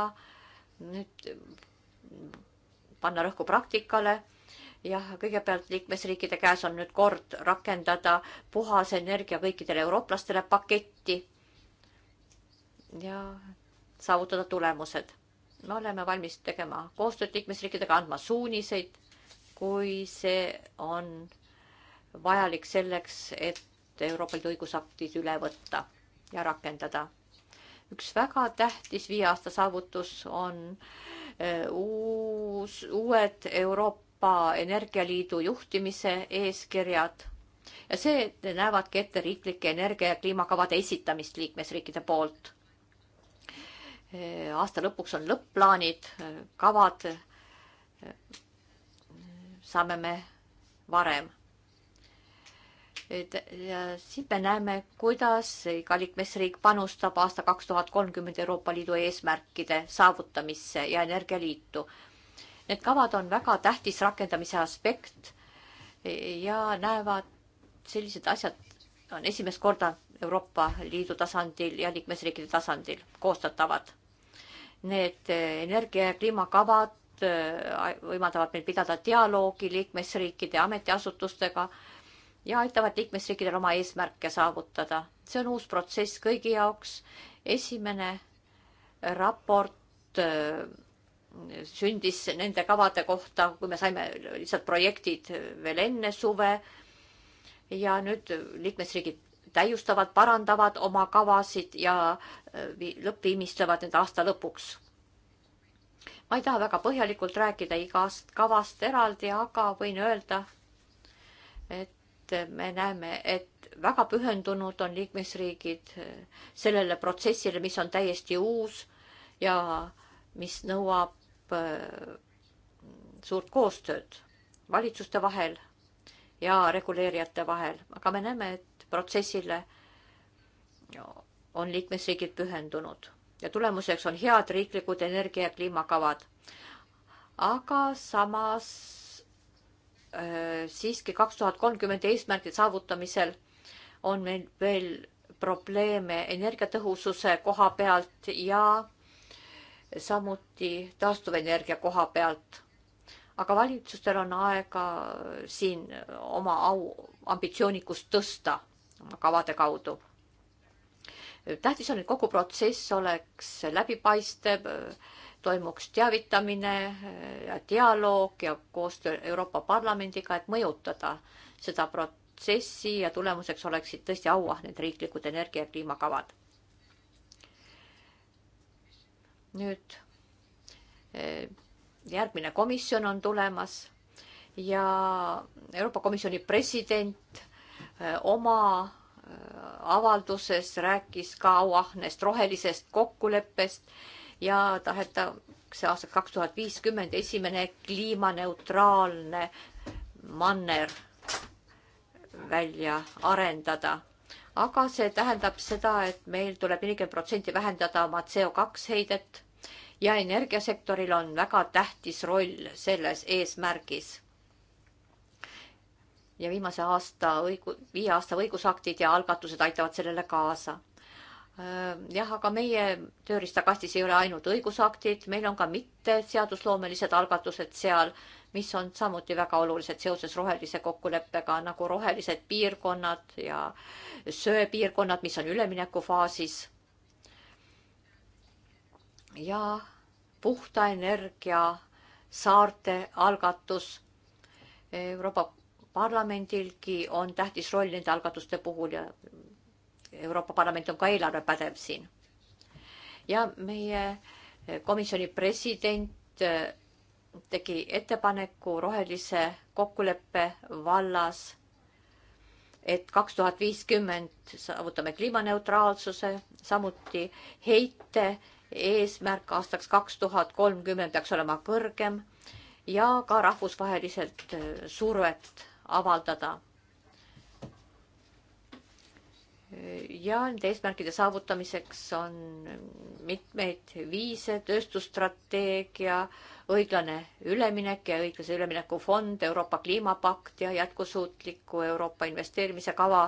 nüüd panna rõhku praktikale jah, kõigepealt liikmesriikide käes on nüüd kord rakendada puhas energia kõikidele eurooplastele paketti ja saavutada tulemused. me oleme valmis tegema koostööd liikmesriikidega, andma suuniseid, kui see on vajalik selleks, et Euroopa Liidu õigusaktid üle võtta ja rakendada. üks väga tähtis viie aasta saavutus on äh, uus, uued Euroopa Euroopa Energialiidu juhtimise eeskirjad ja see näevadki ette riiklike energia- ja kliimakavade esitamist liikmesriikide poolt. Äh, aasta lõpuks on lõpp-plaanid, äh, kavad äh, saame me varem. et ja siit me näeme, kuidas iga liikmesriik panustab aasta kaks tuhat kolmkümmend Euroopa Liidu eesmärkide saavutamisse ja energialiitu Need kavad on väga tähtis rakendamise aspekt ja näevad sellised asjad on esimest korda Euroopa Liidu tasandil ja liikmesriikide tasandil koostatavad. Need eh, energia ja kliimakavad eh, võimaldavad meil pidada dialoogi liikmesriikide ametiasutustega ja aitavad liikmesriikidel oma eesmärke saavutada. see on uus protsess kõigi jaoks. esimene raport eh, sündis nende kavade kohta, kui me saime lihtsalt projektid veel enne suve. ja nüüd liikmesriigid täiustavad, parandavad oma kavasid ja äh, lõppviimistlevad need aasta lõpuks. ma ei taha väga põhjalikult rääkida igast kavast eraldi, aga võin öelda, et me näeme, et väga pühendunud on liikmesriigid äh, sellele protsessile, mis on täiesti uus ja mis nõuab Äh, suurt koostööd valitsuste vahel ja reguleerijate vahel, aga me näeme, et protsessile on liikmesriigid pühendunud ja tulemuseks on head riiklikud energia- ja kliimakavad. aga samas äh, siiski kaks tuhat kolmkümmend eesmärgi saavutamisel on meil veel probleeme energiatõhususe koha pealt ja samuti taastuvenergia koha pealt. aga valitsustel on aega siin oma au, ambitsioonikust tõsta oma kavade kaudu. tähtis on, et kogu protsess oleks läbipaistev, toimuks teavitamine ja dialoog ja koostöö Euroopa Parlamendiga, et mõjutada seda protsessi ja tulemuseks oleksid tõesti auahned riiklikud energia- ja kliimakavad nüüd eh, järgmine komisjon on tulemas ja Euroopa Komisjoni president eh, oma eh, avalduses rääkis ka auahnest rohelisest kokkuleppest ja tahetakse aastaks kaks tuhat viiskümmend esimene kliimaneutraalne manner välja arendada aga see tähendab seda, et meil tuleb nelikümmend protsenti vähendada oma CO2 heidet ja energiasektoril on väga tähtis roll selles eesmärgis. ja viimase aasta õigu-, viie aasta õigusaktid ja algatused aitavad sellele kaasa äh, jah, aga meie tööriistakastis ei ole ainult õigusaktid, meil on ka mitteseadusloomelised algatused seal mis on samuti väga olulised seoses rohelise kokkuleppega, nagu rohelised piirkonnad ja söepiirkonnad, mis on üleminekufaasis. ja puhta energia saarte algatus Euroopa Parlamendilgi on tähtis roll nende algatuste puhul ja Euroopa Parlament on ka eelarvepädev siin. ja meie komisjoni president tegi ettepaneku rohelise kokkuleppe vallas, et kaks tuhat viiskümmend saavutame kliimaneutraalsuse, samuti heite eesmärk aastaks kaks tuhat kolmkümmend peaks olema kõrgem ja ka rahvusvaheliselt äh, survet avaldada ja nende eesmärkide saavutamiseks on mitmeid viise, tööstusstrateegia, õiglane üleminek ja õiglase ülemineku fond, Euroopa kliimapakt ja jätkusuutliku Euroopa investeerimise kava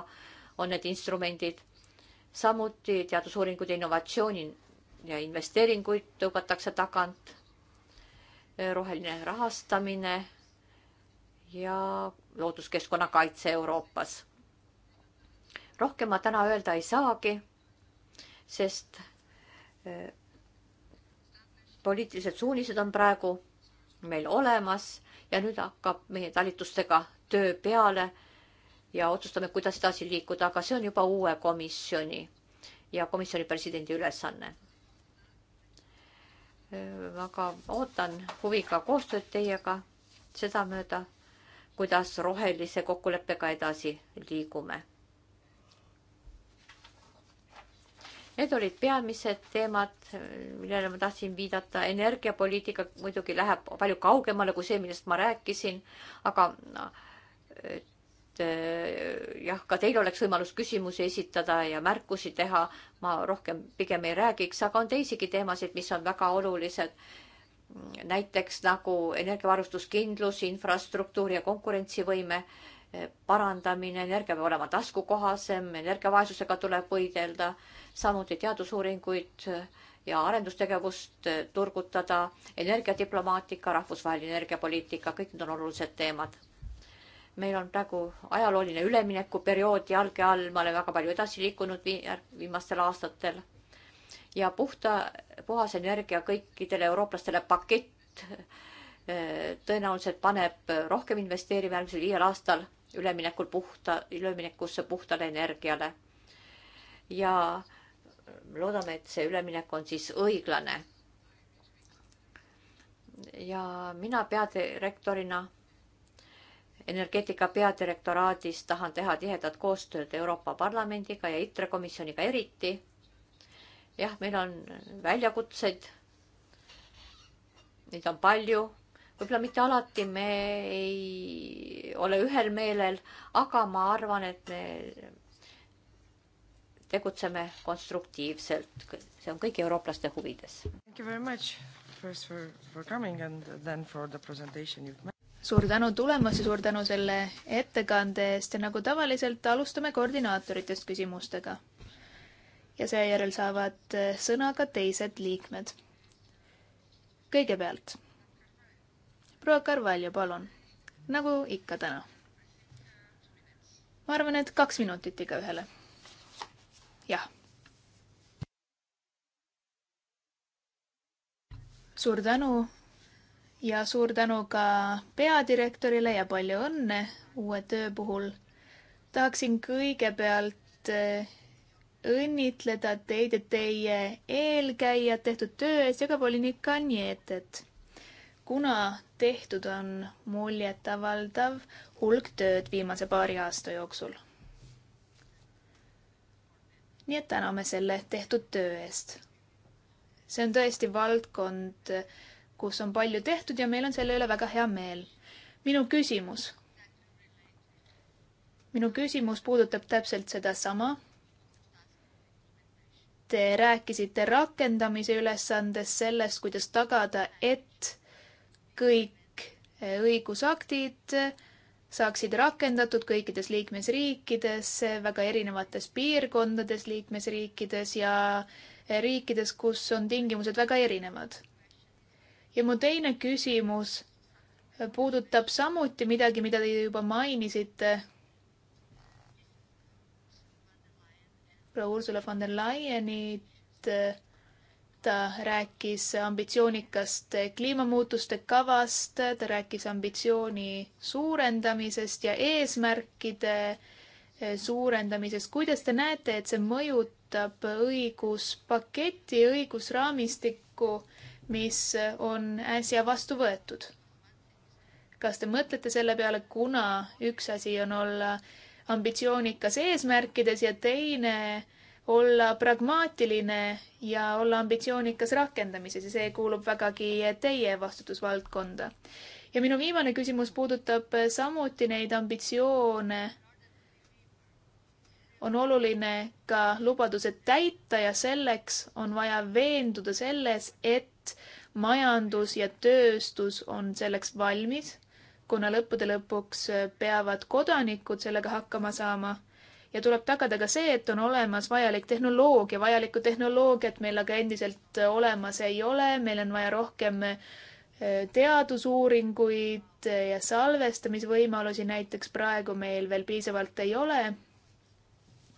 on need instrumendid. samuti teadusuuringud ja innovatsiooni ja investeeringuid tõugatakse tagant, roheline rahastamine ja looduskeskkonna kaitse Euroopas rohkem ma täna öelda ei saagi, sest äh, poliitilised suunised on praegu meil olemas ja nüüd hakkab meie talitustega töö peale ja otsustame, kuidas edasi liikuda, aga see on juba uue komisjoni ja komisjoni presidendi ülesanne. Äh, aga ootan huviga koostööd teiega sedamööda, kuidas rohelise kokkuleppega edasi liigume Need olid peamised teemad, millele ma tahtsin viidata. energiapoliitika muidugi läheb palju kaugemale kui see, millest ma rääkisin, aga et äh, jah, ka teil oleks võimalus küsimusi esitada ja märkusi teha. ma rohkem pigem ei räägiks, aga on teisigi teemasid, mis on väga olulised. näiteks nagu energiavarustuskindlus, infrastruktuur ja konkurentsivõime parandamine, energia peab olema taskukohasem, energiavaesusega tuleb võidelda, samuti teadusuuringuid ja arendustegevust turgutada, energiadiplomaatika, rahvusvaheline energiapoliitika, kõik need on olulised teemad. meil on praegu ajalooline üleminekuperiood jalge all, me oleme väga palju edasi liikunud viimastel aastatel ja puhta, puhas energia kõikidele eurooplastele pakett eh, tõenäoliselt paneb rohkem investeerima järgmisel viiel aastal üleminekul puhta, üleminekusse puhtale energiale. ja loodame, et see üleminek on siis õiglane. ja mina peadirektorina energeetika peadirektoraadis tahan teha tihedat koostööd Euroopa Parlamendiga ja ITRE komisjoniga eriti. jah, meil on väljakutseid. Neid on palju võib-olla mitte alati me ei ole ühel meelel, aga ma arvan, et me tegutseme konstruktiivselt. see on kõigi eurooplaste huvides. suur tänu tulemast ja suur tänu selle ettekande eest ja nagu tavaliselt alustame koordinaatoritest küsimustega. ja seejärel saavad eh, sõna ka teised liikmed. kõigepealt proua Carvalho, palun, nagu ikka täna. ma arvan, et kaks minutit igaühele. jah. suur tänu ja suur tänu ka peadirektorile ja palju õnne uue töö puhul. tahaksin kõigepealt eh, õnnitleda teid ja teie eelkäijad tehtud töö eest ja ka volinik Kanietet kuna tehtud on muljetavaldav hulk tööd viimase paari aasta jooksul. nii et täname selle tehtud töö eest. see on tõesti valdkond, kus on palju tehtud ja meil on selle üle väga hea meel. minu küsimus. minu küsimus puudutab täpselt sedasama. Te rääkisite rakendamise ülesandest, sellest, kuidas tagada, et kõik äh, õigusaktid saaksid rakendatud kõikides liikmesriikides, väga erinevates piirkondades liikmesriikides ja äh, riikides, kus on tingimused väga erinevad. ja mu teine küsimus puudutab samuti midagi, mida te juba mainisite. proua Ursula von der Leyenit äh, ta rääkis ambitsioonikast kliimamuutuste kavast, ta rääkis ambitsiooni suurendamisest ja eesmärkide eh, suurendamisest. kuidas te näete, et see mõjutab õiguspaketi, õigusraamistikku, mis on äsja vastu võetud? kas te mõtlete selle peale, kuna üks asi on olla ambitsioonikas eesmärkides ja teine olla pragmaatiline ja olla ambitsioonikas rakendamises ja see kuulub vägagi teie vastutusvaldkonda. ja minu viimane küsimus puudutab samuti neid ambitsioone. on oluline ka lubadused täita ja selleks on vaja veenduda selles, et majandus ja tööstus on selleks valmis, kuna lõppude lõpuks peavad kodanikud sellega hakkama saama ja tuleb tagada ka see, et on olemas vajalik tehnoloogia, vajalikku tehnoloogiat meil aga endiselt olemas ei ole, meil on vaja rohkem eh, teadusuuringuid ja salvestamisvõimalusi näiteks praegu meil veel piisavalt ei ole.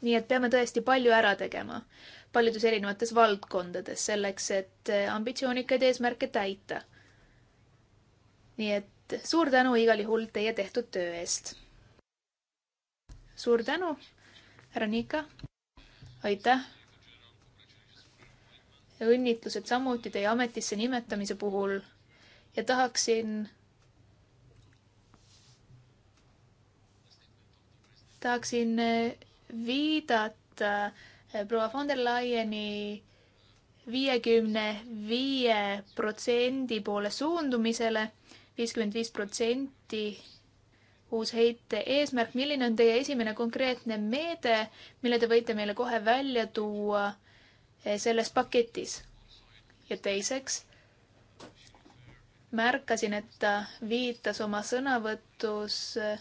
nii et peame tõesti palju ära tegema paljudes erinevates valdkondades selleks, et eh, ambitsioonikaid eesmärke täita. nii et suur tänu igal juhul teie tehtud töö eest. suur tänu härra Niika, aitäh. õnnitlused samuti teie ametisse nimetamise puhul ja tahaksin tahaksin eh, viidata eh, proua von der Leyeni viiekümne viie protsendi poole suundumisele, viiskümmend viis protsenti uus heite eesmärk, milline on teie esimene konkreetne meede, mille te võite meile kohe välja tuua eh, selles paketis? ja teiseks, märkasin, et ta viitas oma sõnavõtus eh,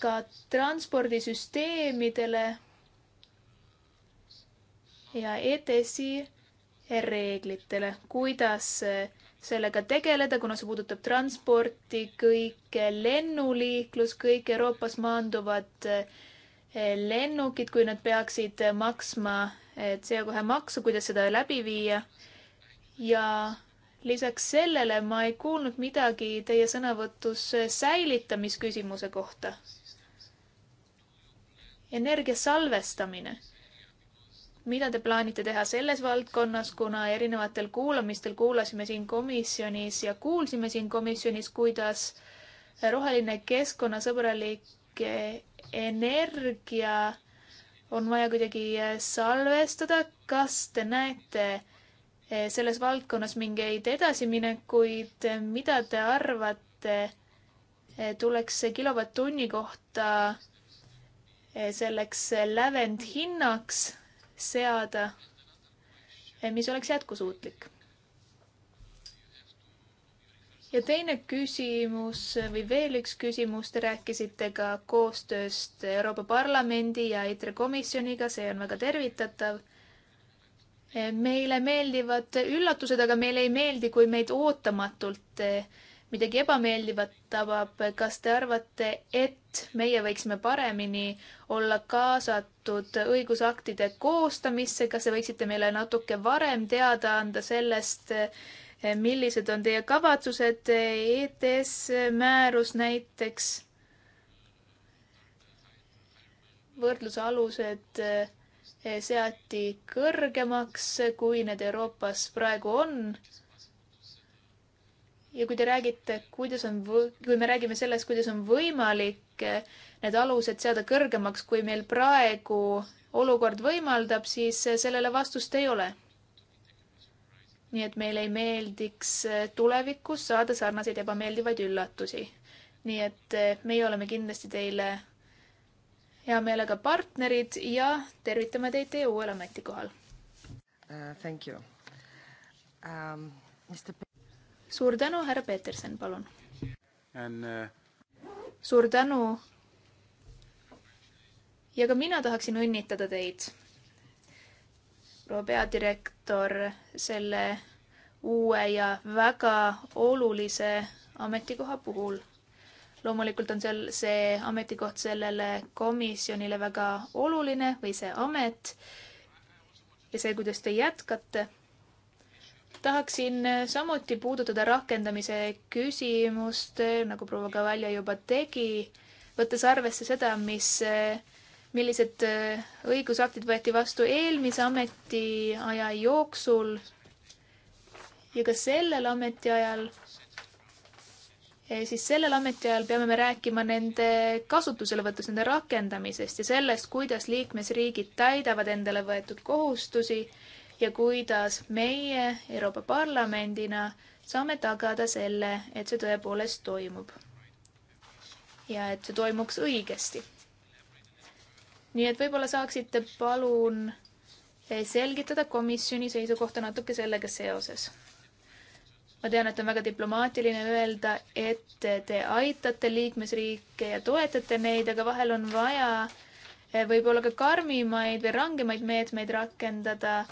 ka transpordisüsteemidele ja ETS-i reeglitele, kuidas eh, sellega tegeleda, kuna see puudutab transporti, kõike lennuliiklus, kõik Euroopas maanduvad eh, lennukid, kui nad peaksid eh, maksma eh, CO2 maksu, kuidas seda läbi viia. ja lisaks sellele ma ei kuulnud midagi teie sõnavõtus säilitamisküsimuse kohta. energia salvestamine mida te plaanite teha selles valdkonnas, kuna erinevatel kuulamistel kuulasime siin komisjonis ja kuulsime siin komisjonis, kuidas roheline keskkonnasõbralik energia on vaja kuidagi salvestada. kas te näete eh, selles valdkonnas mingeid edasiminekuid, mida te arvate, eh, tuleks kilovatt-tunni kohta eh, selleks lävendhinnaks seada, mis oleks jätkusuutlik. ja teine küsimus või veel üks küsimus, te rääkisite ka koostööst Euroopa Parlamendi ja ITRE komisjoniga, see on väga tervitatav meile meeldivad üllatused, aga meile ei meeldi, kui meid ootamatult midagi ebameeldivat tabab, kas te arvate, et meie võiksime paremini olla kaasatud õigusaktide koostamisse, kas te võiksite meile natuke varem teada anda sellest, millised on teie kavatsused, ETS määrus näiteks, võrdlusalused eh, seati kõrgemaks, kui need Euroopas praegu on ja kui te räägite, kuidas on, kui me räägime sellest, kuidas on võimalik eh, need alused seada kõrgemaks, kui meil praegu olukord võimaldab, siis eh, sellele vastust ei ole. nii et meile ei meeldiks eh, tulevikus saada sarnaseid ebameeldivaid üllatusi. nii et meie oleme kindlasti teile hea meelega partnerid ja tervitame teid teie uuel ametikohal uh,. Thank you um,. Mr suur tänu, härra Peterson, palun. Uh... suur tänu. ja ka mina tahaksin õnnitleda teid, proua peadirektor, selle uue ja väga olulise ametikoha puhul loomulikult on seal see ametikoht sellele komisjonile väga oluline või see amet ja see, kuidas te jätkate tahaksin samuti puudutada rakendamise küsimust, nagu proua Kavalja juba tegi, võttes arvesse seda, mis, millised õigusaktid võeti vastu eelmise ametiaja jooksul ja ka sellel ametiajal, e, siis sellel ametiajal peame me rääkima nende kasutuselevõtust, nende rakendamisest ja sellest, kuidas liikmesriigid täidavad endale võetud kohustusi ja kuidas meie Euroopa Parlamendina saame tagada selle, et see tõepoolest toimub. ja et see toimuks õigesti. nii et võib-olla saaksite palun eh, selgitada komisjoni seisukohta natuke sellega seoses. ma tean, et on väga diplomaatiline öelda, et te aitate liikmesriike ja toetate neid, aga vahel on vaja eh, võib-olla ka karmimaid või rangemaid meetmeid rakendada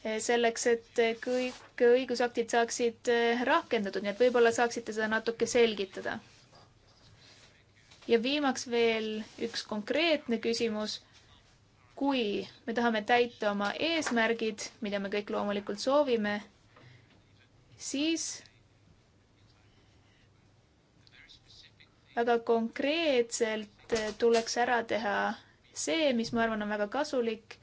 Eh, selleks, et eh, kõik õigusaktid saaksid eh, rakendatud, nii et võib-olla saaksite seda natuke selgitada. ja viimaks veel üks konkreetne küsimus. kui me tahame täita oma eesmärgid, mida me kõik loomulikult soovime, siis väga konkreetselt tuleks ära teha see, mis ma arvan, on väga kasulik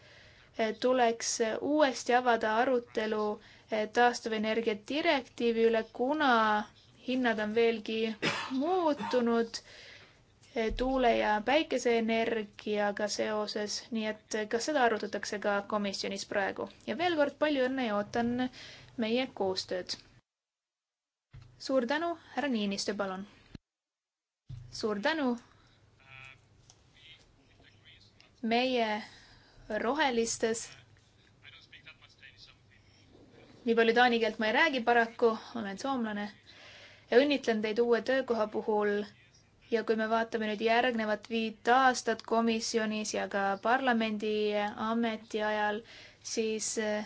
tuleks uuesti avada arutelu eh, taastuvenergia direktiivi üle, kuna hinnad on veelgi muutunud eh, tuule- ja päikeseenergiaga seoses, nii et eh, kas seda arutatakse ka komisjonis praegu? ja veel kord palju õnne ja ootan meie koostööd. suur tänu, härra Niinistö, palun. suur tänu. meie rohelistes. nii palju taani keelt ma ei räägi paraku, olen soomlane ja õnnitlen teid uue töökoha puhul. ja kui me vaatame nüüd järgnevat viit aastat komisjonis ja ka parlamendi ametiajal, siis eh,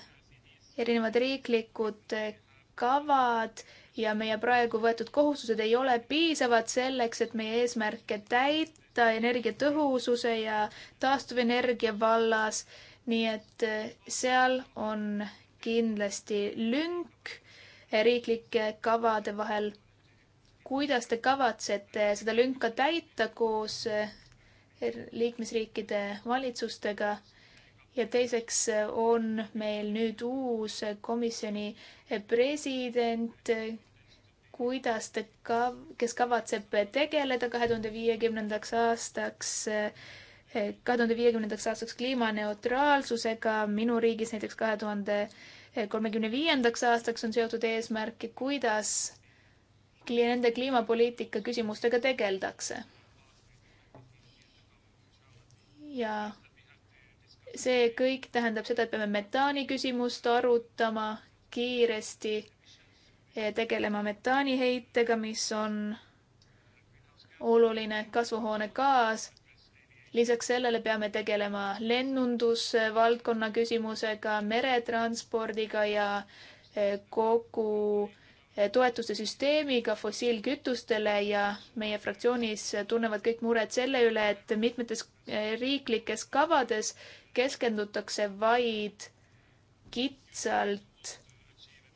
erinevad riiklikud eh, kavad ja meie praegu võetud kohustused ei ole piisavad selleks, et meie eesmärke täita võtta energiatõhususe ja taastuvenergia vallas. nii et eh, seal on kindlasti lünk riiklike kavade vahel. kuidas te kavatsete seda lünka täita koos eh, liikmesriikide valitsustega? ja teiseks eh, on meil nüüd uus komisjoni president, kuidas ta ka, kes kavatseb tegeleda kahe tuhande viiekümnendaks aastaks, kahe tuhande viiekümnendaks aastaks kliimaneutraalsusega, minu riigis näiteks kahe tuhande kolmekümne viiendaks aastaks on seotud eesmärk, kuidas nende kliimapoliitika küsimustega tegeldakse. ja see kõik tähendab seda, et peame metaani küsimust arutama kiiresti tegelema metaaniheitega, mis on oluline kasvuhoonegaas. lisaks sellele peame tegelema lennundusvaldkonna küsimusega, meretranspordiga ja eh, kogu eh, toetuste süsteemiga fossiilkütustele ja meie fraktsioonis tunnevad kõik muret selle üle, et mitmetes eh, riiklikes kavades keskendutakse vaid kitsalt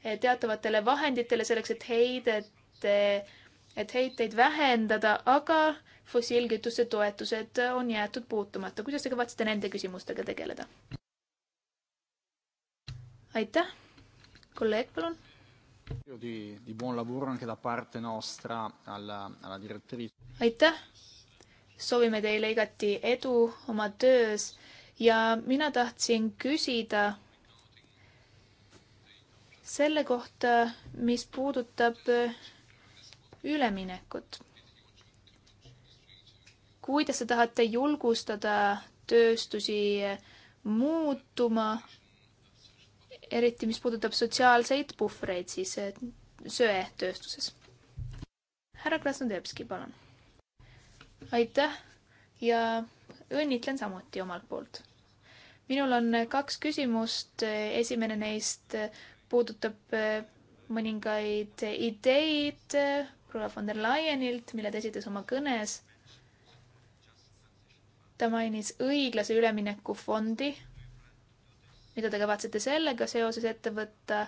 Eh, teatavatele vahenditele selleks, et heidet, eh, et heiteid vähendada, aga fossiilkütuste toetused on jäetud puutumata. kuidas te kavatsete nende küsimustega tegeleda? aitäh, kolleeg, palun. Di, di buon lavoro anche da parte nostra alla, alla direttrice. aitäh, soovime teile igati edu oma töös ja mina tahtsin küsida selle kohta, mis puudutab äh, üleminekut. kuidas te tahate julgustada tööstusi äh, muutuma, eriti mis puudutab sotsiaalseid puhvreid siis äh, söetööstuses? härra Krasnodebski, palun. aitäh ja õnnitlen samuti omalt poolt minul on kaks küsimust, esimene neist puudutab äh, mõningaid ideid äh, proua von der Leyenilt, mille ta esitas oma kõnes. ta mainis õiglase ülemineku fondi, mida te kavatsete sellega seoses ette võtta,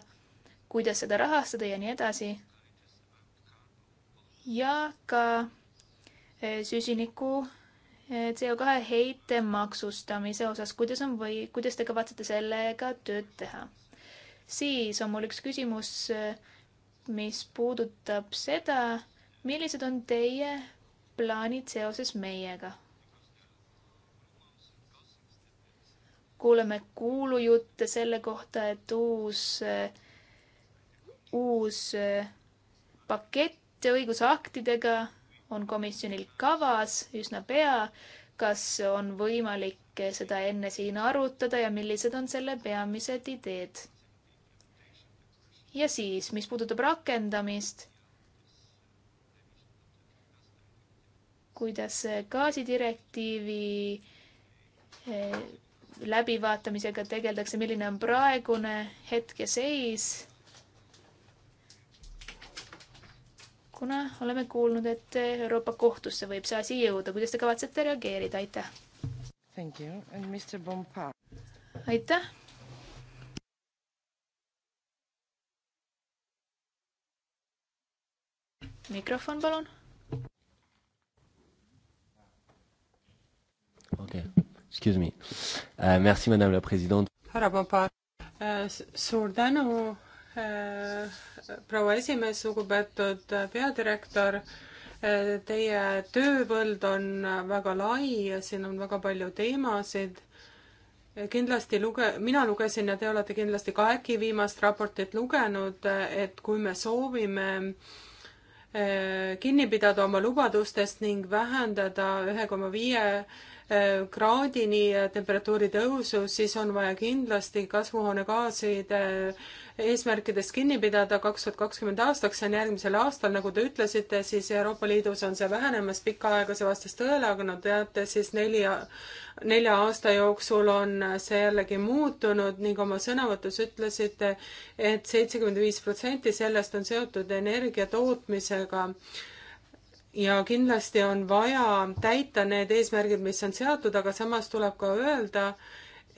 kuidas seda rahastada ja nii edasi. ja ka äh, süsiniku CO2 heite maksustamise osas, kuidas on või kuidas te kavatsete sellega tööd teha siis on mul üks küsimus, eh, mis puudutab seda, millised on teie plaanid seoses meiega? kuuleme kuulujutte selle kohta, et uus, eh, uus eh, pakett õigusaktidega on komisjonil kavas üsna pea. kas on võimalik seda enne siin arutada ja millised on selle peamised ideed? ja siis, mis puudutab rakendamist, kuidas gaasidirektiivi eh, läbivaatamisega tegeldakse, milline on praegune hetkeseis. kuna oleme kuulnud, et Euroopa kohtusse võib see asi jõuda, kuidas te kavatsete reageerida, aitäh! aitäh! mikrofon, palun. okei okay., excuse me uh,. Merci, madame la president. härra Popa uh,, suur tänu uh,, proua esimees, lugupeetud peadirektor äh, teie tööpõld on väga lai ja siin on väga palju teemasid. kindlasti luge-, mina lugesin ja te olete kindlasti ka äkki viimast raportit lugenud, et kui me soovime äh, Äh, kinni pidada oma lubadustest ning vähendada ühe koma viie äh, kraadini äh, temperatuuri tõusu, siis on vaja kindlasti kasvuhoonegaaside eesmärkidest kinni pidada kaks tuhat kakskümmend aastaks, see on järgmisel aastal, nagu te ütlesite, siis Euroopa Liidus on see vähenemas pikka aega, see vastas tõele, aga no teate, siis neli, nelja aasta jooksul on see jällegi muutunud ning oma sõnavõtus ütlesite et, et seitsekümmend viis protsenti sellest on seotud energia tootmisega ja kindlasti on vaja täita need eesmärgid, mis on seatud, aga samas tuleb ka öelda,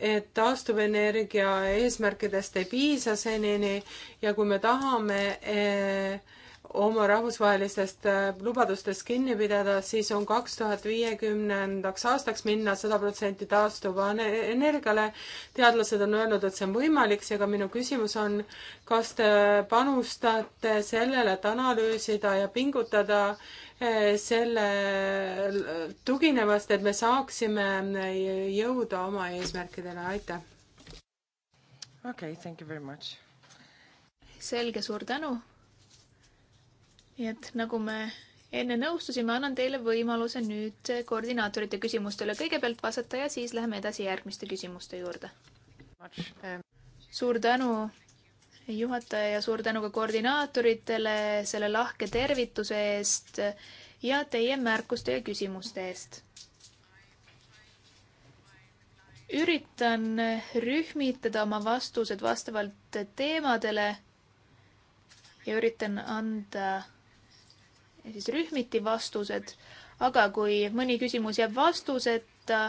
et taastuvenergia eesmärkidest ei piisa senini ja kui me tahame eh, oma rahvusvahelistest eh, lubadustest kinni pidada, siis on kaks tuhat viiekümnendaks aastaks minna sada protsenti taastuva energiale. teadlased on öelnud, et see on võimalik, seega minu küsimus on, kas te panustate sellele, et analüüsida ja pingutada selle tuginevast, et me saaksime jõuda oma eesmärkidele, aitäh. okei okay,, thank you very much. selge, suur tänu. nii et nagu me enne nõustusime, annan teile võimaluse nüüd koordinaatorite küsimustele kõigepealt vastata ja siis läheme edasi järgmiste küsimuste juurde. Um, suur tänu juhataja ja suur tänu ka koordinaatoritele selle lahke tervituse eest ja teie märkuste ja küsimuste eest. üritan rühmitada oma vastused vastavalt teemadele ja üritan anda siis rühmiti vastused, aga kui mõni küsimus jääb vastuseta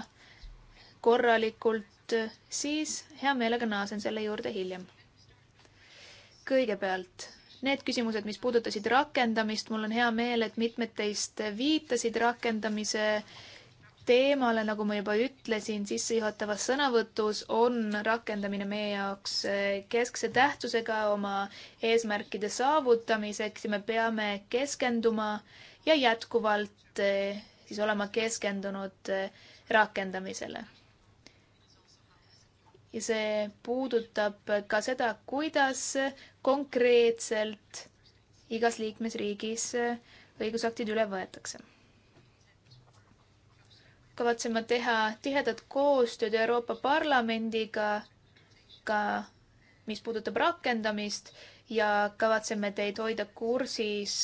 korralikult, siis hea meelega naasen selle juurde hiljem kõigepealt need küsimused, mis puudutasid rakendamist, mul on hea meel, et mitmed teist viitasid rakendamise teemale, nagu ma juba ütlesin, sissejuhatavas sõnavõtus on rakendamine meie jaoks keskse tähtsusega oma eesmärkide saavutamiseks ja me peame keskenduma ja jätkuvalt eh, siis olema keskendunud eh, rakendamisele ja see puudutab ka seda, kuidas konkreetselt igas liikmesriigis õigusaktid üle võetakse. kavatseme teha tihedat koostööd Euroopa Parlamendiga ka, mis puudutab rakendamist ja kavatseme teid hoida kursis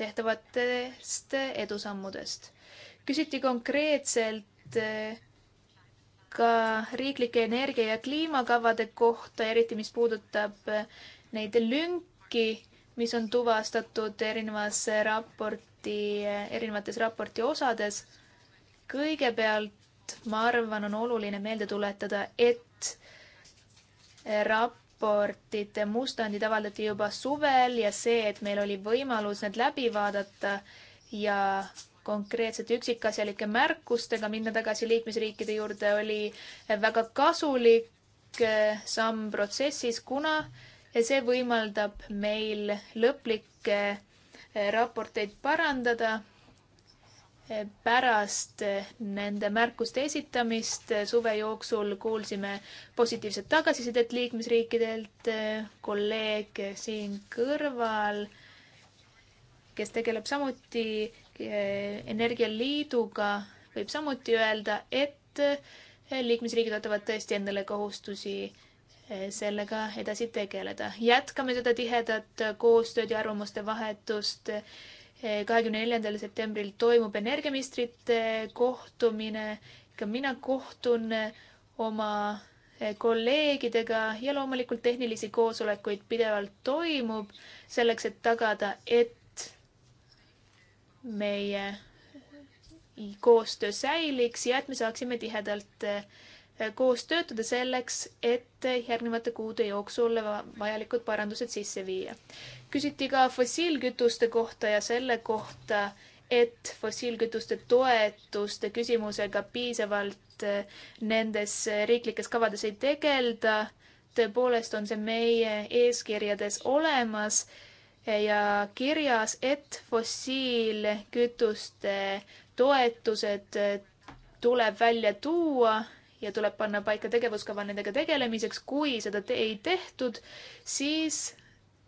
tehtavatest edusammudest. küsiti konkreetselt ka riiklike energia- ja kliimakavade kohta, eriti mis puudutab eh, neid lünki, mis on tuvastatud erinevas raporti, erinevates raporti osades. kõigepealt, ma arvan, on oluline meelde tuletada, et raportite mustandid avaldati juba suvel ja see, et meil oli võimalus need läbi vaadata ja konkreetsete üksikasjalike märkustega minna tagasi liikmesriikide juurde oli väga kasulik eh, samm protsessis, kuna see võimaldab meil lõplikke eh, raporteid parandada eh, pärast nende märkuste esitamist suve jooksul kuulsime positiivset tagasisidet liikmesriikidelt. kolleeg siin kõrval, kes tegeleb samuti Äh, Energialiiduga võib samuti öelda, et äh, liikmesriigid võtavad tõesti endale kohustusi äh, sellega edasi tegeleda. jätkame seda tihedat koostööd ja arvamuste vahetust. kahekümne neljandal septembril toimub energiaministrite kohtumine. ka mina kohtun oma kolleegidega ja loomulikult tehnilisi koosolekuid pidevalt toimub selleks, et tagada, et meie koostöö säiliks ja et me saaksime tihedalt eh, koos töötada selleks, et järgnevate kuude jooksul vajalikud parandused sisse viia. küsiti ka fossiilkütuste kohta ja selle kohta, et fossiilkütuste toetuste küsimusega piisavalt eh, nendes riiklikes kavades ei tegelda. tõepoolest on see meie eeskirjades olemas ja kirjas, et fossiilkütuste toetused eh, tuleb välja tuua ja tuleb panna paika tegevuskava nendega tegelemiseks. kui seda te ei tehtud, siis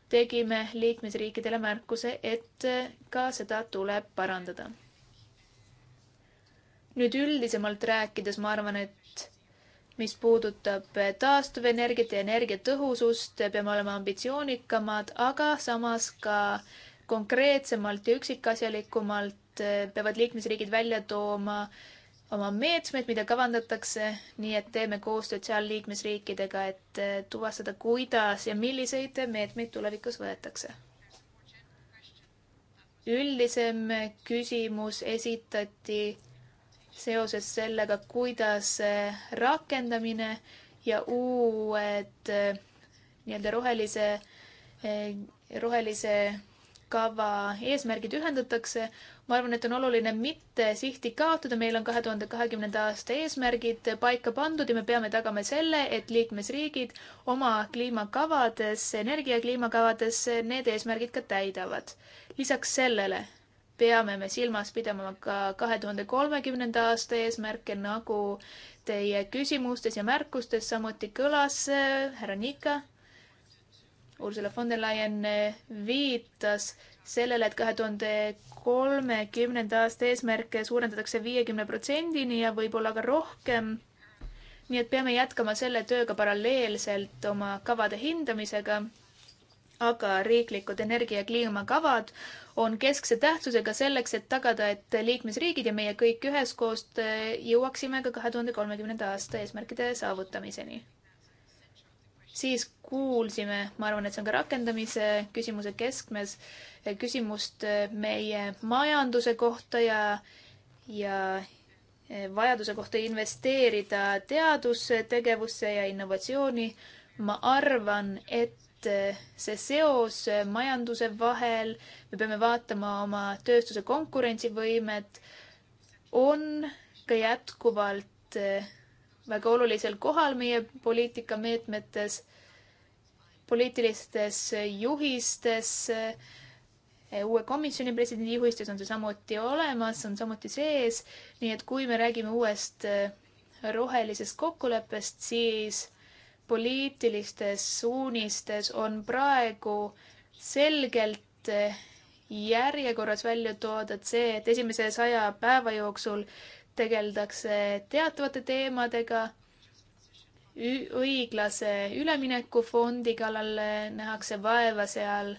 tegime liikmesriikidele märkuse, et eh, ka seda tuleb parandada. nüüd üldisemalt rääkides, ma arvan, et mis puudutab taastuvenergiat ja energiatõhusust, peame olema ambitsioonikamad, aga samas ka konkreetsemalt ja üksikasjalikumalt peavad liikmesriigid välja tooma oma meetmed, mida kavandatakse, nii et teeme koostööd seal liikmesriikidega, et tuvastada, kuidas ja milliseid meetmeid tulevikus võetakse. üldisem küsimus esitati seoses sellega, kuidas eh, rakendamine ja uued eh, nii-öelda rohelise, eh, rohelise kava eesmärgid ühendatakse. ma arvan, et on oluline mitte sihti kaotada, meil on kahe tuhande kahekümnenda aasta eesmärgid paika pandud ja me peame tagama selle, et liikmesriigid oma kliimakavades, energia kliimakavades need eesmärgid ka täidavad. lisaks sellele peame me silmas pidama ka kahe tuhande kolmekümnenda aasta eesmärke, nagu teie küsimustes ja märkustes samuti kõlas äh, härra Nika. Ursula von der Leyen äh, viitas sellele, et kahe tuhande kolmekümnenda aasta eesmärke suurendatakse viiekümne protsendini ja võib-olla ka rohkem. nii et peame jätkama selle tööga paralleelselt oma kavade hindamisega. aga riiklikud energia- ja kliimakavad on keskse tähtsusega selleks, et tagada, et liikmesriigid ja meie kõik üheskoos äh, jõuaksime ka kahe tuhande kolmekümnenda aasta eesmärkide saavutamiseni. siis kuulsime, ma arvan, et see on ka rakendamise küsimuse keskmes, äh, küsimust äh, meie majanduse kohta ja, ja vajaduse kohta investeerida teadustegevusse ja innovatsiooni. ma arvan, et Eh, see seos eh, majanduse vahel, me peame vaatama oma tööstuse konkurentsivõimet, on ka jätkuvalt eh, väga olulisel kohal meie poliitikameetmetes, poliitilistes juhistes, uue komisjoni presidendi juhistes on see samuti olemas, on samuti sees. nii et kui me räägime uuest rohelisest kokkuleppest, siis poliitilistes suunistes on praegu selgelt järjekorras välja toodud see, et esimese saja päeva jooksul tegeldakse teatavate teemadega, õiglase üleminekufondi kallal nähakse vaeva seal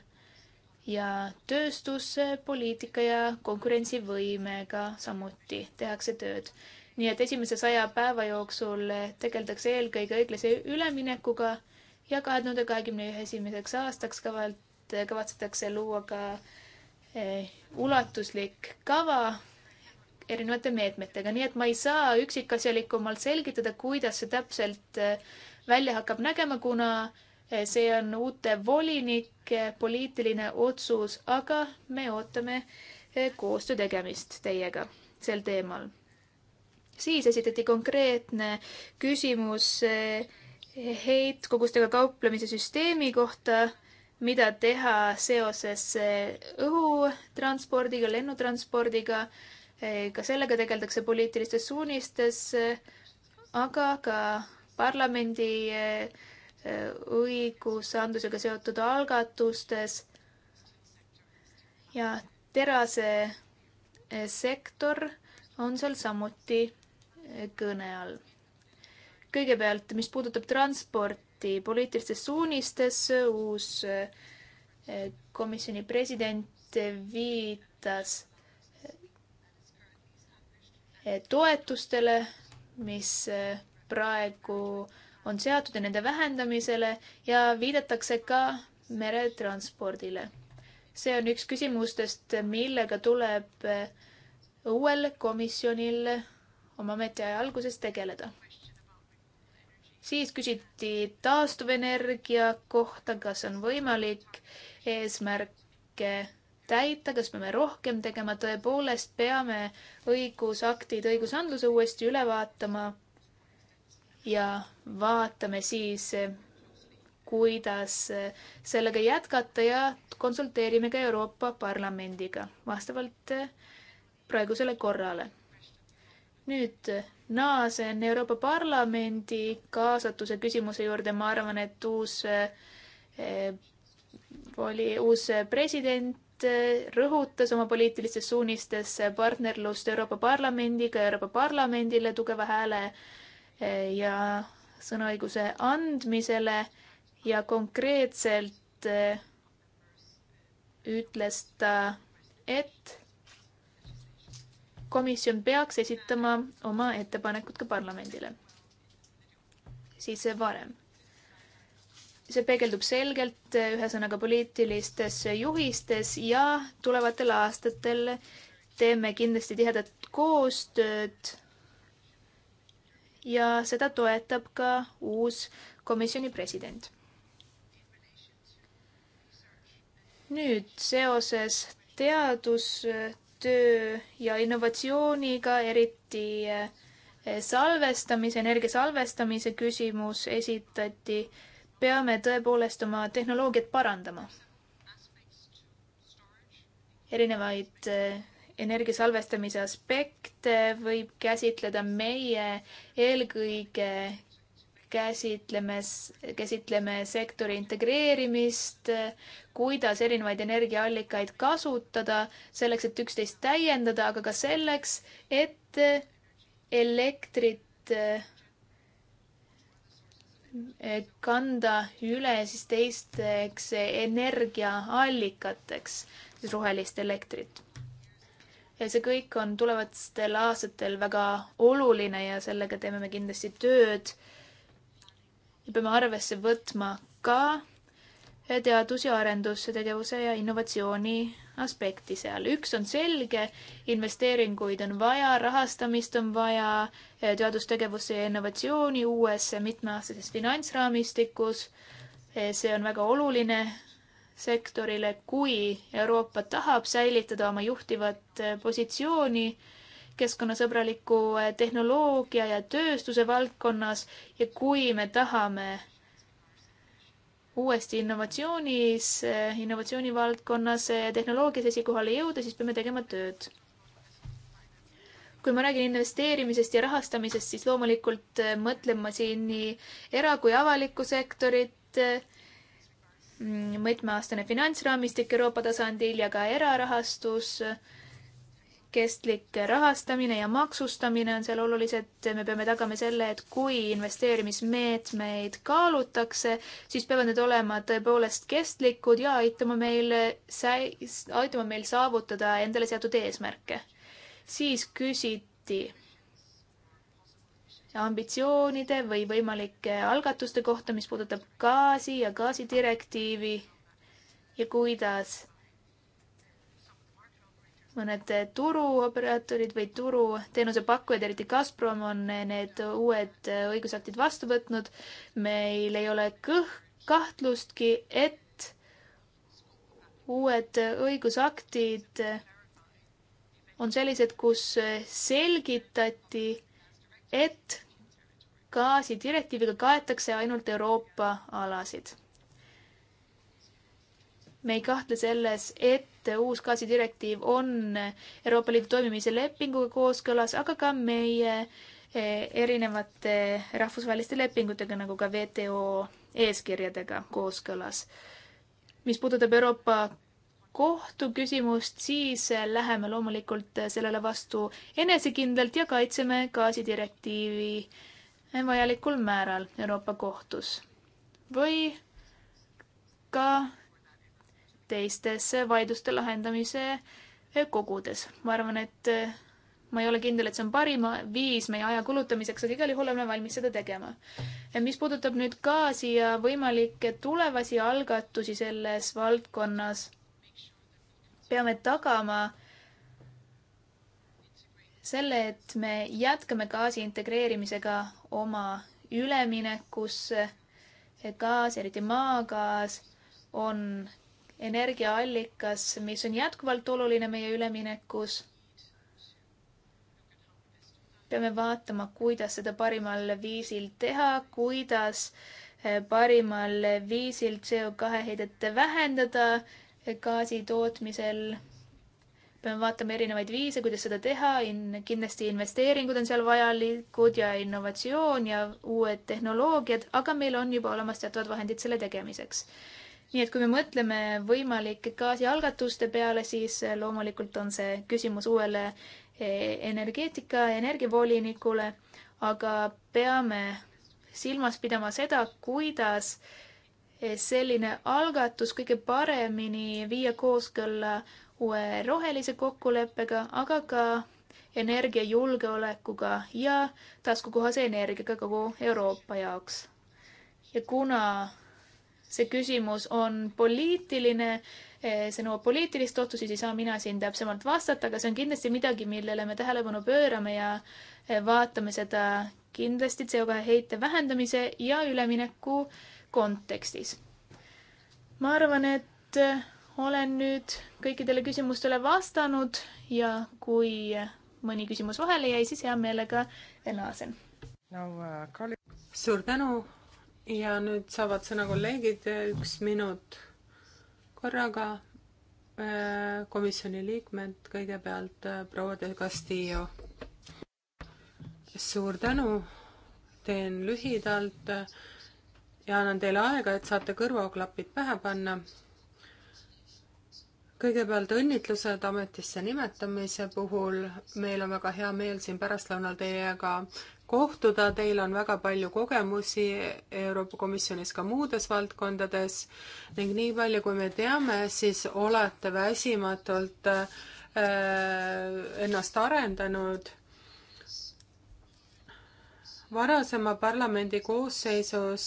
ja tööstuspoliitika ja konkurentsivõimega samuti tehakse tööd nii et esimese saja päeva jooksul tegeldakse eelkõige õiglase üleminekuga ja kahe tuhande kahekümne esimeseks aastaks kavalt, kavatsetakse luua ka eh, ulatuslik kava erinevate meetmetega, nii et ma ei saa üksikasjalikumalt selgitada, kuidas see täpselt eh, välja hakkab nägema, kuna eh, see on uute volinike poliitiline otsus, aga me ootame koostöö tegemist teiega sel teemal siis esitati konkreetne küsimus eh, heitkogustega kauplemise süsteemi kohta, mida teha seoses eh, õhutranspordiga, lennutranspordiga. Eh, ka sellega tegeldakse poliitilistes suunistes, aga ka parlamendi õigusandlusega seotud algatustes. ja terasesektor on seal samuti kõne all. kõigepealt, mis puudutab transporti poliitilistes suunistes, uus eh, komisjoni president viitas eh, toetustele, mis eh, praegu on seatud ja nende vähendamisele ja viidatakse ka meretranspordile. see on üks küsimustest, millega tuleb uuel komisjonil oma ametiaja alguses tegeleda. siis küsiti taastuvenergia kohta, kas on võimalik eesmärke täita, kas peame rohkem tegema, tõepoolest peame õigusaktid, õigusandluse uuesti üle vaatama. ja vaatame siis, kuidas sellega jätkata ja konsulteerime ka Euroopa Parlamendiga vastavalt praegusele korrale nüüd naasen Euroopa Parlamendi kaasatuse küsimuse juurde, ma arvan, et uus eh, oli uus president eh, rõhutas oma poliitilistes suunistes partnerlust Euroopa Parlamendiga, Euroopa Parlamendile tugeva hääle eh, ja sõnaõiguse andmisele ja konkreetselt ütles ta, et komisjon peaks esitama oma ettepanekud ka parlamendile. siis varem. see peegeldub selgelt ühesõnaga poliitilistes juhistes ja tulevatel aastatel teeme kindlasti tihedat koostööd. ja seda toetab ka uus komisjoni president. nüüd seoses teadus töö ja innovatsiooniga, eriti eh, salvestamise, energia salvestamise küsimus esitati. peame tõepoolest oma tehnoloogiat parandama. erinevaid eh, energia salvestamise aspekte võib käsitleda meie eelkõige käsitleme, käsitleme sektori integreerimist, kuidas erinevaid energiaallikaid kasutada selleks, et üksteist täiendada, aga ka selleks, et elektrit eh, kanda üle siis teisteks energiaallikateks, siis rohelist elektrit ja see kõik on tulevastel aastatel väga oluline ja sellega teeme me kindlasti tööd me peame arvesse võtma ka eh, teadus- ja arendustegevuse ja innovatsiooni aspekti seal. üks on selge, investeeringuid on vaja, rahastamist on vaja eh, teadustegevusse ja innovatsiooni uues mitmeaastases finantsraamistikus. Eh, see on väga oluline sektorile, kui Euroopa tahab säilitada oma juhtivat positsiooni keskkonnasõbraliku eh, tehnoloogia ja tööstuse valdkonnas ja kui me tahame uuesti innovatsioonis, eh, innovatsiooni valdkonnas eh, tehnoloogias esikohale jõuda, siis peame tegema tööd. kui ma räägin investeerimisest ja rahastamisest, siis loomulikult mõtlen ma siin nii era- kui avalikku sektorit, mitmeaastane mm, finantsraamistik Euroopa tasandil ja ka erarahastus kestlik rahastamine ja maksustamine on seal olulised, me peame tagama selle, et kui investeerimismeetmeid kaalutakse, siis peavad need olema tõepoolest kestlikud ja aitama meil, aitama meil saavutada endale seatud eesmärke. siis küsiti ambitsioonide või võimalike algatuste kohta, mis puudutab gaasi ja gaasidirektiivi ja kuidas mõned turuoperaatorid või turuteenusepakkujad, eriti Gazprom on need uued õigusaktid vastu võtnud. meil ei ole kõh-, kahtlustki, et uued õigusaktid on sellised, kus selgitati, et gaasidirektiiviga kaetakse ainult Euroopa alasid me ei kahtle selles, et uus gaasidirektiiv on Euroopa Liidu toimimise lepinguga kooskõlas, aga ka meie eh, erinevate rahvusvaheliste lepingutega, nagu ka WTO eeskirjadega kooskõlas. mis puudutab Euroopa kohtu küsimust, siis läheme loomulikult sellele vastu enesekindlalt ja kaitseme gaasidirektiivi vajalikul määral Euroopa kohtus. või ka teistes vaidluste lahendamise eh, kogudes. ma arvan, et eh, ma ei ole kindel, et see on parim viis meie aja kulutamiseks, aga igal juhul oleme valmis seda tegema. mis puudutab nüüd gaasi ja võimalikke tulevasi algatusi selles valdkonnas, peame tagama selle, et me jätkame gaasi integreerimisega oma üleminekusse. gaas, eriti maagaas, on energiaallikas, mis on jätkuvalt oluline meie üleminekus. peame vaatama, kuidas seda parimal viisil teha, kuidas eh, parimal viisil CO2 heidet vähendada eh, gaasi tootmisel. peame vaatama erinevaid viise, kuidas seda teha In,, kindlasti investeeringud on seal vajalikud ja innovatsioon ja uued tehnoloogiad, aga meil on juba olemas teatavad vahendid selle tegemiseks nii et kui me mõtleme võimalike gaasialgatuste peale, siis loomulikult on see küsimus uuele eh, energeetika ja energiavolinikule, aga peame silmas pidama seda, kuidas eh, selline algatus kõige paremini viia kooskõlla uue rohelise kokkuleppega, aga ka energiajulgeolekuga ja taskukohase energiaga kogu Euroopa jaoks. ja kuna see küsimus on poliitiline, eh, see nõuab poliitilist otsust, siis ei saa mina siin täpsemalt vastata, aga see on kindlasti midagi, millele me tähelepanu pöörame ja eh, vaatame seda kindlasti CO2 heite vähendamise ja ülemineku kontekstis. ma arvan, et eh, olen nüüd kõikidele küsimustele vastanud ja kui mõni küsimus vahele jäi, siis hea meelega naasen no,. Uh, suur tänu, ja nüüd saavad sõna kolleegid, üks minut korraga. Äh, komisjoni liikmed, kõigepealt äh, proua del Castillo. suur tänu, teen lühidalt äh, ja annan teile aega, et saate kõrvaklapid pähe panna. kõigepealt õnnitlused ametisse nimetamise puhul. meil on väga hea meel siin pärastlõunal teiega kohtuda, teil on väga palju kogemusi Euroopa Komisjonis ka muudes valdkondades ning nii palju, kui me teame, siis olete väsimatult äh, ennast arendanud. varasema parlamendi koosseisus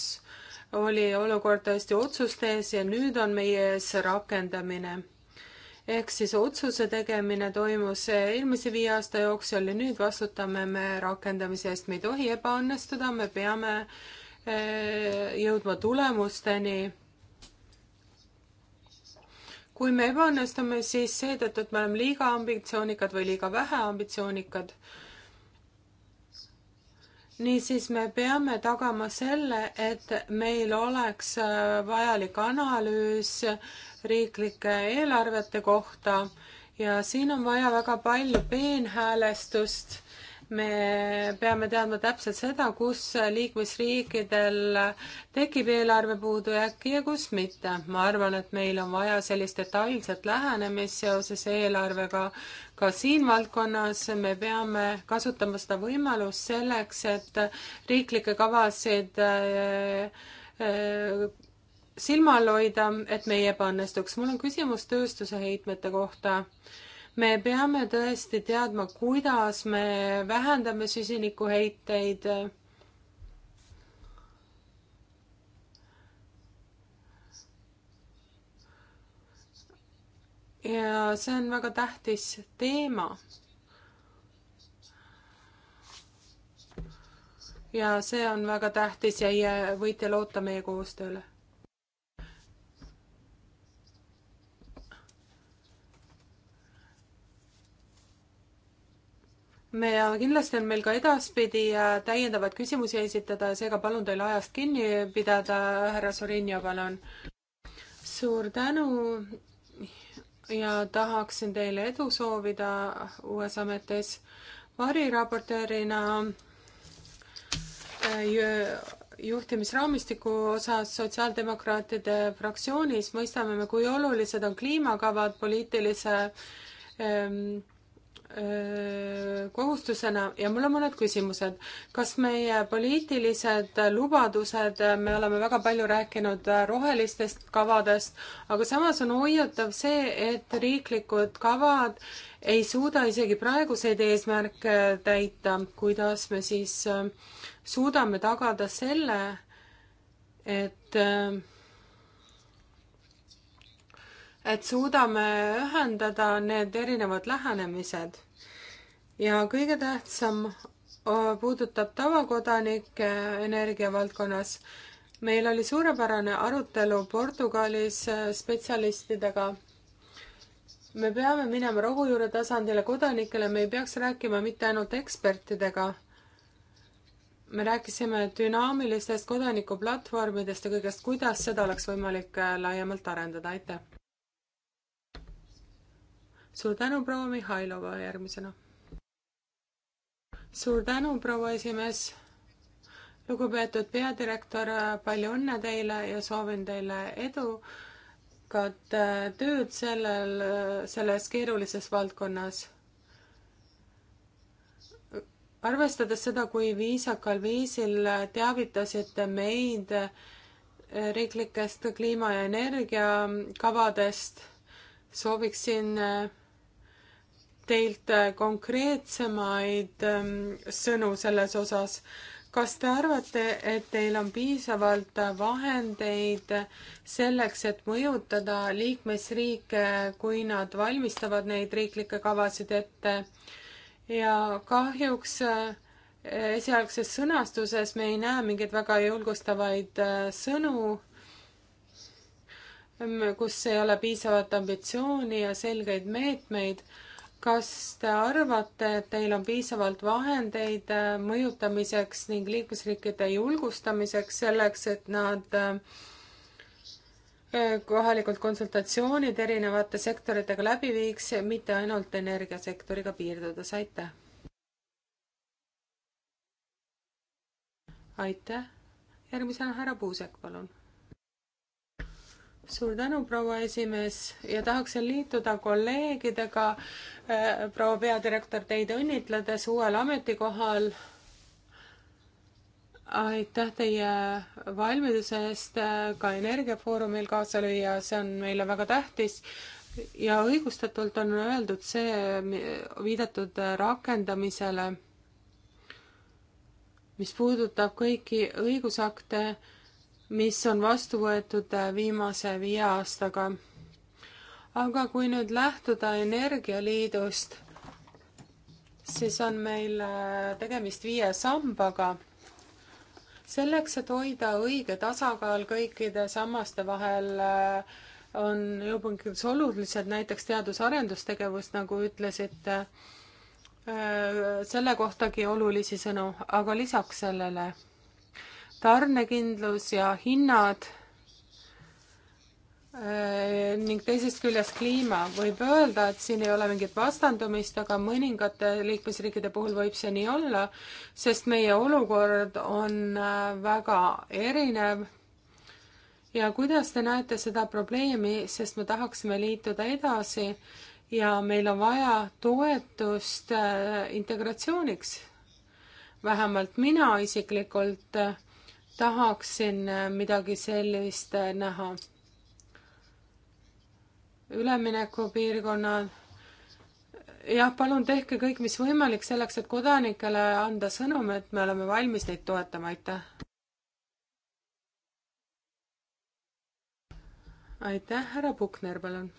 oli olukord tõesti otsuste ees ja nüüd on meie ees rakendamine ehk siis otsuse tegemine toimus eelmise viie aasta jooksul ja nüüd vastutame me rakendamise eest, me ei tohi ebaõnnestuda, me peame eh, jõudma tulemusteni. kui me ebaõnnestume, siis seetõttu, et me oleme liiga ambitsioonikad või liiga vähe ambitsioonikad niisiis me peame tagama selle, et meil oleks äh, vajalik analüüs riiklike eelarvete kohta ja siin on vaja väga palju peenhäälestust me peame teadma täpselt seda, kus liikmesriikidel tekib eelarve puudujääk ja kus mitte. ma arvan, et meil on vaja sellist detailset lähenemist seoses eelarvega ka siin valdkonnas. me peame kasutama seda võimalust selleks, et riiklikke kavasid äh, äh, silma all hoida, et me ei ebaõnnestuks. mul on küsimus tööstuse heitmete kohta me peame tõesti teadma, kuidas me vähendame süsinikuheiteid. ja see on väga tähtis teema ja see on väga tähtis ja võite loota meie koostööle. me ja kindlasti on meil ka edaspidi äh, täiendavaid küsimusi esitada, seega palun teil ajast kinni pidada, härra Sorinja, palun. suur tänu ja tahaksin teile edu soovida uues ametis. variraportöörina äh, juhtimisraamistiku osas Sotsiaaldemokraatide fraktsioonis mõistame me, kui olulised on kliimakavad poliitilise ähm, kohustusena ja mul on mõned küsimused. kas meie poliitilised lubadused, me oleme väga palju rääkinud rohelistest kavadest, aga samas on hoiatav see, et riiklikud kavad ei suuda isegi praeguseid eesmärke täita. kuidas me siis suudame tagada selle, et äh, et suudame ühendada need erinevad lähenemised. ja kõige tähtsam puudutab tavakodanikke energiavaldkonnas. meil oli suurepärane arutelu Portugalis e, spetsialistidega. me peame minema rohujuure tasandile kodanikele, me ei peaks rääkima mitte ainult ekspertidega. me rääkisime dünaamilistest kodanikuplatvormidest ja kõigest, kuidas seda oleks võimalik e, laiemalt arendada, aitäh! suur tänu, proua Mihhailova järgmisena. suur tänu, proua esimees. lugupeetud peadirektor, palju õnne teile ja soovin teile edu ka äh, tööd sellel, äh, selles keerulises valdkonnas. arvestades seda, kui viisakal viisil teavitasite meid äh, riiklikest kliima- ja energiakavadest, sooviksin teilt äh, konkreetsemaid ähm, sõnu selles osas. kas te arvate, et teil on piisavalt äh, vahendeid selleks, et mõjutada liikmesriike, kui nad valmistavad neid riiklikke kavasid ette? ja kahjuks äh, esialgses sõnastuses me ei näe mingeid väga julgustavaid sõnu kus ei ole piisavat ambitsiooni ja selgeid meetmeid kas te arvate, et teil on piisavalt vahendeid äh, mõjutamiseks ning liikmesriikide julgustamiseks selleks, et nad äh, äh, kohalikud konsultatsioonid erinevate sektoritega läbi viiks, mitte ainult energiasektoriga piirdudes, aitäh! aitäh, järgmisena härra Puusek, palun suur tänu, proua esimees ja tahaksin liituda kolleegidega. Äh, proua peadirektor, teid õnnitledes uuel ametikohal. aitäh teie valmiduse eest äh, ka Energiafoorumil kaasa lüüa, see on meile väga tähtis. ja õigustatult on öeldud see, viidatud äh, rakendamisele, mis puudutab kõiki õigusakte mis on vastu võetud äh, viimase viie aastaga. aga kui nüüd lähtuda Energialiidust, siis on meil äh, tegemist viie sambaga. selleks, et hoida õige tasakaal kõikide sammaste vahel, äh, on jõupõnktides olulised näiteks teadus-arendustegevus, nagu ütlesite, selle kohtagi olulisi sõnu, aga lisaks sellele tarnekindlus ja hinnad eh, ning teisest küljest kliima. võib öelda, et siin ei ole mingit vastandumist, aga mõningate liikmesriikide puhul võib see nii olla, sest meie olukord on eh, väga erinev. ja kuidas te näete seda probleemi, sest me tahaksime liituda edasi ja meil on vaja toetust eh, integratsiooniks. vähemalt mina isiklikult äh, tahaksin äh, midagi sellist äh, näha. üleminekupiirkonnad, jah, palun tehke kõik, mis võimalik selleks, et kodanikele anda sõnum, et me oleme valmis neid toetama, aitäh. aitäh, härra Pukner, palun.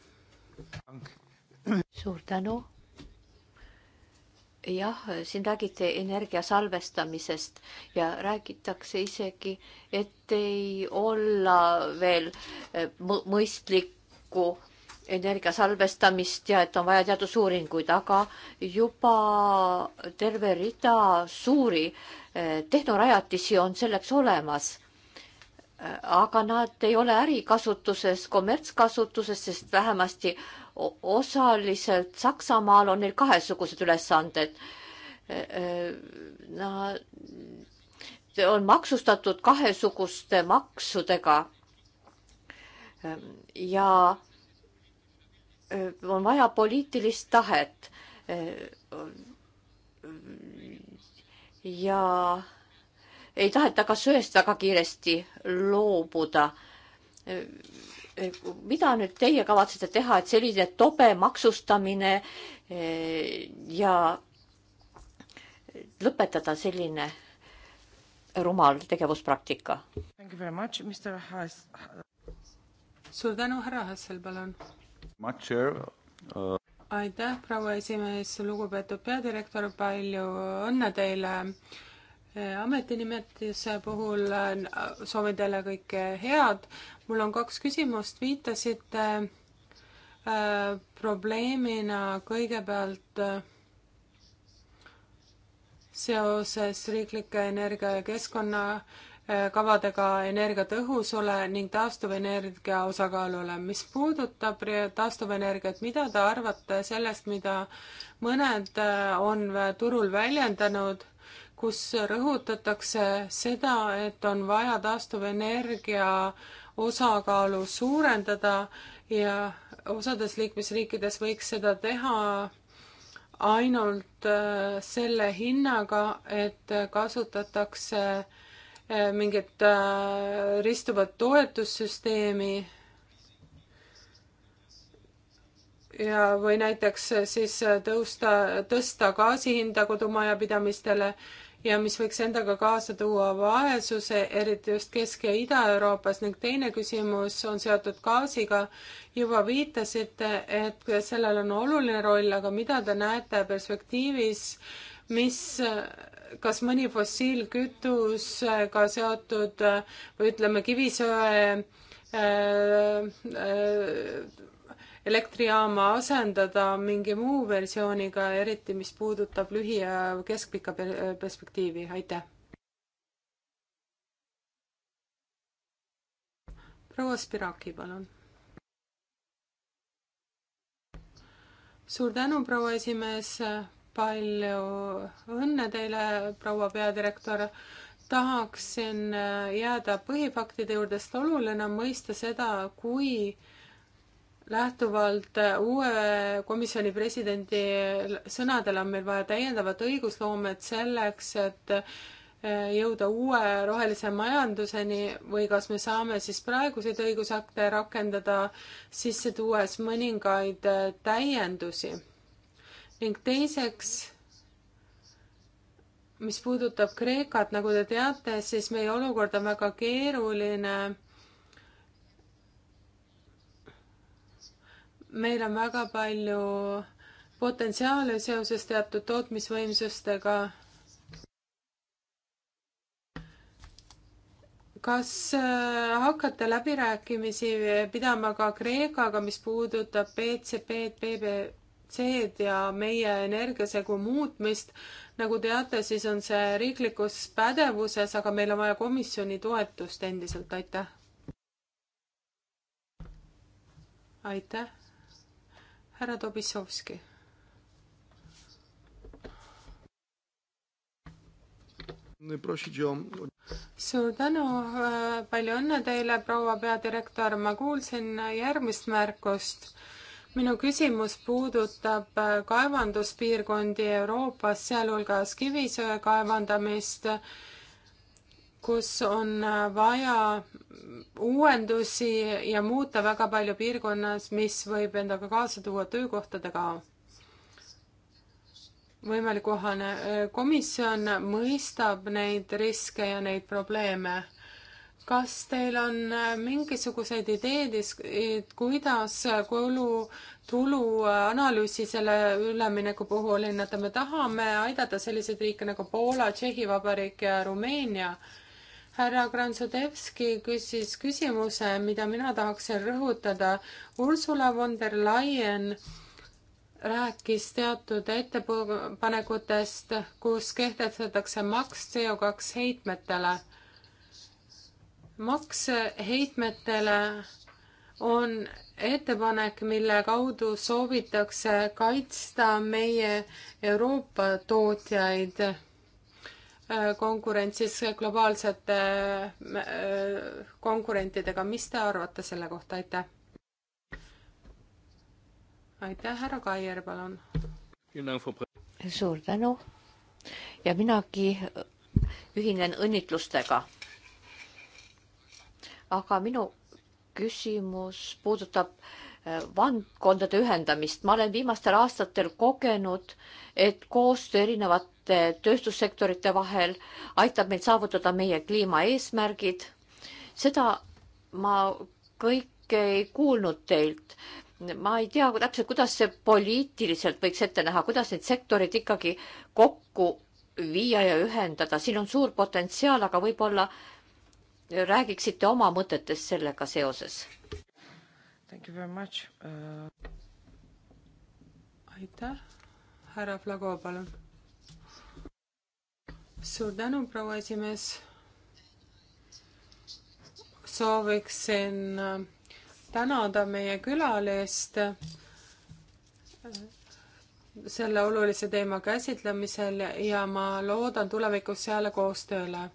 suur tänu jah, siin räägiti energia salvestamisest ja räägitakse isegi, et ei olla veel eh, mõistlikku energia salvestamist ja et on vaja teadusuuringuid, aga juba terve rida suuri eh, tehnорajatisi on selleks olemas. Eh, aga nad ei ole ärikasutuses, kommertskasutuses, sest vähemasti osaliselt Saksamaal on neil kahesugused ülesanded. E-, e-, Nad on maksustatud kahesuguste maksudega. ja e, on vaja poliitilist tahet. ja ei taheta ka söest väga kiiresti loobuda mida nüüd teie kavatsete teha, et selline tobe maksustamine eh, ja lõpetada selline rumal tegevuspraktika? suur tänu, härra Hassel, palun. Uh, aitäh, proua esimees, lugupeetud peadirektor, palju õnne teile eh, ametinimetuse puhul eh, soovin teile kõike head mul on kaks küsimust, viitasite äh, probleemina kõigepealt äh, seoses riiklike energia ja keskkonnakavadega äh, energiatõhusule ning taastuvenergia osakaalule. mis puudutab taastuvenergiat, mida te arvate sellest, mida mõned äh, on turul väljendanud kus rõhutatakse seda, et on vaja taastuvenergia osakaalu suurendada ja osades liikmesriikides võiks seda teha ainult äh, selle hinnaga, et kasutatakse äh, mingit äh, ristuvat toetussüsteemi ja, või näiteks siis tõusta, tõsta gaasi hinda kodumajapidamistele ja mis võiks endaga kaasa tuua vaesuse, eriti just Kesk- ja Ida-Euroopas ning teine küsimus on seotud gaasiga. juba viitasite, et sellel on oluline roll, aga mida te näete perspektiivis, mis, kas mõni fossiilkütusega seotud või ütleme, kivisöe äh, äh, elektrijaama asendada mingi muu versiooniga, eriti mis puudutab lühi- ja keskpika perspektiivi, aitäh. proua Spiraki, palun. suur tänu, proua esimees, palju õnne teile, proua peadirektor tahaksin jääda põhifaktide juurde, sest oluline on mõista seda, kui lähtuvalt äh, uue komisjoni presidendi sõnadele on meil vaja täiendavat õigusloomet selleks, et äh, jõuda uue rohelise majanduseni või kas me saame siis praeguseid õigusakte rakendada, sisse tuues mõningaid äh, täiendusi. ning teiseks, mis puudutab Kreekat, nagu te teate, siis meie olukord on väga keeruline meil on väga palju potentsiaale seoses teatud tootmisvõimsustega. kas äh, hakkate läbirääkimisi pidama ka Kreekaga, mis puudutab BCP-d, BBC-d ja meie energiasegu muutmist? nagu teate, siis on see riiklikus pädevuses, aga meil on vaja komisjoni toetust endiselt, aitäh. aitäh härra Dobissovski. suur tänu, äh, palju õnne teile, proua peadirektor, ma kuulsin järgmist märkust minu küsimus puudutab äh, kaevanduspiirkondi Euroopas, sealhulgas kivisöe kaevandamist kus on äh, vaja uuendusi ja muuta väga palju piirkonnas, mis võib endaga kaasa tuua töökohtade kao. võimalik kohane äh, komisjon mõistab neid riske ja neid probleeme. kas teil on äh, mingisuguseid ideed, kuidas kulu tulu analüüsi selle ülemineku puhul hinnata, me tahame aidata selliseid riike nagu Poola, Tšehhi Vabariik ja Rumeenia härra Gransudevski küsis küsimuse, mida mina tahaksin rõhutada. Ursula von der Leyen rääkis teatud ettepanekutest, kus kehtestatakse maks CO2 heitmetele. maks heitmetele on ettepanek, mille kaudu soovitakse kaitsta meie Euroopa tootjaid Äh, konkurentsis globaalsete äh, konkurentidega, mis te arvate selle kohta, aitäh? aitäh, härra Kaier, palun. suur tänu ja minagi ühinen õnnitlustega. aga minu küsimus puudutab äh, valdkondade ühendamist. ma olen viimastel aastatel kogenud, et koostöö erinevate tööstussektorite vahel aitab meil saavutada meie kliimaeesmärgid. seda ma kõike ei kuulnud teilt. ma ei tea täpselt, kuidas see poliitiliselt võiks ette näha, kuidas need sektorid ikkagi kokku viia ja ühendada, siin on suur potentsiaal, aga võib-olla räägiksite oma mõtetest sellega seoses? Thank you very much uh.... aitäh, härra Flago, palun. suur tänu, proua esimees. sooviksin äh, tänada meie külalist äh, selle olulise teema käsitlemisel ja ma loodan tulevikus heale koostööle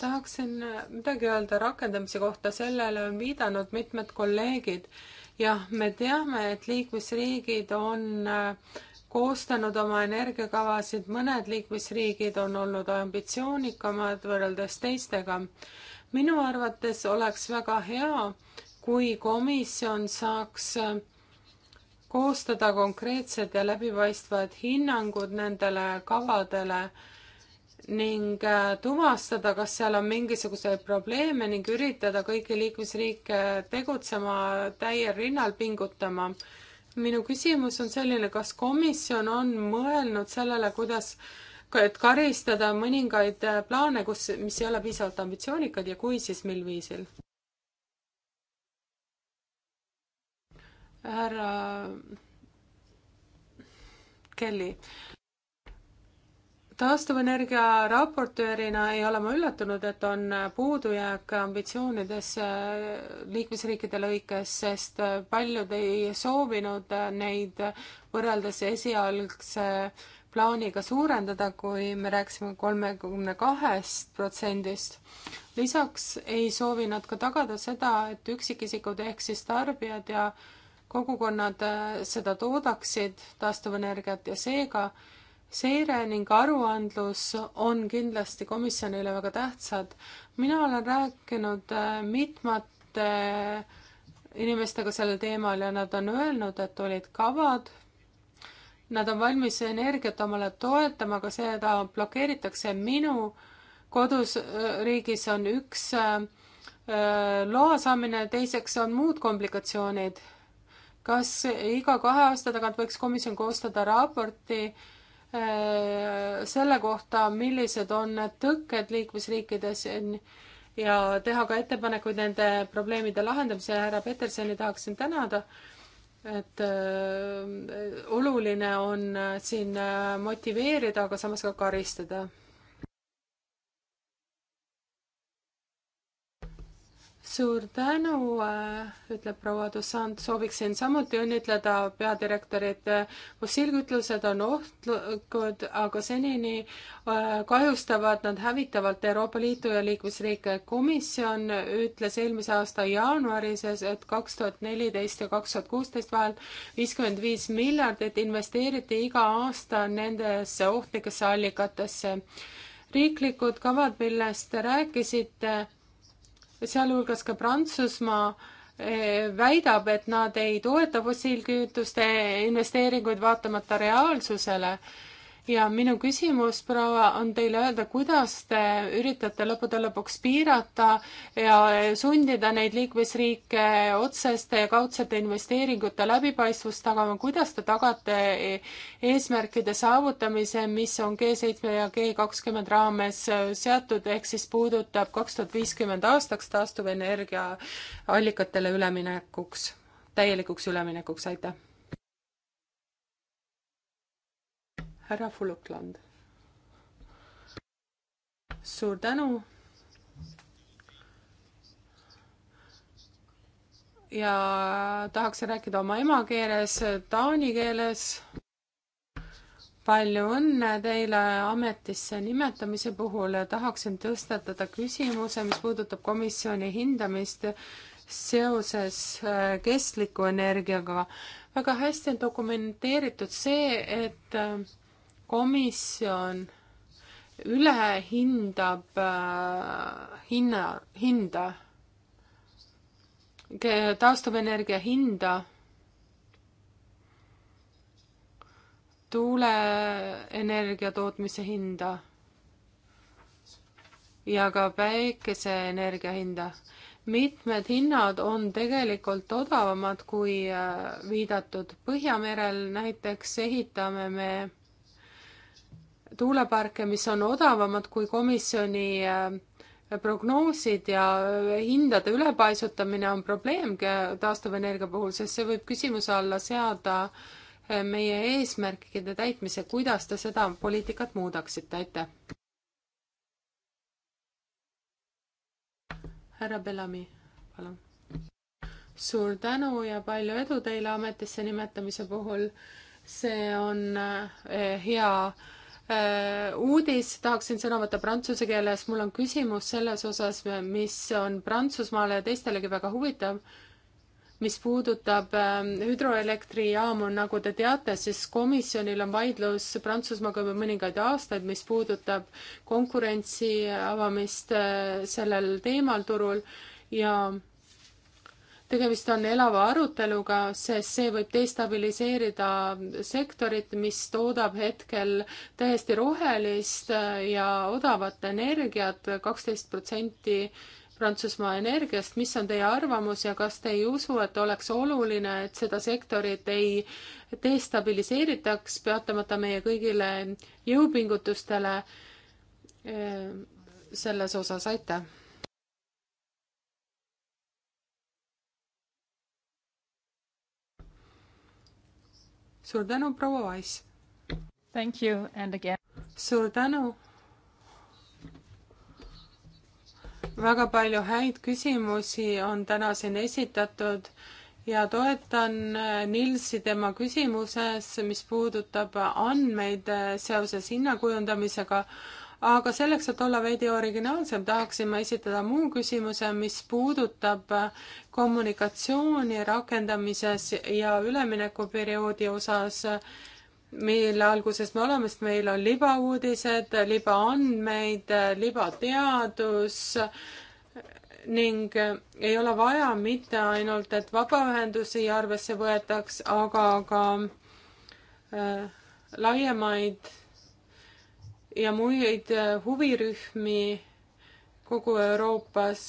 tahaksin midagi öelda rakendamise kohta, sellele on viidanud mitmed kolleegid. jah, me teame, et liikmesriigid on äh, koostanud oma energiakavasid, mõned liikmesriigid on olnud ambitsioonikamad võrreldes teistega. minu arvates oleks väga hea, kui komisjon saaks äh, koostada konkreetsed ja läbipaistvad hinnangud nendele kavadele ning äh, tuvastada, kas seal on mingisuguseid probleeme ning üritada kõiki liikmesriike tegutsema täiel rinnal pingutama. minu küsimus on selline, kas komisjon on mõelnud sellele, kuidas et karistada mõningaid äh, plaane, kus, mis ei ole piisavalt ambitsioonikad ja kui, siis mil viisil? härra Kelly taastuvenergia raportöörina ei ole ma üllatunud, et on puudujääk ambitsioonides äh, liikmesriikide lõikes, sest äh, paljud ei soovinud äh, neid võrreldes esialgse plaaniga suurendada, kui me rääkisime kolmekümne kahest protsendist. lisaks ei soovi nad ka tagada seda, et üksikisikud ehk siis tarbijad ja kogukonnad seda toodaksid, taastuvenergiat ja seega seire ning aruandlus on kindlasti komisjonile väga tähtsad. mina olen rääkinud äh, mitmete äh, inimestega sellel teemal ja nad on öelnud, et olid kavad. Nad on valmis energiat omale toetama, aga seda blokeeritakse. minu kodus äh, riigis on üks loa saamine, teiseks on muud komplikatsioonid. kas iga kahe aasta tagant võiks komisjon koostada raporti äh, Äh, selle kohta, millised on need tõkked liikmesriikides ja teha ka ettepanekuid nende probleemide lahendamisele. härra Petersoni tahaksin tänada, et äh, oluline on äh, siin motiveerida, aga samas ka karistada suur tänu, äh, ütleb proua Dussant, sooviksin samuti õnnitleda peadirektorit. fossiilkütused on ohtlikud, aga senini äh, kahjustavad nad hävitavalt Euroopa Liitu ja liikmesriike. komisjon ütles eelmise aasta jaanuaris, et kaks tuhat neliteist ja kaks tuhat kuusteist vahel viiskümmend viis miljardit investeeriti iga aasta nendesse ohtlikesse allikatesse. riiklikud kavad, millest te rääkisite sealhulgas ka Prantsusmaa eh, väidab, et nad ei toeta fossiilkütuste investeeringuid vaatamata reaalsusele ja minu küsimus, proua, on teile öelda, kuidas te üritate lõppude lõpuks piirata ja sundida neid liikmesriike otseste ja kaudsete investeeringute läbipaistvust tagama, kuidas te tagate eesmärkide saavutamise, mis on G7 ja G20 raames seatud, ehk siis puudutab kaks tuhat viiskümmend aastaks taastuvenergia allikatele üleminekuks, täielikuks üleminekuks, aitäh! härra Fulukland. suur tänu. ja tahaksin rääkida oma emakeeles, taani keeles. palju õnne teile ametisse nimetamise puhul ja tahaksin tõstatada küsimuse, mis puudutab komisjoni hindamist seoses äh, kestliku energiaga. väga hästi on dokumenteeritud see, et äh, komisjon ülehindab äh, hinna, hinda, taastuvenergia hinda, tuuleenergia tootmise hinda ja ka päikeseenergia hinda. mitmed hinnad on tegelikult odavamad kui äh, viidatud Põhjamerel, näiteks ehitame me tuuleparke, mis on odavamad kui komisjoni äh, prognoosid ja äh, hindade ülepaisutamine on probleem taastuvenergia puhul, sest see võib küsimuse alla seada äh, meie eesmärkide täitmise. kuidas te seda poliitikat muudaksite? aitäh. härra Bellami, palun. suur tänu ja palju edu teile ametisse nimetamise puhul. see on hea Äh, uudis, tahaksin sõna võtta prantsuse keeles, mul on küsimus selles osas, mis on Prantsusmaale ja teistelegi väga huvitav, mis puudutab äh, hüdroelektrijaamu, nagu te teate, siis komisjonil on vaidlus Prantsusmaaga juba mõningaid aastaid, mis puudutab konkurentsi avamist äh, sellel teemal turul ja tegemist on elava aruteluga, sest see võib destabiliseerida sektorit, mis toodab hetkel täiesti rohelist ja odavat energiat, kaksteist protsenti Prantsusmaa energiast, mis on teie arvamus ja kas te ei usu, et oleks oluline, et seda sektorit ei destabiliseeritaks, peatamata meie kõigile jõupingutustele eh, selles osas, aitäh! suur tänu, proua Wise! Thank you and again! suur tänu! väga palju häid küsimusi on täna siin esitatud ja toetan äh, Nilsi tema küsimuses, mis puudutab andmeid äh, seoses hinnakujundamisega aga selleks, et olla veidi originaalsem, tahaksin ma esitada muu küsimuse, mis puudutab äh, kommunikatsiooni rakendamises ja üleminekuperioodi osas, mille alguses me oleme, sest meil on libauudised, libaandmeid, libateadus ning äh, ei ole vaja mitte ainult, et vabaühendusi arvesse võetaks, aga ka äh, laiemaid ja muid äh, huvirühmi kogu Euroopas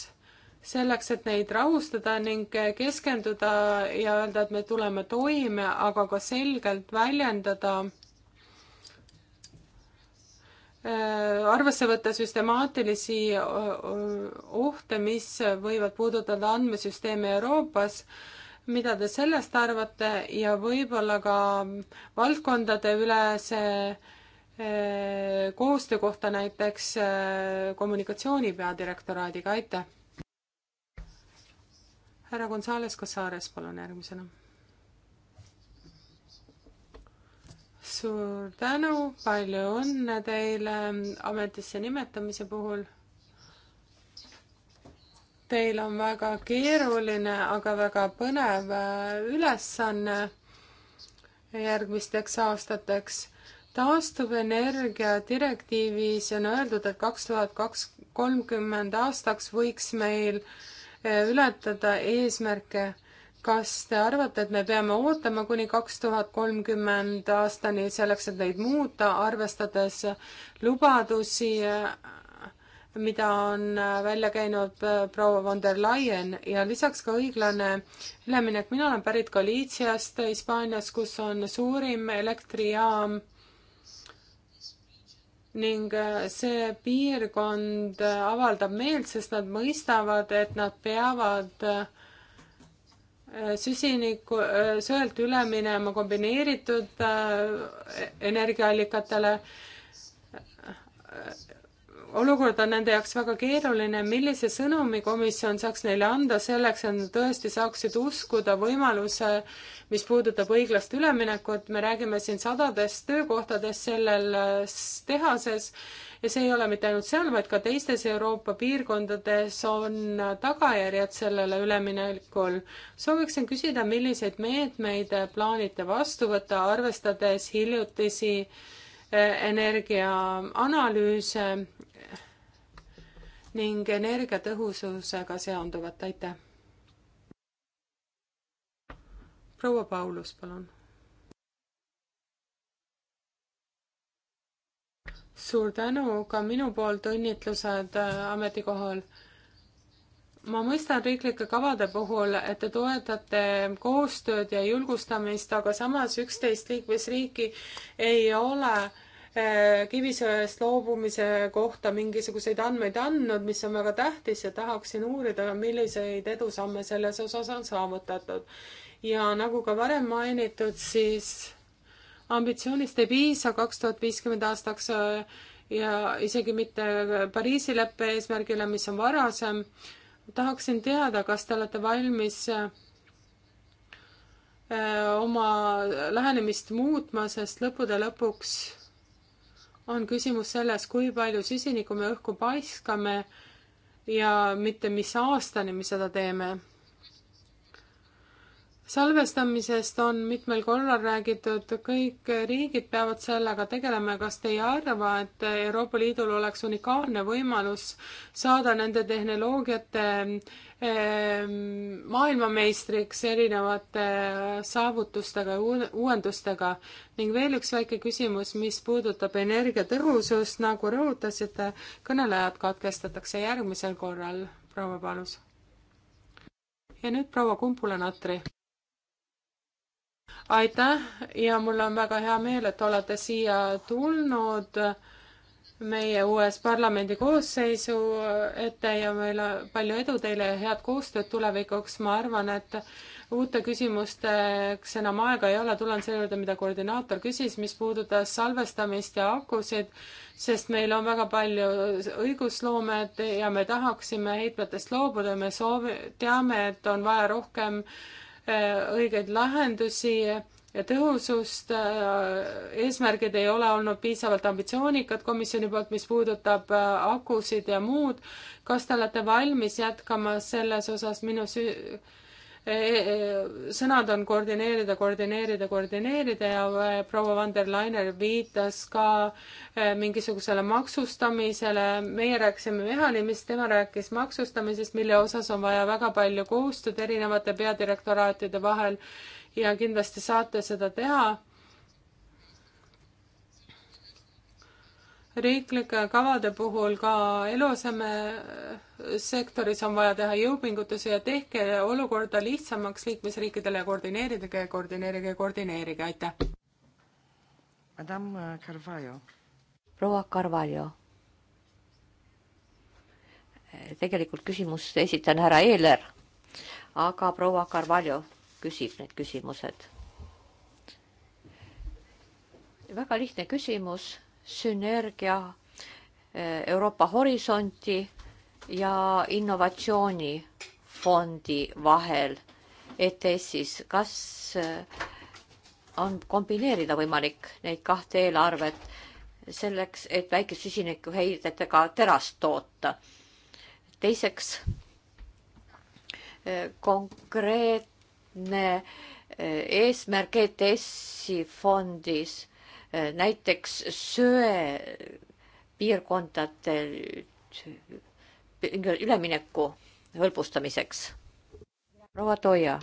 selleks, et neid rahustada ning äh, keskenduda ja öelda, et me tuleme toime, aga ka selgelt väljendada äh, arvesse võtta süstemaatilisi ohte, mis võivad puudutada andmesüsteeme Euroopas, mida te sellest arvate ja võib-olla ka valdkondade üle see Äh, koostöö kohta näiteks äh, kommunikatsiooni peadirektoraadiga, aitäh! härra Gonzales Casares, palun järgmisena. suur tänu, palju õnne teile ametisse nimetamise puhul. Teil on väga keeruline, aga väga põnev äh, ülesanne järgmisteks aastateks taastuvenergia direktiivis on öeldud, et kaks tuhat kaks, kolmkümmend aastaks võiks meil eh, ületada eesmärke. kas te arvate, et me peame ootama kuni kaks tuhat kolmkümmend aastani selleks, et neid muuta, arvestades lubadusi, eh, mida on eh, välja käinud proua von der Leyen ja lisaks ka õiglane üleminek. mina olen pärit Galiitsiast Hispaanias, kus on suurim elektrijaam ning äh, see piirkond äh, avaldab meelt, sest nad mõistavad, et nad peavad äh, süsiniku, söelt üle minema kombineeritud energiaallikatele olukord on nende jaoks väga keeruline, millise sõnumi komisjon saaks neile anda selleks, et nad tõesti saaksid uskuda võimaluse, mis puudutab õiglast üleminekut, me räägime siin sadadest töökohtadest selles äh, tehases ja see ei ole mitte ainult seal, vaid ka teistes Euroopa piirkondades on äh, tagajärjed sellele üleminekul. sooviksin küsida, milliseid meetmeid plaanite vastu võtta, arvestades hiljutisi äh, energiaanalüüse ning energiatõhususega seonduvat, aitäh! proua Paulus, palun! suur tänu ka minu poolt, õnnitlused äh, ametikohal ma mõistan riiklike kavade puhul, et te toetate koostööd ja julgustamist, aga samas üksteist liikmesriiki ei ole eh, kivisöest loobumise kohta mingisuguseid andmeid andnud, mis on väga tähtis ja tahaksin uurida, milliseid edusamme selles osas on saavutatud. ja nagu ka varem mainitud, siis ambitsioonist ei piisa kaks tuhat viiskümmend aastaks eh, ja isegi mitte Pariisi leppe eesmärgile, mis on varasem tahaksin teada, kas te olete valmis äh, oma lähenemist muutma, sest lõppude lõpuks on küsimus selles, kui palju süsinikku me õhku paiskame ja mitte mis aastani me seda teeme salvestamisest on mitmel korral räägitud, kõik riigid peavad sellega tegelema, kas te ei arva, et Euroopa Liidul oleks unikaalne võimalus saada nende tehnoloogiate ehm, maailmameistriks erinevate äh, saavutustega ja uuendustega? ning veel üks väike küsimus, mis puudutab energiatõhusust, nagu rõhutasite, kõnelejad katkestatakse järgmisel korral, proua Palus. ja nüüd proua Kumpula-Natri aitäh ja mul on väga hea meel, et olete siia tulnud meie uues parlamendi koosseisu ette ja meil palju edu teile ja head koostööd tulevikuks. ma arvan, et uute küsimusteks enam aega ei ole, tulen selle juurde, mida koordinaator küsis, mis puudutas salvestamist ja akusid, sest meil on väga palju õigusloomet ja me tahaksime heitmetest loobuda, me soovi-, teame, et on vaja rohkem äh, Äh, õigeid lahendusi ja tõhusust. Äh, eesmärgid ei ole olnud piisavalt ambitsioonikad komisjoni poolt, mis puudutab äh, akusid ja muud. kas te olete valmis jätkama selles osas minu süü-? E, e, sõnad on koordineerida, koordineerida, koordineerida ja äh, proua van der Lainer viitas ka äh, mingisugusele maksustamisele. meie rääkisime mehhanismist, tema rääkis maksustamisest, mille osas on vaja väga palju koostööd erinevate peadirektoraatide vahel ja kindlasti saate seda teha riiklike kavade puhul ka eluaseme sektoris on vaja teha jõupingutusi ja tehke olukorda lihtsamaks liikmesriikidele ja koordineerige, koordineerige, koordineerige, aitäh! Madame Carvalho. proua Carvalho tegelikult küsimust esitan härra Eeler, aga proua Carvalho küsib need küsimused. väga lihtne küsimus sünergia eh, Euroopa Horisonti ja innovatsioonifondi vahel ETS-is, kas eh, on kombineerida võimalik neid kahte eelarvet selleks, et väikese süsinikuheidetega terast toota? teiseks, eh, konkreetne eesmärk ETS-i fondis näiteks söe piirkondadel ülemineku hõlbustamiseks. proua Toia.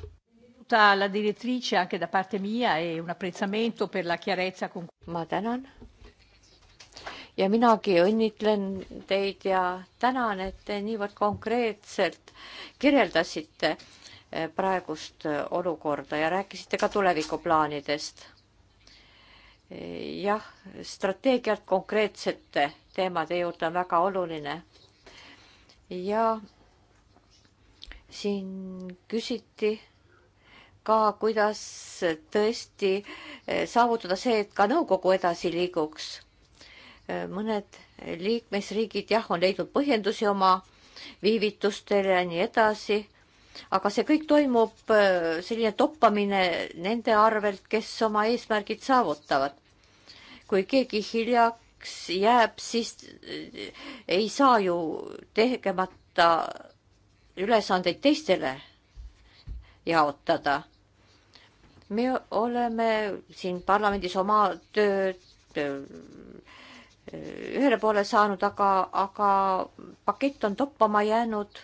La direttrice anche da parte mia e un apprezzamento per la chiarezza con. ma tänan. ja minagi õnnitlen teid ja tänan, et te niivõrd konkreetselt kirjeldasite eh, praegust eh, olukorda ja rääkisite ka tulevikuplaanidest jah, strateegiat konkreetsete teemade juurde on väga oluline. ja siin küsiti ka, kuidas tõesti e, saavutada see, et ka nõukogu edasi liiguks. E, mõned liikmesriigid jah, on leidnud põhjendusi oma viivitustele ja nii edasi aga see kõik toimub, äh, selline toppamine nende arvelt, kes oma eesmärgid saavutavad. kui keegi hiljaks jääb, siis äh, ei saa ju tegemata ülesandeid teistele jaotada. me oleme siin parlamendis oma tööd äh, ühele poole saanud, aga, aga pakett on toppama jäänud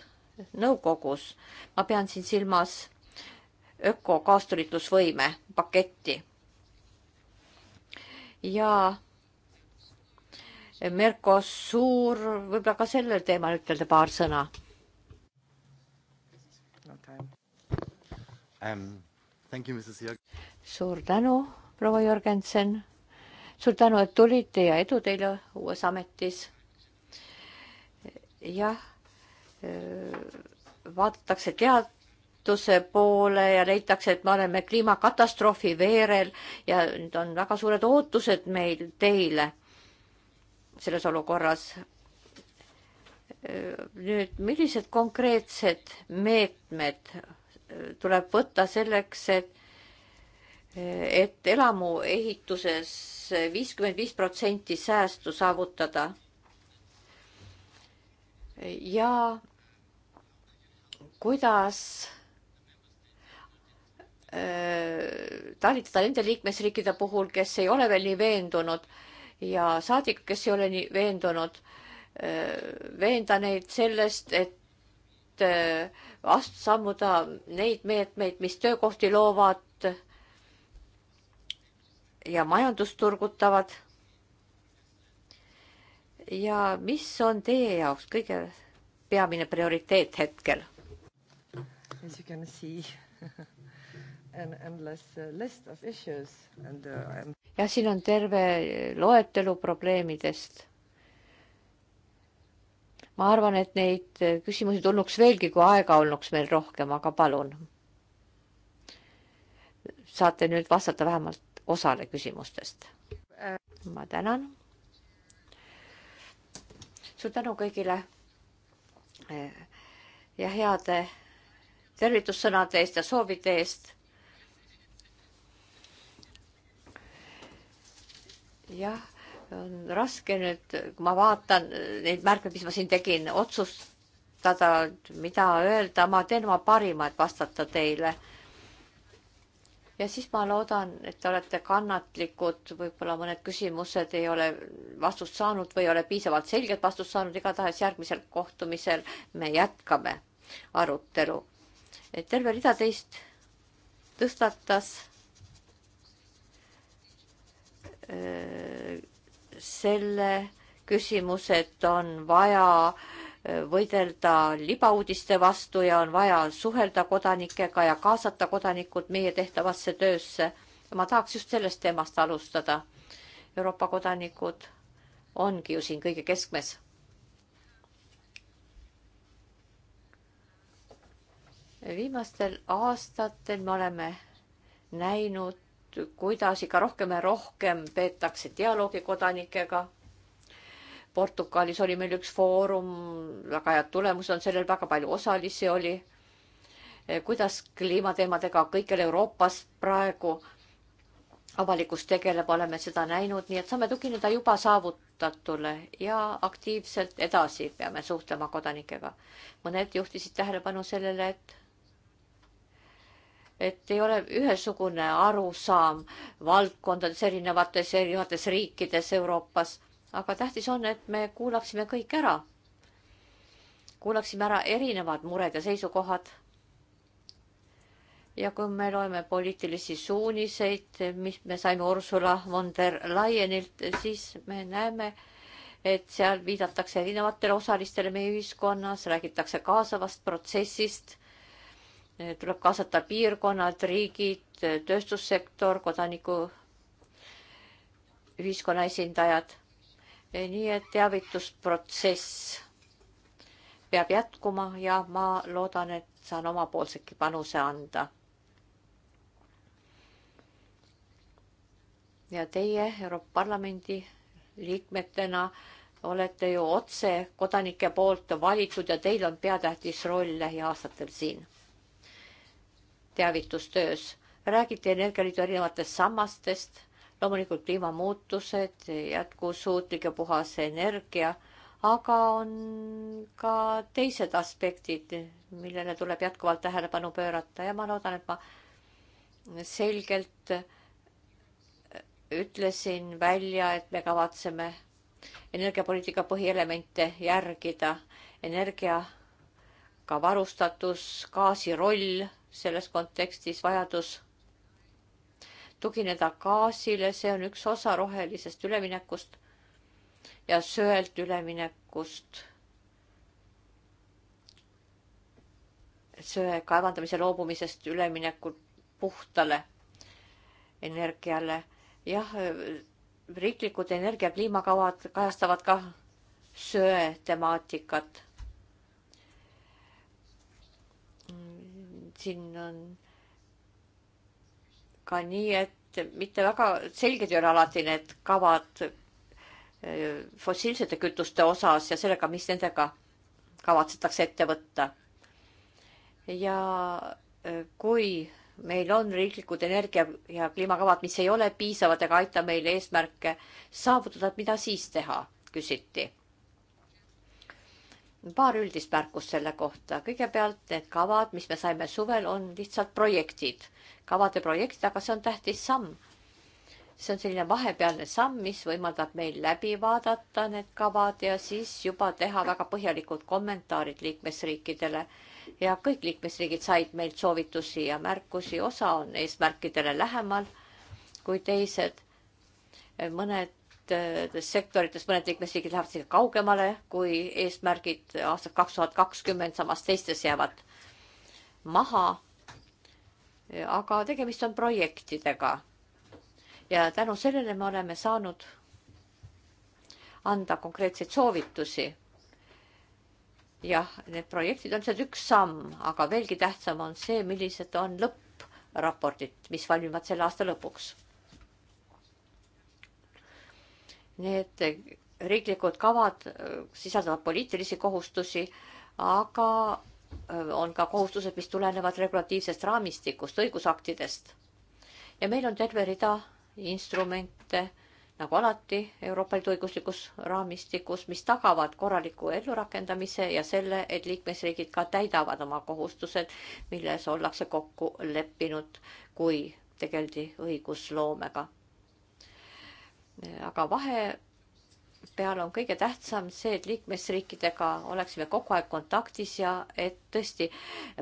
nõukogus. ma pean siin silmas öko kaastulitlusvõime paketti. ja Mercosur, võib-olla ka sellel teemal ütelda paar sõna um,. suur tänu, proua Jürgensen. suur tänu, et tulite ja edu teile uues ametis. jah vaadatakse teaduse poole ja leitakse, et me oleme kliimakatastroofi veerel ja nüüd on väga suured ootused meil teile selles olukorras. nüüd, millised konkreetsed meetmed tuleb võtta selleks, et et elamu ehituses viiskümmend viis protsenti säästu saavutada. ja kuidas äh, talitada nende liikmesriikide puhul, kes ei ole veel nii veendunud ja saadikud, kes ei ole nii veendunud, äh, veenda neid sellest, et äh, sammuda neid meetmeid, mis töökohti loovad ja majandust turgutavad. ja mis on teie jaoks kõige peamine prioriteet hetkel? as you can see an endless uh, list of issues and uh, I'm... jah, siin on terve eh, loetelu probleemidest. ma arvan, et neid eh, küsimusi tulnuks veelgi, kui aega olnuks meil rohkem, aga palun. saate nüüd vastata vähemalt osale küsimustest. ma tänan. suur tänu kõigile eh, ja heade tervitussõnade eest ja soovide eest. jah, on raske nüüd, kui ma vaatan neid märke, mis ma siin tegin, otsustada, mida öelda, ma teen oma parima, et vastata teile. ja siis ma loodan, et te olete kannatlikud, võib-olla mõned küsimused ei ole vastust saanud või ei ole piisavalt selget vastust saanud, igatahes järgmisel kohtumisel me jätkame arutelu et terve rida teist tõstatas äh, selle küsimuse, et on vaja äh, võidelda libauudiste vastu ja on vaja suhelda kodanikega ja kaasata kodanikud meie tehtavasse töösse. ma tahaks just sellest teemast alustada. Euroopa kodanikud ongi ju siin kõige keskmes viimastel aastatel me oleme näinud, kuidas ikka rohkem ja rohkem peetakse dialoogi kodanikega. Portugalis oli meil üks foorum, väga head tulemused on sellel, väga palju osalisi oli. kuidas kliimateemadega kõikjal Euroopas praegu avalikkus tegeleb, oleme seda näinud, nii et saame tugineda juba saavutatule ja aktiivselt edasi peame suhtlema kodanikega. mõned juhtisid tähelepanu sellele, et et ei ole ühesugune arusaam valdkondades erinevates, erinevates riikides Euroopas, aga tähtis on, et me kuulaksime kõik ära. kuulaksime ära erinevad mured ja seisukohad. ja kui me loeme poliitilisi suuniseid, mis me saime Ursula von der Leyenilt, siis me näeme, et seal viidatakse erinevatele osalistele meie ühiskonnas, räägitakse kaasavast protsessist Eh, tuleb kaasata piirkonnad, riigid, eh, tööstussektor, kodaniku, ühiskonna esindajad. Eh, nii et teavitusprotsess peab jätkuma ja ma loodan, et saan omapoolsedki panuse anda. ja teie Euroopa Parlamendi liikmetena olete ju otse kodanike poolt valitud ja teil on peatähtis roll lähiaastatel siin teavitustöös. räägiti Energialiidu erinevatest sammastest, loomulikult kliimamuutused, jätkusuutlik ja puhas energia, aga on ka teised aspektid, millele tuleb jätkuvalt tähelepanu pöörata ja ma loodan, et ma selgelt ütlesin välja, et me kavatseme energiapoliitika põhielemente järgida. energiaga varustatus, gaasi roll selles kontekstis vajadus tugineda gaasile, see on üks osa rohelisest üleminekust ja söelt üleminekust. söe kaevandamise loobumisest üleminekul puhtale energiale. jah, riiklikud energia kliimakavad kajastavad ka söe temaatikat siin on ka nii, et mitte väga selged ei ole alati need kavad äh, fossiilsete kütuste osas ja sellega, mis nendega kavatsetakse ette võtta. ja äh, kui meil on riiklikud energia ja kliimakavad, mis ei ole piisavad ega aita meil eesmärke saavutada, et mida siis teha, küsiti paar üldist märkust selle kohta. kõigepealt need kavad, mis me saime suvel, on lihtsalt projektid, kavade projektid, aga see on tähtis samm. see on selline vahepealne samm, mis võimaldab meil läbi vaadata need kavad ja siis juba teha väga põhjalikud kommentaarid liikmesriikidele. ja kõik liikmesriigid said meilt soovitusi ja märkusi, osa on eesmärkidele lähemal kui teised. mõned mõnedes äh, sektorites mõned liikmesriigid lähevad isegi kaugemale kui eesmärgid aastat kaks tuhat kakskümmend, samas teistes jäävad maha. aga tegemist on projektidega. ja tänu sellele me oleme saanud anda konkreetseid soovitusi. jah, need projektid on lihtsalt üks samm, aga veelgi tähtsam on see, millised on lõppraportid, mis valmivad selle aasta lõpuks Need riiklikud kavad äh, sisaldavad poliitilisi kohustusi, aga äh, on ka kohustused, mis tulenevad regulatiivsest raamistikust, õigusaktidest. ja meil on terve rida instrumente, nagu alati Euroopa Liidu õiguslikus raamistikus, mis tagavad korraliku ellurakendamise ja selle, et liikmesriigid ka täidavad oma kohustused, milles ollakse kokku leppinud, kui tegeldi õigusloomega aga vahe peal on kõige tähtsam see, et liikmesriikidega oleksime kogu aeg kontaktis ja et tõesti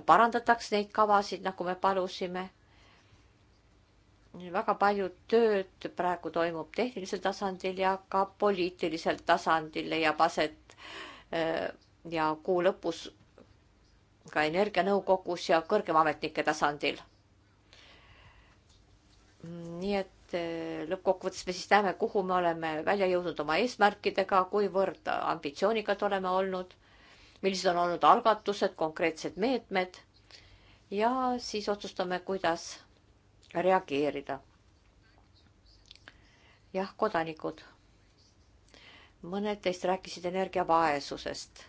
parandataks neid kavasid, nagu me palusime. väga palju tööd praegu toimub tehnilisel tasandil ja ka poliitilisel tasandil leiab aset eh, ja kuu lõpus ka energianõukogus ja kõrgema ametnike tasandil. nii et Eh, lõppkokkuvõttes me siis näeme, kuhu me oleme välja jõudnud oma eesmärkidega, kuivõrd ambitsioonikad oleme olnud, millised on olnud algatused, konkreetsed meetmed ja siis otsustame, kuidas reageerida. jah, kodanikud. mõned teist rääkisid energiavaesusest.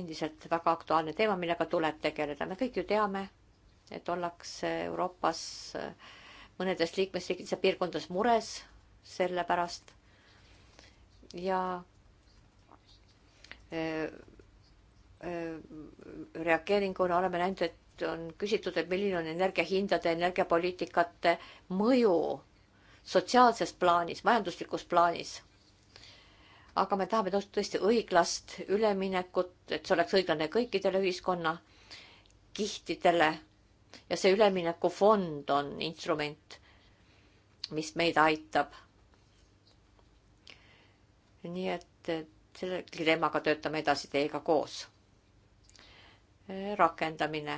endiselt väga aktuaalne teema, millega tuleb tegeleda. me kõik ju teame, et ollakse Euroopas äh, mõnedes liikmesriikides ja piirkondades mures selle pärast ja äh, äh, reageeringuna oleme näinud, et on küsitud, et milline on energiahindade, energiapoliitikate mõju sotsiaalses plaanis, majanduslikus plaanis. aga me tahame tõesti õiglast üleminekut, et see oleks õiglane kõikidele ühiskonnakihtidele ja see üleminekufond on instrument, mis meid aitab. nii et selle dilemmaga töötame edasi teiega koos. rakendamine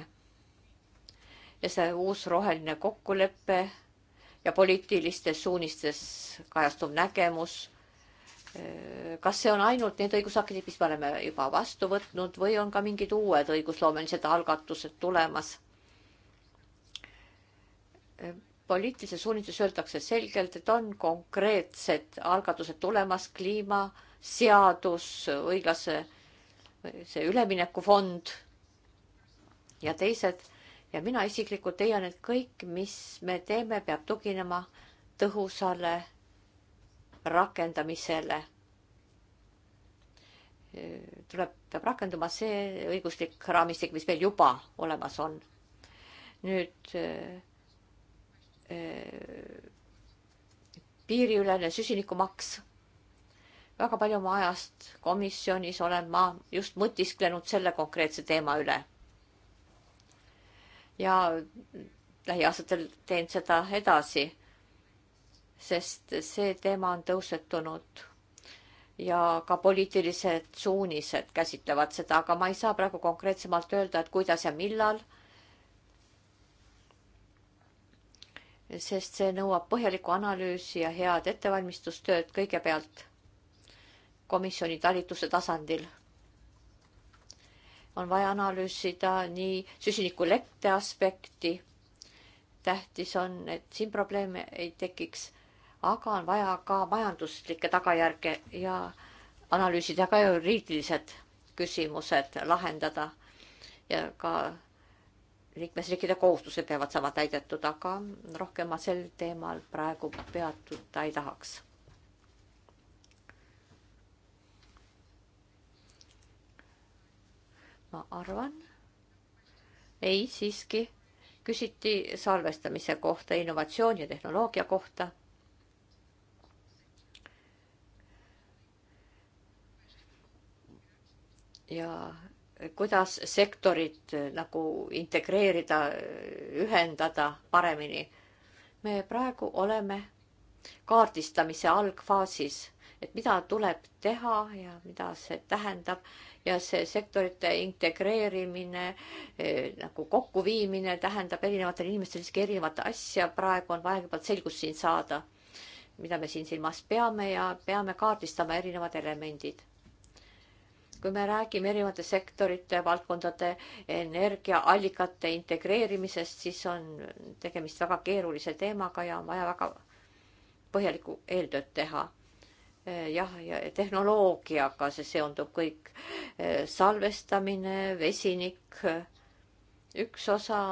ja see uus roheline kokkulepe ja poliitilistes suunistes kajastuv nägemus. kas see on ainult need õigusaktid, mis me oleme juba vastu võtnud või on ka mingid uued õigusloomelised algatused tulemas? poliitilises suunises öeldakse selgelt, et on konkreetsed algatused tulemas, kliimaseadus, õiglase see üleminekufond ja teised ja mina isiklikult leian, et kõik, mis me teeme, peab tuginema tõhusale rakendamisele. tuleb, peab rakenduma see õiguslik raamistik, mis meil juba olemas on. nüüd Äh, piiriülene süsinikumaks. väga palju oma ajast komisjonis olen ma just mõtisklenud selle konkreetse teema üle. ja lähiaastatel teen seda edasi, sest see teema on tõusetunud ja ka poliitilised suunised käsitlevad seda, aga ma ei saa praegu konkreetsemalt öelda, et kuidas ja millal sest see nõuab põhjalikku analüüsi ja head ettevalmistustööd kõigepealt komisjoni talituse tasandil. on vaja analüüsida nii süsinikulekte aspekti, tähtis on, et siin probleeme ei tekiks, aga on vaja ka majanduslikke tagajärge ja analüüsida ka juriidilised küsimused lahendada ja ka liikmesriikide kohustused peavad saama täidetud, aga rohkem ma sel teemal praegu peatuda ei tahaks. ma arvan. ei, siiski küsiti salvestamise kohta, innovatsiooni ja tehnoloogia kohta. ja kuidas sektorit eh, nagu integreerida, eh, ühendada paremini. me praegu oleme kaardistamise algfaasis, et mida tuleb teha ja mida see tähendab ja see sektorite integreerimine eh, nagu kokkuviimine tähendab erinevatel inimestel siiski erinevat asja, praegu on vaja kõigepealt selgust siin saada, mida me siin silmas peame ja peame kaardistama erinevad elemendid kui me räägime erinevate sektorite, valdkondade, energiaallikate integreerimisest, siis on tegemist väga keerulise teemaga ja on vaja väga põhjalikku eeltööd teha. jah, ja tehnoloogiaga see seondub kõik, salvestamine, vesinik, üks osa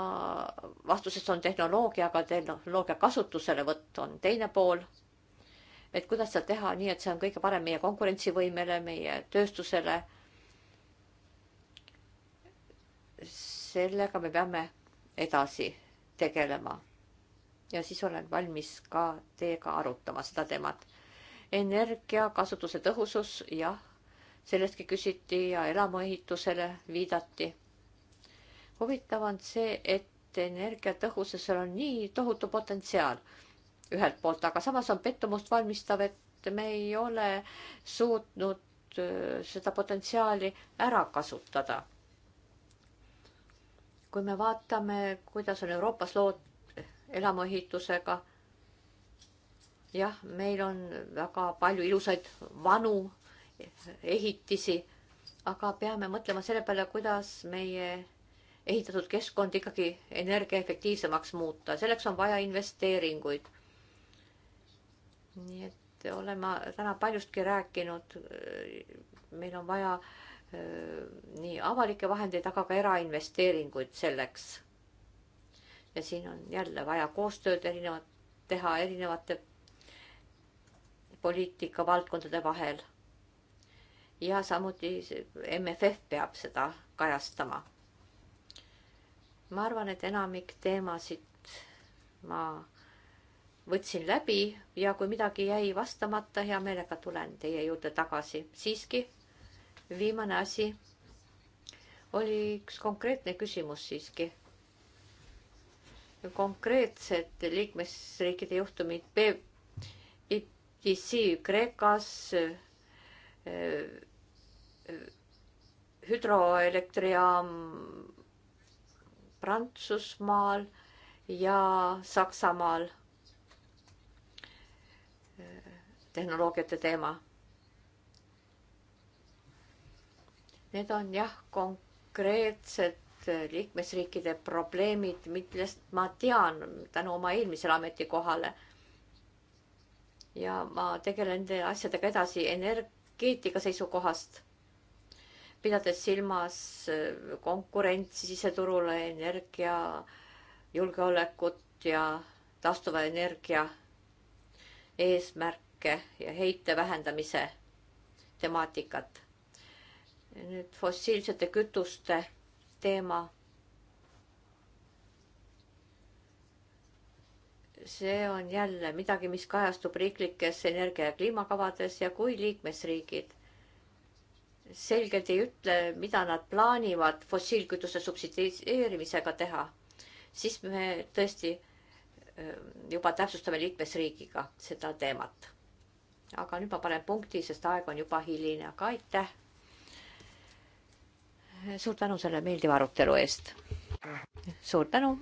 vastusest on tehnoloogia, aga tehnoloogia kasutuselevõtt on teine pool et kuidas seda teha nii, et see on kõige parem meie konkurentsivõimele, meie tööstusele sellega me peame edasi tegelema. ja siis olen valmis ka teiega arutama seda teemat. energiakasutuse tõhusus, jah, sellestki küsiti ja elamuehitusele viidati. huvitav on see, et energiatõhususel on nii tohutu potentsiaal ühelt poolt, aga samas on pettumust valmistav, et me ei ole suutnud äh, seda potentsiaali ära kasutada kui me vaatame, kuidas on Euroopas lood elamuehitusega, jah, meil on väga palju ilusaid vanu ehitisi, aga peame mõtlema selle peale, kuidas meie ehitatud keskkond ikkagi energiaefektiivsemaks muuta, selleks on vaja investeeringuid. nii et oleme täna paljustki rääkinud. meil on vaja äh, nii avalikke vahendeid, aga ka erainvesteeringuid selleks. ja siin on jälle vaja koostööd erinevat, teha erinevate poliitikavaldkondade vahel. ja samuti MFF peab seda kajastama. ma arvan, et enamik teemasid ma võtsin läbi ja kui midagi jäi vastamata, hea meelega tulen teie juurde tagasi. siiski viimane asi oli üks konkreetne küsimus siiski. konkreetsed liikmesriikide juhtumid BITC Kreekas eh, eh, hüdroelektrijaam Prantsusmaal ja Saksamaal. Eh, tehnoloogiate teema Need on jah, konkreetsed äh, liikmesriikide probleemid, millest ma tean tänu oma eelmisele ametikohale. ja ma tegelen nende asjadega edasi energeetika seisukohast, pidades silmas äh, konkurentsi siseturule, energia julgeolekut ja taastuva energia eesmärke ja heite vähendamise temaatikat nüüd fossiilsete kütuste teema. see on jälle midagi, mis kajastub riiklikes energia ja kliimakavades ja kui liikmesriigid selgelt ei ütle, mida nad plaanivad fossiilkütuse subsideerimisega teha, siis me tõesti juba täpsustame liikmesriigiga seda teemat. aga nüüd ma panen punkti, sest aeg on juba hiline, aga aitäh suur tänu selle meeldiva arutelu eest. suur tänu.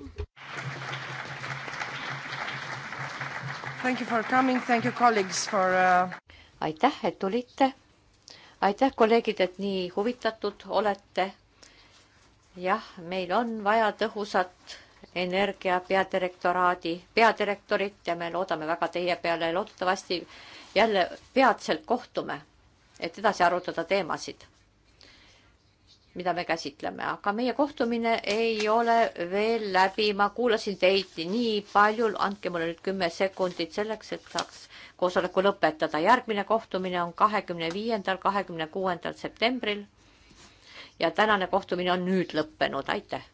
Thank you for coming, thank you colleagues for uh.... aitäh, et tulite. aitäh, kolleegid, et nii huvitatud olete. jah, meil on vaja tõhusat energia peadirektoraadi peadirektorit ja me loodame väga teie peale. loodetavasti jälle peatselt kohtume, et edasi arutada teemasid mida me käsitleme, aga meie kohtumine ei ole veel läbi, ma kuulasin teid nii palju, andke mulle nüüd kümme sekundit selleks, et saaks koosoleku lõpetada. järgmine kohtumine on kahekümne viiendal, kahekümne kuuendal septembril. ja tänane kohtumine on nüüd lõppenud, aitäh